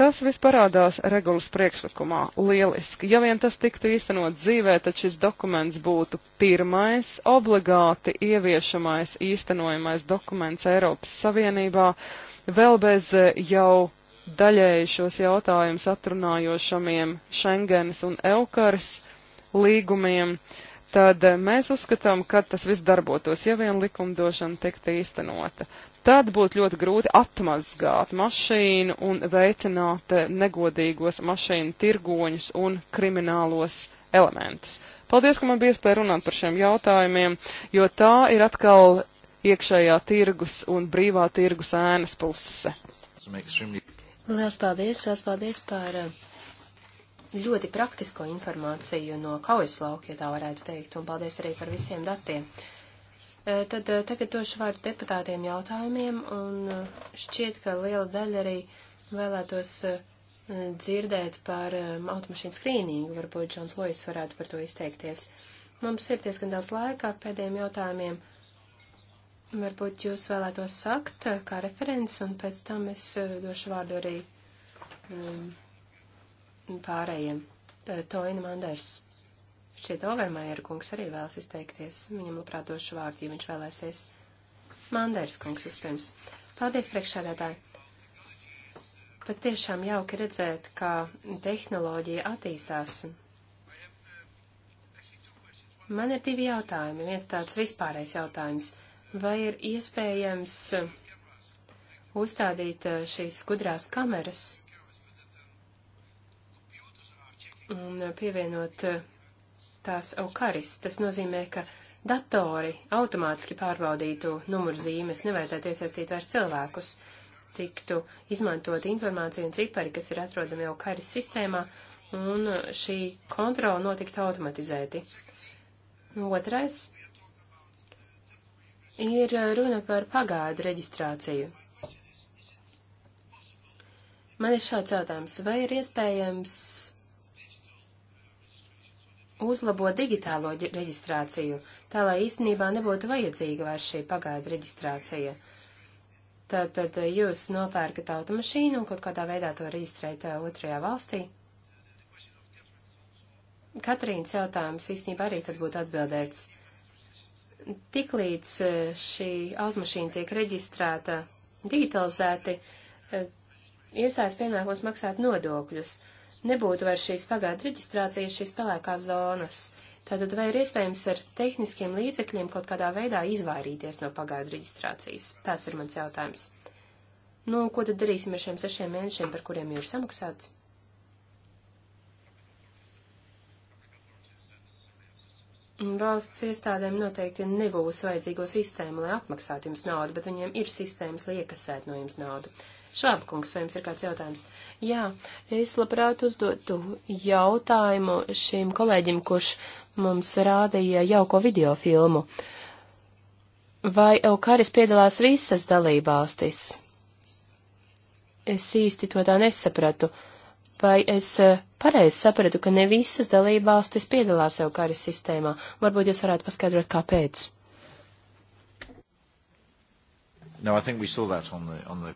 Tas viss parādās regulas priekšlikumā. Lieliski. Ja vien tas tiktu īstenot dzīvē, tad šis dokuments būtu pirmais obligāti ieviešamais īstenojamais dokuments Eiropas Savienībā, vēl bez eh, jau daļēji šos jautājumus atrunājošamiem Schengenes un Eukaras līgumiem, tad eh, mēs uzskatām, ka tas viss darbotos, ja vien likumdošana tiktu īstenota. Tad būtu ļoti grūti atmazgāt mašīnu un veicināt eh, negodīgos mašīnu tirgoņus un kriminālos elementus. Paldies, ka man bija iespēja runāt par šiem jautājumiem, jo tā ir atkal iekšējā tirgus un brīvā tirgus ēnas puse. Lielas paldies, lielas paldies par eh, ļoti praktisko informāciju no kaujas lauka, ja tā varētu teikt, un paldies arī par visiem datiem. E, tad e, tagad došu vārdu deputātiem jautājumiem, un e, šķiet, ka liela daļa arī vēlētos dzirdēt par automašīnu skrīningu, varbūt Džons Lois varētu par to izteikties. Mums ir diezgan daudz laika pēdējiem jautājumiem. Varbūt jūs vēlētos sakt kā referents, un pēc tam es došu vārdu arī um, pārējiem. Toina Manders. Šķiet, Overmaier kungs arī vēlas izteikties. Viņam labprāt došu vārdu, ja viņš vēlēsies. Manders kungs vispirms. Paldies, priekšsēdētāji! Pat tiešām jauki redzēt, kā tehnoloģija attīstās. Man ir divi jautājumi. Viens tāds vispārējais jautājums. Vai ir iespējams uzstādīt eh, šīs gudrās kameras un pievienot eh, tās aukaris. Tas nozīmē, ka datori automātiski pārbaudītu numurzīmes, nevajadzētu iesaistīt vairs cilvēkus, tiktu izmantot informāciju un cipari, kas ir atrodami aukaris sistēmā, un eh, šī kontrola notiktu automatizēti. Otrais ir eh, runa par pagādu reģistrāciju. Man ir šāds jautājums, vai ir iespējams uzlabo digitālo reģistrāciju, tā lai īstenībā nebūtu vajadzīga vairs šī pagaidu reģistrācija. Tad, tad eh, jūs nopērkat automašīnu un kaut kādā veidā to reģistrējat eh, otrajā valstī. Katrīnas jautājums īstenībā arī tad būtu atbildēts. Tiklīdz eh, šī automašīna tiek reģistrēta digitalizēti, iestājas pienākums maksāt nodokļus nebūtu vairs šīs pagaidu reģistrācijas, šīs pelēkās zonas. Tātad vai ir iespējams ar tehniskiem līdzekļiem kaut kādā veidā izvairīties no pagaidu reģistrācijas? Tāds ir mans jautājums. Nu, ko tad darīsim ar šiem sešiem mēnešiem, par kuriem jau ir samaksāts? Valsts iestādēm noteikti nebūs vajadzīgo sistēmu, lai atmaksātu jums naudu, bet viņiem ir sistēmas, lai iekasētu no jums naudu. Šāba kungs, vai jums ir kāds jautājums? Jā, es labprāt uzdotu jautājumu šīm kolēģim, kurš mums rādīja jauko video filmu. Vai Eukaris piedalās visas dalībvalstis? Es īsti to tā nesapratu. Vai es eh, pareizi sapratu, ka ne visas dalībvalstis piedalās Eukaris sistēmā? Varbūt jūs varētu paskaidrot, kāpēc? No, I think we saw that on the, on the...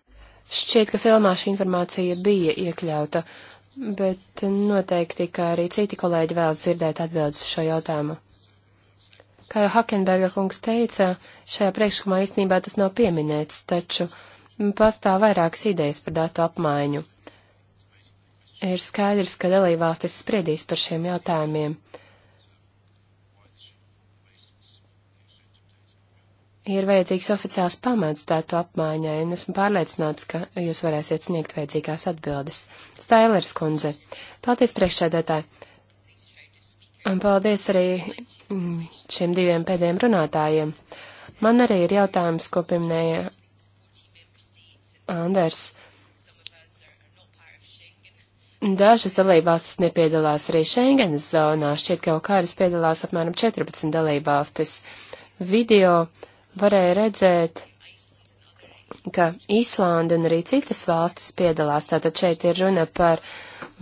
Šķiet, ka filmā šī informācija bija iekļauta, bet noteikti, ka arī citi kolēģi vēlas dzirdēt atbildes uz šo jautājumu. Kā jau Hakenberga kungs teica, šajā priekšlikumā īstenībā tas nav pieminēts, taču pastāv vairākas idejas par datu apmaiņu. Ir skaidrs, ka dalībvalstis spriedīs par šiem jautājumiem. ir vajadzīgs oficiāls pamats datu apmaiņai, un esmu pārliecināts, ka jūs varēsiet sniegt vajadzīgās atbildes. Stailers kundze, paldies priekšsēdētāji! Un paldies arī mm, šiem diviem pēdējiem runātājiem. Man arī ir jautājums, ko pieminēja Anders. Dažas dalībvalstis nepiedalās arī Schengenas zonā, šķiet, ka Okāris piedalās apmēram 14 dalībvalstis. Video uh, varēja redzēt, ka Īslanda un arī citas valstis piedalās. Tātad šeit ir runa par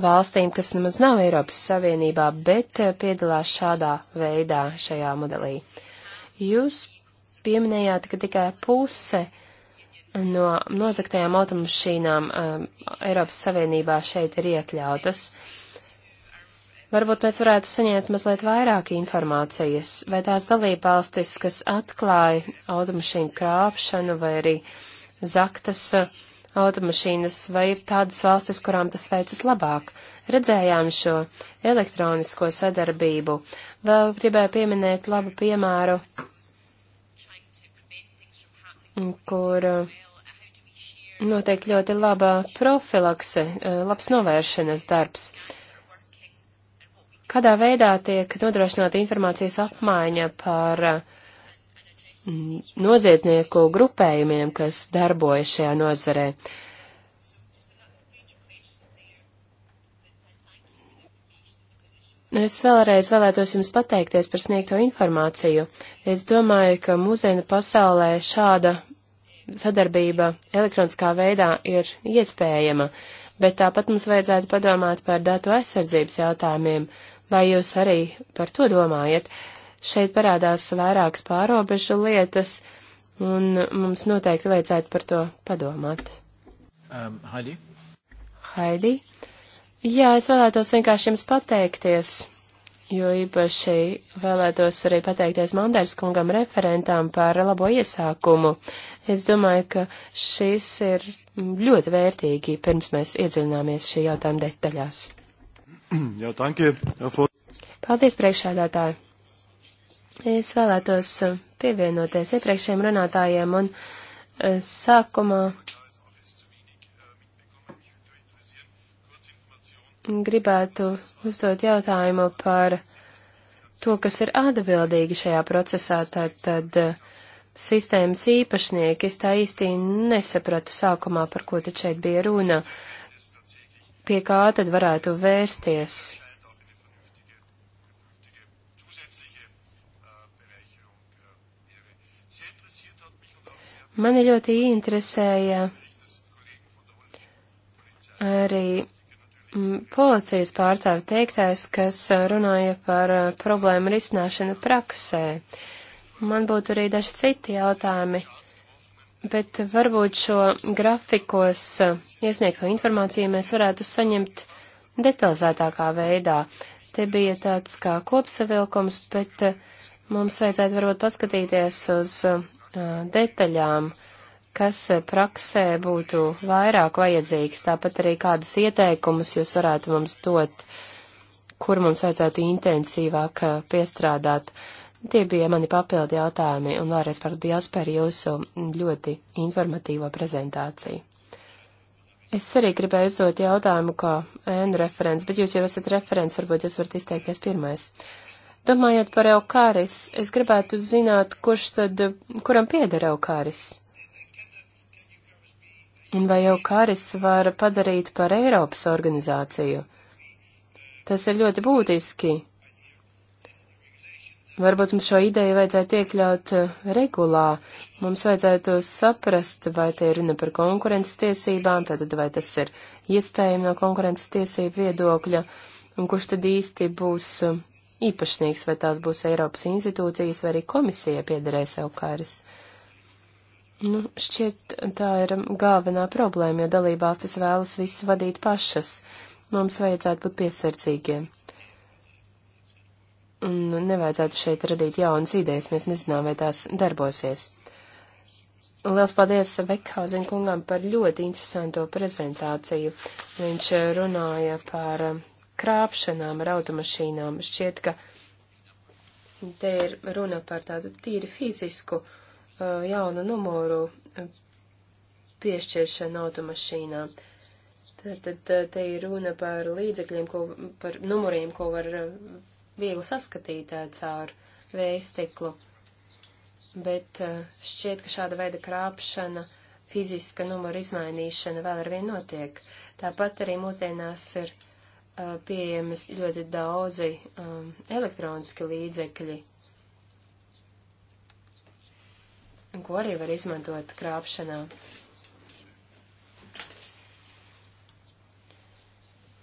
valstīm, kas nemaz nav Eiropas Savienībā, bet eh, piedalās šādā veidā šajā modelī. Jūs pieminējāt, ka tikai puse no nozaktajām automašīnām um, Eiropas Savienībā šeit ir iekļautas. Uh, Varbūt mēs varētu saņemt mazliet vairāk informācijas, vai tās dalībvalstis, kas atklāja automašīnu krāpšanu vai arī zaktas eh, automašīnas, vai ir tādas valstis, kurām tas veicas labāk. Redzējām šo elektronisko sadarbību. Vēl gribēju pieminēt labu piemēru, kur eh, notiek ļoti laba profilakse, eh, labs novēršanas darbs. Kādā veidā tiek nodrošināta informācijas apmaiņa par uh, noziedznieku grupējumiem, kas darbojas šajā nozarē? Es vēlreiz vēlētos jums pateikties par sniegto informāciju. Es domāju, ka mūsdienu pasaulē šāda sadarbība elektroniskā veidā ir iespējama, bet tāpat mums vajadzētu padomāt par datu aizsardzības jautājumiem Vai jūs arī par to domājat? Šeit parādās vairākas pārobežu lietas, un mums noteikti vajadzētu par to padomāt. Um, Haidī? Haidī? Jā, es vēlētos vienkārši jums pateikties, jo īpaši vēlētos arī pateikties Manders kungam referentām par labo iesākumu. Es domāju, ka šis ir ļoti vērtīgi, pirms mēs iedziļināmies šī jautājuma detaļās. Jā, tankie. Paldies, priekšsēdētāji. Es vēlētos uh, pievienoties iepriekšējiem runātājiem un uh, sākumā gribētu uzdot jautājumu par to, kas ir atbildīgi šajā procesā, tad, tad uh, sistēmas īpašnieki. Es tā īsti nesapratu sākumā, par ko tad šeit bija runa. Uh, pie kā tad varētu vērsties? Mani ļoti interesēja arī mm, policijas pārstāvi teiktais, kas runāja par eh, problēmu risināšanu praksē. Man būtu arī daži citi jautājumi bet varbūt šo grafikos eh, iesniegto informāciju mēs varētu saņemt detalizētākā veidā. Te bija tāds kā kopsavilkums, bet eh, mums vajadzētu varbūt paskatīties uz eh, detaļām, kas praksē būtu vairāk vajadzīgs, tāpat arī kādus ieteikumus jūs varētu mums dot, kur mums vajadzētu intensīvāk piestrādāt. Uh, Tie bija mani papildi jautājumi, un vēlreiz paldies par jūsu ļoti informatīvo prezentāciju. Es arī gribēju uzdot jautājumu, kā ēnu referents, bet jūs jau esat referents, varbūt jūs varat izteikties pirmais. Domājot par Eukāris, es gribētu zināt, kurš tad, kuram pieder Eukāris? Un vai Eukāris var padarīt par Eiropas organizāciju? Tas ir ļoti būtiski Varbūt mums šo ideju vajadzētu iekļaut eh, regulā. Mums vajadzētu saprast, vai te ir runa par konkurences tiesībām, tātad vai tas ir iespējami no konkurences tiesību viedokļa, un kurš tad īsti būs eh, īpašnieks, vai tās būs Eiropas institūcijas, vai arī komisija piederēs Eukāris. Nu, šķiet, tā ir um, galvenā problēma, jo dalībvalstis vēlas visu vadīt pašas. Mums vajadzētu būt piesardzīgiem. Un nevajadzētu šeit radīt jaunas idejas, mēs nezinām, vai tās darbosies. Liels paldies Vekhausen kungam par ļoti interesanto prezentāciju. Viņš eh, runāja par eh, krāpšanām ar automašīnām. Šķiet, ka te ir runa par tādu tīri fizisku eh, jaunu numuru piešķiršanu automašīnām. Tad, tad te ir runa par līdzekļiem, ko, par numuriem, ko var viegli saskatīt caur vējstiklu, bet eh, šķiet, ka šāda veida krāpšana, fiziska numura izmainīšana vēl ar vienu notiek. Tāpat arī mūsdienās ir eh, pieejamas ļoti daudzi um, elektroniski līdzekļi, ko arī var izmantot krāpšanā.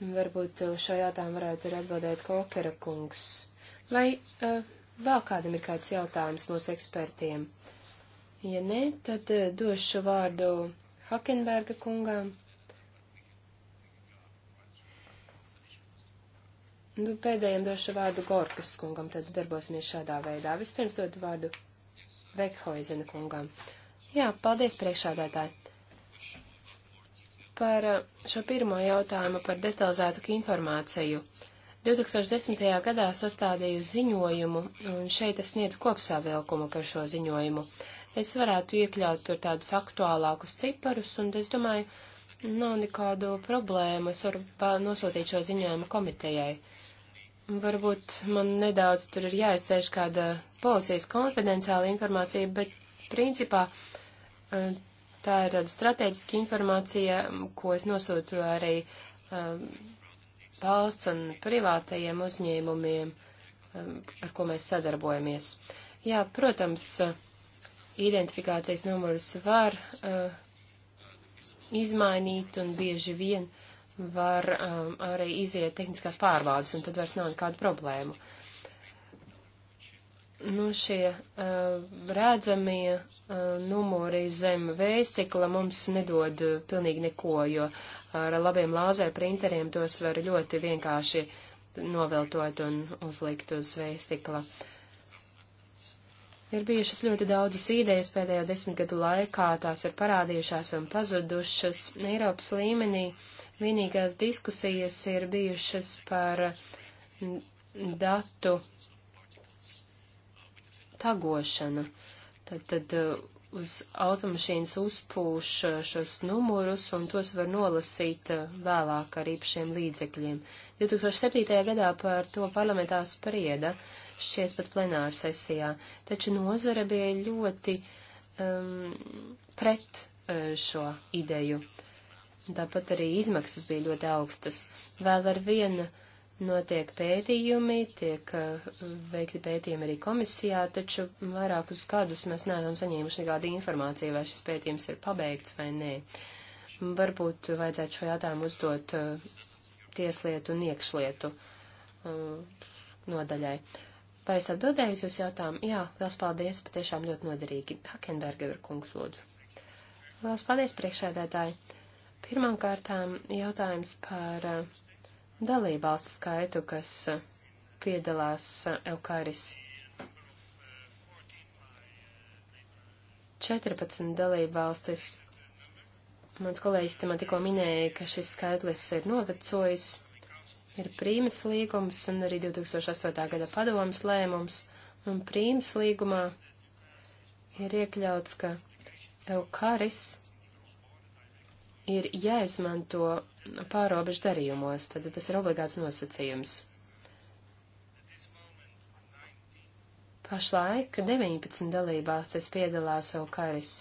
Varbūt uz uh, šo jautājumu varētu arī atbildēt Kokera kungs. Vai uh, vēl kādam ir kāds jautājums mūsu ekspertiem? Ja nē, tad uh, došu vārdu Hakenberga kungām. Nu, pēdējiem došu vārdu Gorkas kungam, tad darbosimies šādā veidā. Vispirms dodu vārdu Vekhoizena kungam. Jā, paldies priekšādātāji par uh, šo pirmo jautājumu par detalizētu informāciju. 2010. gadā sastādīju ziņojumu, un šeit es sniedzu kopsavilkumu par šo ziņojumu. Es varētu iekļaut tur tādus aktuālākus ciparus, un es domāju, nav nekādu problēmu, es varu nosūtīt šo ziņojumu komitejai. Varbūt man nedaudz tur ir jāizsēž kāda policijas konfidenciāla informācija, bet principā uh, Tā ir tāda strateģiska informācija, ko es nosūtu arī um, valsts un privātajiem uzņēmumiem, um, ar ko mēs sadarbojamies. Jā, protams, identifikācijas numurus var uh, izmainīt un bieži vien var um, arī iziet tehniskās pārbaudas, un tad vairs nav nekādu problēmu. Uh, nu, šie uh, redzamie uh, numuri zem vēstikla mums nedod uh, pilnīgi neko, jo ar labiem lāzēm printeriem tos var ļoti vienkārši noveltot un uzlikt uz vēstikla. Ir bijušas ļoti daudzas idejas pēdējo desmitgadu laikā, tās ir parādījušās un pazudušas. Eiropas līmenī vienīgās diskusijas ir bijušas par datu tagošana. Tad, tad uh, uz automašīnas uzpūš uh, šos numurus, un tos var nolasīt uh, vēlāk ar īpašiem līdzekļiem. 2007. gadā par to parlamentā sprieda, šķiet pat plenāra sesijā, taču nozara bija ļoti um, pret šo ideju. Tāpat arī izmaksas bija ļoti augstas. Vēl ar vienu uh, notiek pētījumi, tiek uh, veikti pētījumi arī komisijā, taču vairākus gadus mēs neesam saņēmuši nekādu informāciju, vai šis pētījums ir pabeigts vai nē. Varbūt vajadzētu šo jautājumu uzdot uh, tieslietu un iekšlietu uh, nodaļai. Vai es atbildēju uz jautājumu? Jā, liels paldies, patiešām ļoti noderīgi. Hakenberger kungs lūdzu. Liels paldies, priekšēdētāji. Pirmkārtām jautājums par uh, dalībvalstu skaitu, kas eh, piedalās eh, Eukaris. 14 dalībvalstis. Mans kolēģis te man tikko minēja, ka šis skaitlis ir novecojis, ir prīmas līgums un arī 2008. gada padomas lēmums, un prīmas līgumā ir iekļauts, ka Eukaris ir jāizmanto pārobežu darījumos, tad tas ir obligāts nosacījums. Pašlaik 19 dalībvalstis piedalās Okaris.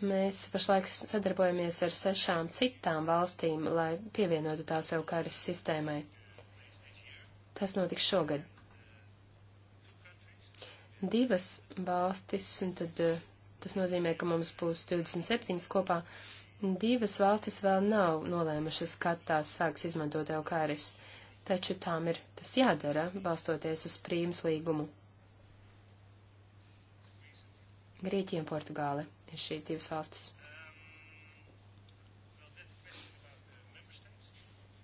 Mēs pašlaik sadarbojamies ar sešām citām valstīm, lai pievienotu tās Eukaris sistēmai. Tas notiks šogad. Divas valstis un tad Tas nozīmē, ka mums būs 27 kopā. Divas valstis vēl nav nolēmušas, kad tās sāks izmantot eukāris, taču tām ir tas jādara, balstoties uz prīmas līgumu. Grieķija un Portugāle ir šīs divas valstis.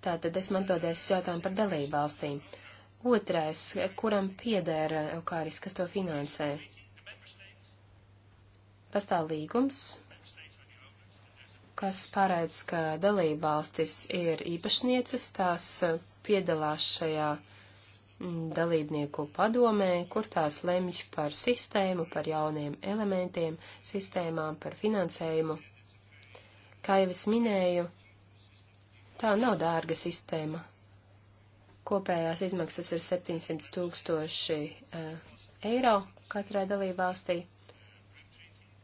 Tātad esmu atbildējis uz jautājumu par dalību valstīm. Otrais, kuram piedēra Eukāris, kas to finansē? Pastāv līgums, kas paredz, ka dalībvalstis ir īpašnieces, tās piedalās šajā mm, dalībnieku padomē, kur tās lemj par sistēmu, par jauniem elementiem, sistēmām, par finansējumu. Kā jau es minēju, tā nav dārga sistēma. Kopējās izmaksas ir 700 tūkstoši eh, eiro katrai dalībvalstī.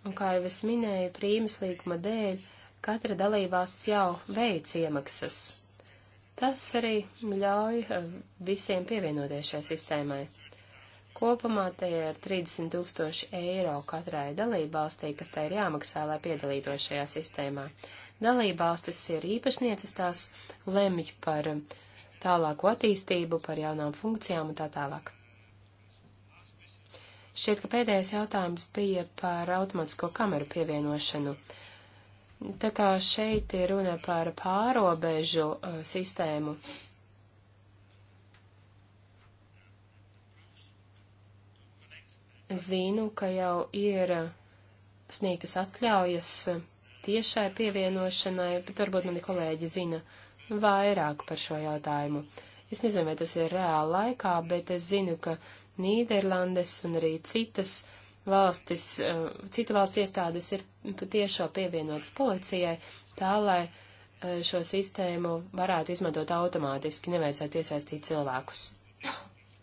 Un kā jau es minēju, prīmas līguma dēļ katra dalībvalsts jau veic iemaksas. Tas arī ļauj eh, visiem pievienoties šai sistēmai. Kopumā te ir 30 tūkstoši eiro katrai dalībvalstī, kas tai ir jāmaksā, lai piedalītos šajā sistēmā. Dalībvalstis ir īpašnieces, tās lemj par eh, tālāku attīstību, par jaunām funkcijām un tā tālāk. Šķiet, ka pēdējais jautājums bija par automātisko kameru pievienošanu. Tā kā šeit ir runa par pārobežu uh, sistēmu. Zinu, ka jau ir uh, sniegtas atļaujas uh, tiešai pievienošanai, bet varbūt mani kolēģi zina vairāk par šo jautājumu. Es nezinu, vai tas ir reāli laikā, bet es zinu, ka uh, Nīderlandes un arī citas valstis, eh, citu valstu iestādes ir patiešo pievienotas policijai, tā lai eh, šo sistēmu varētu izmantot automātiski, nevajadzētu iesaistīt cilvēkus.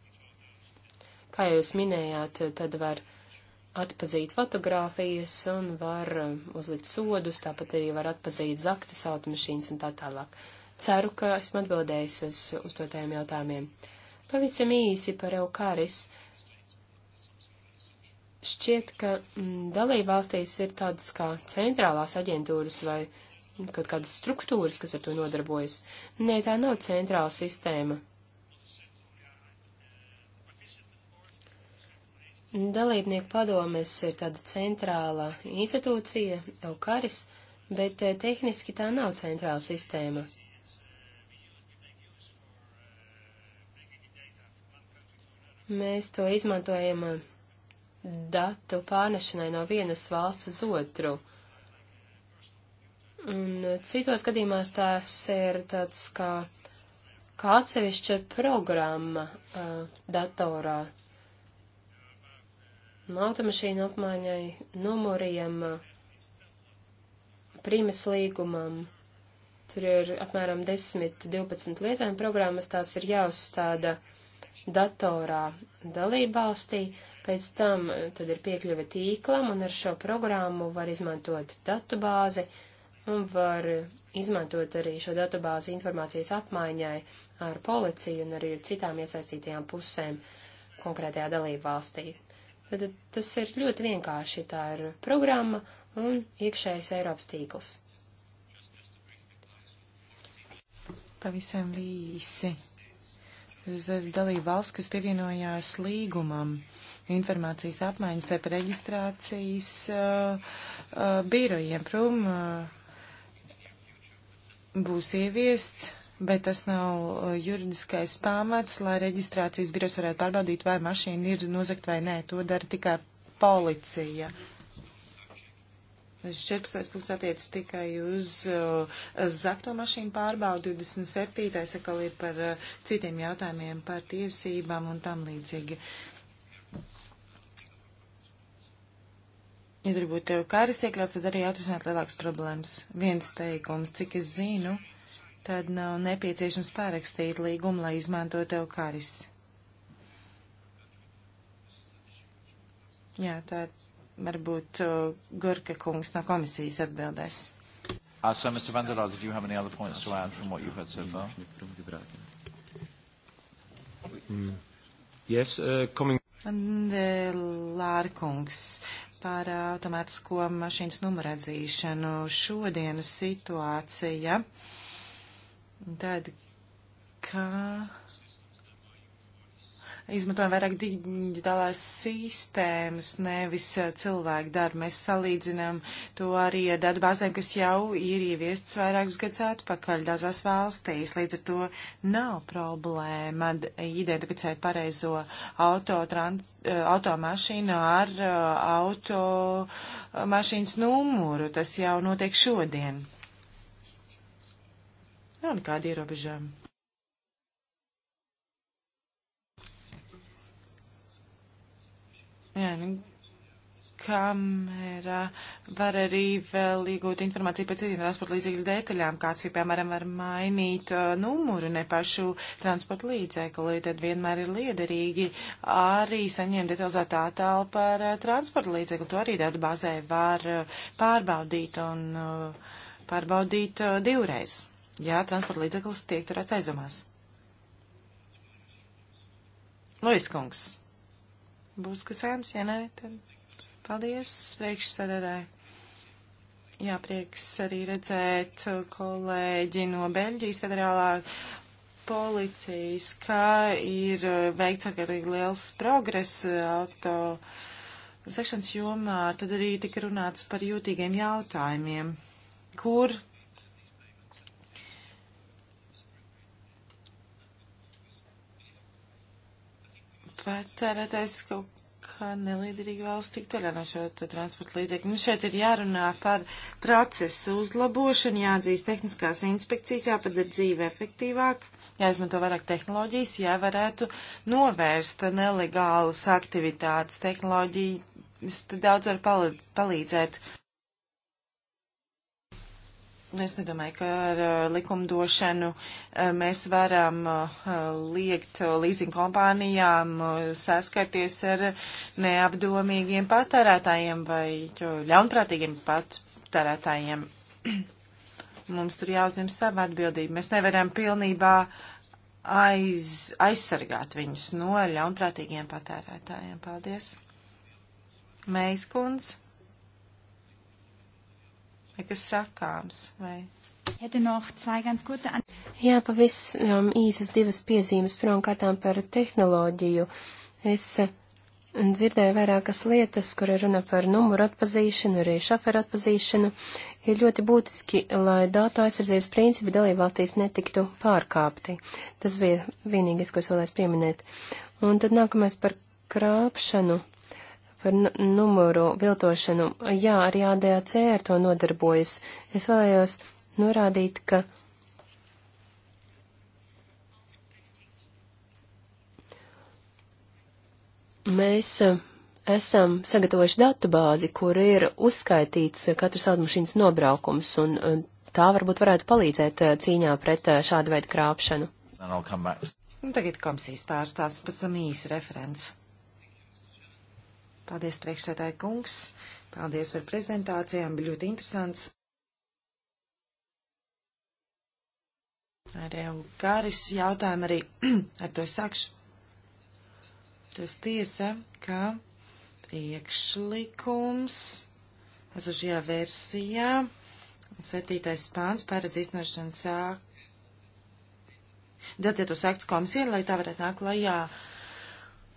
Kā jūs minējāt, tad var atpazīt fotogrāfijas un var eh, uzlikt sodus, tāpat arī var atpazīt zaktas automašīnas un tā tālāk. Ceru, ka esmu atbildējis uz uzdotajiem jautājumiem. Pavisam īsi par Eukaris. Šķiet, ka mm, dalībvalstīs ir tādas kā centrālās aģentūras vai kaut kādas struktūras, kas ar to nodarbojas. Nē, tā nav centrāla sistēma. Dalībnieku padomes ir tāda centrāla institūcija, Eukaris, bet eh, tehniski tā nav centrāla sistēma. Mēs to izmantojam uh, datu pārnešanai no vienas valsts uz otru. Un uh, citos gadījumās tās ir tāds kā, kā atsevišķa programma uh, datorā. Automašīnu apmaiņai, numuriem, uh, prīmes līgumam. Tur ir apmēram 10-12 lietām programmas, tās ir jāuzstāda uh, datorā dalībvalstī, pēc tam eh, tad ir piekļuve tīklam un ar šo programmu var izmantot datubāzi un var izmantot arī šo datubāzi informācijas apmaiņai ar policiju un arī ar citām iesaistītajām pusēm konkrētajā dalībvalstī. Tad tas ir ļoti vienkārši, tā ir programma un iekšējais Eiropas tīkls. Pavisam visi dalību valsts, kas pievienojās līgumam informācijas apmaiņas starp reģistrācijas uh, uh, birojiem. Prom uh, būs ieviests, bet tas nav uh, juridiskais pamats, lai reģistrācijas birojas varētu pārbaudīt, vai mašīna ir nozagt vai nē. To dara tikai policija. Uh, 14. punkts attiec tikai uz uh, zakto mašīnu pārbaudu, 27. atkal ir par uh, citiem jautājumiem, par tiesībām un tam līdzīgi. Ja tur būtu tev kāris iekļauts, tad arī atrisināt lielākas problēmas. Viens teikums, cik es zinu, tad nav nepieciešams pārakstīt līgumu, lai izmanto tev kāris. Jā, tā ir varbūt uh, Gorka kungs no komisijas atbildēs. Uh, so, Mr. Vandelard, did you have any other points to add from what you've heard so far? Mm. Yes, uh, coming. Vandelāra kungs par automātisko mašīnas numeradzīšanu šodienas situācija. Tad, kā. Ka izmantojam vairāk digitālās sistēmas, nevis eh, cilvēku darbu. Mēs salīdzinām to arī ar datubāzēm, kas jau ir ieviestas vairākus gadus atpakaļ dažās valstīs. Līdz ar to nav problēma identificēt pareizo auto, trans, eh, automašīnu ar eh, automašīnas numuru. Tas jau notiek šodien. Nav nekāda ierobežojuma. Jā, nu, kamera var arī vēl iegūt informāciju par citiem transporta līdzekļu detaļām, kāds, piemēram, var mainīt uh, numuru, ne pašu transporta līdzekli, tad vienmēr ir liederīgi arī saņemt detalizētu attēlu par uh, transporta līdzekli. To arī datu bāzē var uh, pārbaudīt un uh, pārbaudīt uh, divreiz, ja transporta līdzeklis tiek turēts aizdomās. Loiskungs. Būs kas ēms, ja nē, tad paldies priekšsēdētāji. Jā, prieks arī redzēt kolēģi no Beļģijas federālā policijas, ka ir veikts arī liels progress auto sekšanas jomā. Tad arī tika runāts par jūtīgiem jautājumiem, kur patērētājs kaut kā neliederīgi vēlas tikt vaļā no šo transporta līdzekļu. Nu, šeit ir jārunā par procesu uzlabošanu, jāatzīst tehniskās inspekcijas, jāpadara dzīve efektīvāk, jāizmanto vairāk tehnoloģijas, jā, varētu novērst nelegālas aktivitātes. Tehnoloģijas daudz var palīdzēt Es nedomāju, ka ar eh, likumdošanu eh, mēs varam eh, liekt līzinga kompānijām saskarties ar neapdomīgiem patērētājiem vai ļaunprātīgiem patērētājiem. Mums tur jāuzņem sava atbildība. Mēs nevaram pilnībā aiz, aizsargāt viņus no ļaunprātīgiem patērētājiem. Paldies! Meiskunds! nekas sakāms. Vai? Jā, pavisam īsas divas piezīmes. Pirmkārtām par tehnoloģiju. Es eh, dzirdēju vairākas lietas, kur ir runa par numuru atpazīšanu, arī šoferu atpazīšanu. Ir ļoti būtiski, lai datu aizsardzības principi dalībvalstīs netiktu pārkāpti. Tas bija vienīgais, ko es vēlēs pieminēt. Un tad nākamais par krāpšanu. Uh, par numuru viltošanu. Jā, arī ADAC ar to nodarbojas. Es vēlējos norādīt, ka mēs uh, esam sagatavojuši datubāzi, kur ir uzskaitīts uh, katrs automašīnas nobraukums, un uh, tā varbūt varētu palīdzēt cīņā pret šādu veidu krāpšanu. Un tagad komisijas pārstāvs pēc tam īsi referents. Paldies, priekšsētāji kungs. Paldies par prezentācijām. Bija ļoti interesants. Ar Eukāris jautājumu arī ar to sakšu. Tas tiesa, ka priekšlikums esošajā versijā septītais pāns paredz iznošanas sāk. Datiet uz akts komisija, lai tā varētu nākt lajā. Uh,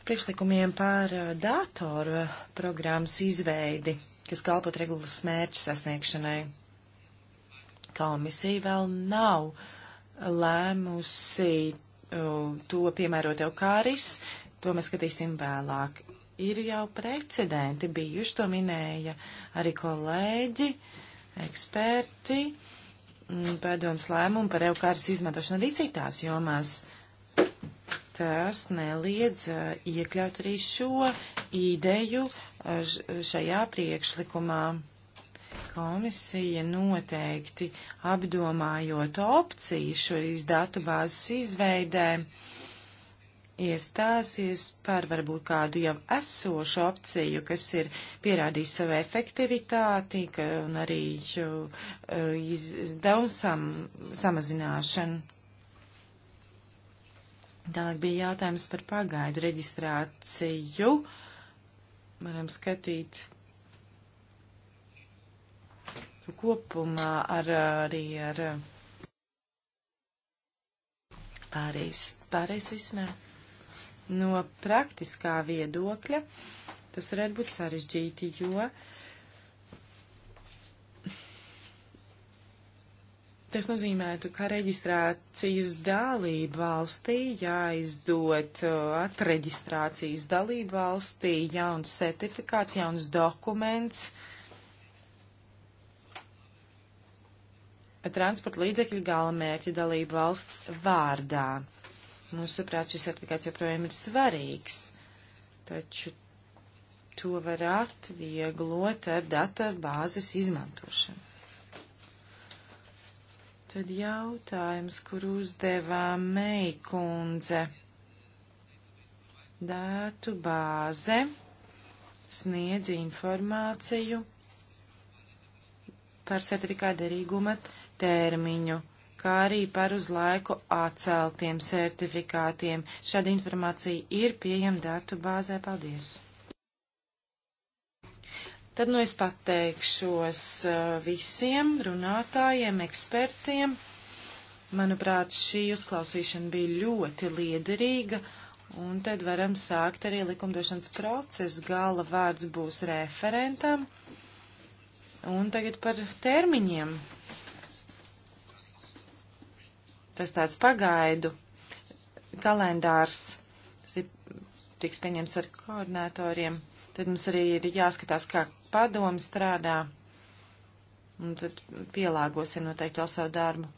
priekšlikumiem par eh, datoru eh, programmas izveidi, kas kalpot regulas mērķu sasniegšanai. Komisija vēl nav lēmusi eh, to piemērot jau kāris, to mēs skatīsim vēlāk. Ir jau precedenti bijuši, to minēja arī kolēģi, eksperti, mm, pēdējums lēmumu par eukāras izmantošanu arī citās jomās kas neliedz iekļaut arī šo ideju šajā priekšlikumā. Komisija noteikti apdomājot opciju šīs datubāzes izveidē, iestāsies par varbūt kādu jau esošu opciju, kas ir pierādījis savu efektivitāti un arī izdevums sam, samazināšanu. Tālāk bija jautājums par pagaidu reģistrāciju. Varam skatīt kopumā ar, arī ar pārējais, pārējais risinājumu. No praktiskā viedokļa tas varētu būt sarežģīti, jo uh, Tas nozīmētu, ka reģistrācijas dalība valstī jāizdod uh, atreģistrācijas dalība valstī jauns certifikāts, jauns dokuments. Transporta līdzekļu galamērķi dalība valsts vārdā. Mūsuprāt, šis certifikāts joprojām ir svarīgs, taču to var atvieglot ar datu bāzes izmantošanu. Tad jautājums, kur uzdevā Meikundze. Dātu bāze sniedz informāciju par certifikāta derīguma termiņu, kā arī par uz laiku atceltiem certifikātiem. Šāda informācija ir pieejama datu bāzē. Paldies! Tad nu es pateikšos uh, visiem runātājiem, ekspertiem. Manuprāt, šī uzklausīšana bija ļoti liederīga, un tad varam sākt arī likumdošanas procesu. Gala vārds būs referentam. Un tagad par termiņiem. Tas tāds pagaidu kalendārs. Tas ir, tiks pieņemts ar koordinatoriem. Tad mums arī ir jāskatās, kā padomu strādā, un tad pielāgosim noteikti vēl savu darbu.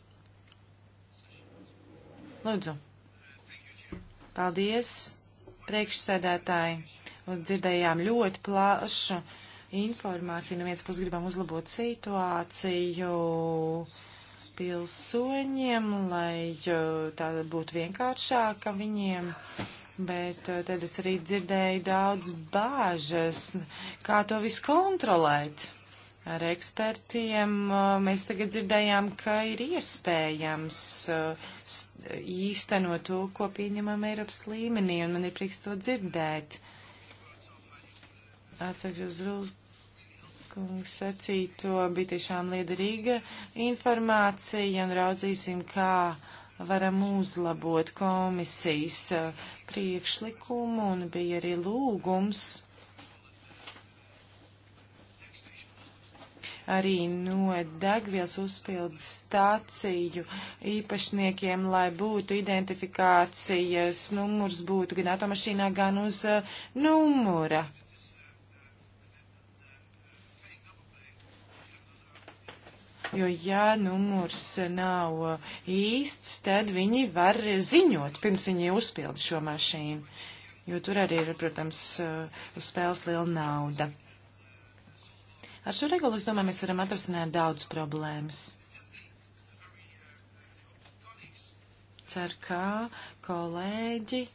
Lūdzu. Paldies, priekšsēdētāji. Un dzirdējām ļoti plašu informāciju. No nu, vienas puses gribam uzlabot situāciju pilsoņiem, lai tā būtu vienkāršāka viņiem Bet eh, tad es arī dzirdēju daudz bāžas, kā to visu kontrolēt. Ar ekspertiem eh, mēs tagad dzirdējām, ka ir iespējams eh, īstenot to, ko pieņemam Eiropas līmenī, un man ir prieks to dzirdēt. Atsakšos Rūls kungs sacīto, bija tiešām liederīga informācija, un raudzīsim, kā varam uzlabot komisijas priekšlikumu un bija arī lūgums arī no degvielas uzpildes stāciju īpašniekiem, lai būtu identifikācijas numurs būtu gan automašīnā, gan uz eh, numura. jo ja numurs nav īsts, tad viņi var ziņot, pirms viņi uzpilda šo mašīnu, jo tur arī ir, protams, eh, uz spēles liela nauda. Ar šo regulu, es domāju, mēs varam atrasināt daudz problēmas. Ceru, ka kolēģi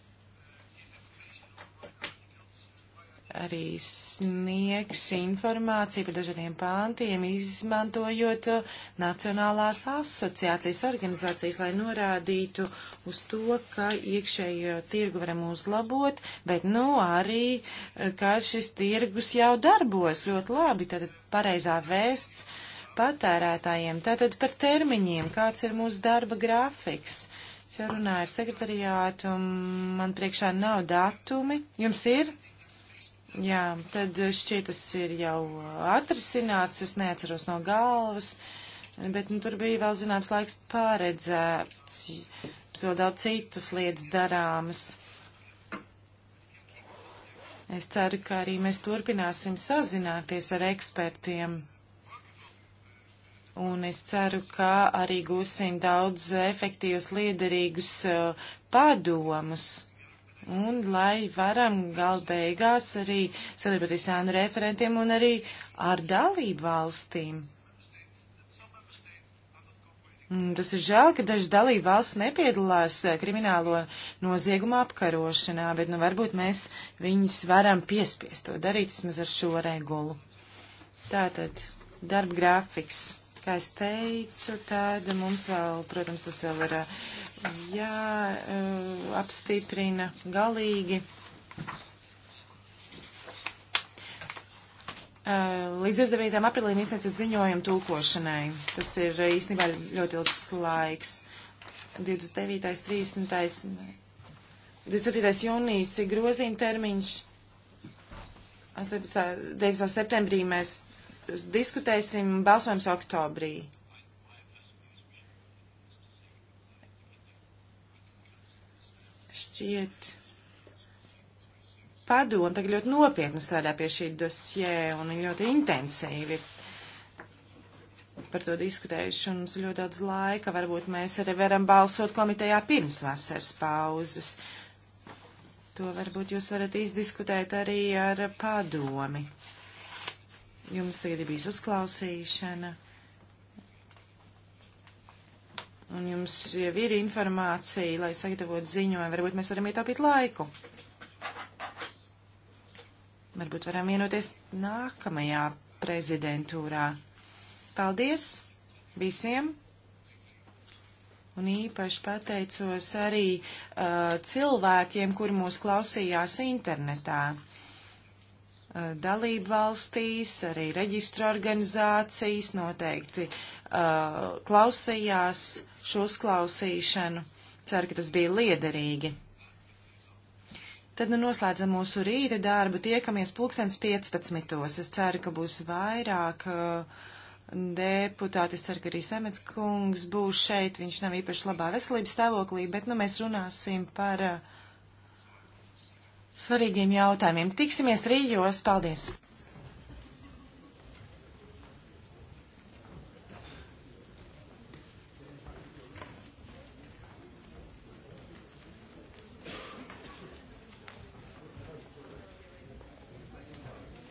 arī sniegs informāciju par dažādiem pāntiem, izmantojot uh, Nacionālās asociācijas organizācijas, lai norādītu uz to, ka iekšējo tirgu varam uzlabot, bet, nu, arī, uh, ka šis tirgus jau darbos ļoti labi, tad pareizā vēsts patērētājiem, tātad par termiņiem, kāds ir mūsu darba grafiks. Es jau runāju ar sekretariātu, man priekšā nav datumi. Jums ir? Jā, tad šķiet tas ir jau atrisināts, es neatceros no galvas, bet nu, tur bija vēl zināms laiks pārredzēts, mums vēl daudz citas lietas darāmas. Es ceru, ka arī mēs turpināsim sazināties ar ekspertiem. Un es ceru, ka arī gūsim daudz efektīvus, liederīgus uh, padomus un lai varam gal beigās arī sadarboties ar sēnu referentiem un arī ar dalību valstīm. Mm, tas ir žēl, ka daži dalību valsts nepiedalās eh, kriminālo noziegumu apkarošanā, bet nu varbūt mēs viņus varam piespiest to darīt vismaz ar šo regulu. Tātad, darba grafiks. Kā es teicu, tad mums vēl, protams, tas vēl ir uh, jā, eh, apstiprina galīgi. Eh, līdz 29. aprīlim izniecēt ziņojumu tulkošanai. Tas ir eh, īstenībā ļoti ilgs laiks. 29. 30. 27. jūnijas ir grozījuma termiņš. 18. 9. septembrī mēs diskutēsim, balsojums oktobrī. Šķiet, padomu tagad ļoti nopietni strādā pie šī dosjē un ļoti intensīvi ir par to diskutējuši, un mums ir ļoti daudz laika. Varbūt mēs arī varam balsot komitejā pirms vasaras pauzes. To varbūt jūs varat izdiskutēt arī ar padomi. Jums tagad ir bijis uzklausīšana un jums jau ir informācija, lai sagatavotu ziņojumu, varbūt mēs varam ietaupīt laiku. Varbūt varam vienoties nākamajā prezidentūrā. Paldies visiem! Un īpaši pateicos arī uh, cilvēkiem, kur mūs klausījās internetā. Uh, dalību valstīs, arī reģistra organizācijas noteikti uh, klausījās šo uzklausīšanu. Ceru, ka tas bija liederīgi. Tad nu noslēdzam mūsu rīta darbu, tiekamies pulkstens 15. Es ceru, ka būs vairāk uh, deputāti, es ceru, ka arī Semets kungs būs šeit. Viņš nav īpaši labā veselības stāvoklī, bet nu mēs runāsim par uh, svarīgiem jautājumiem. Tiksimies trījos. Paldies!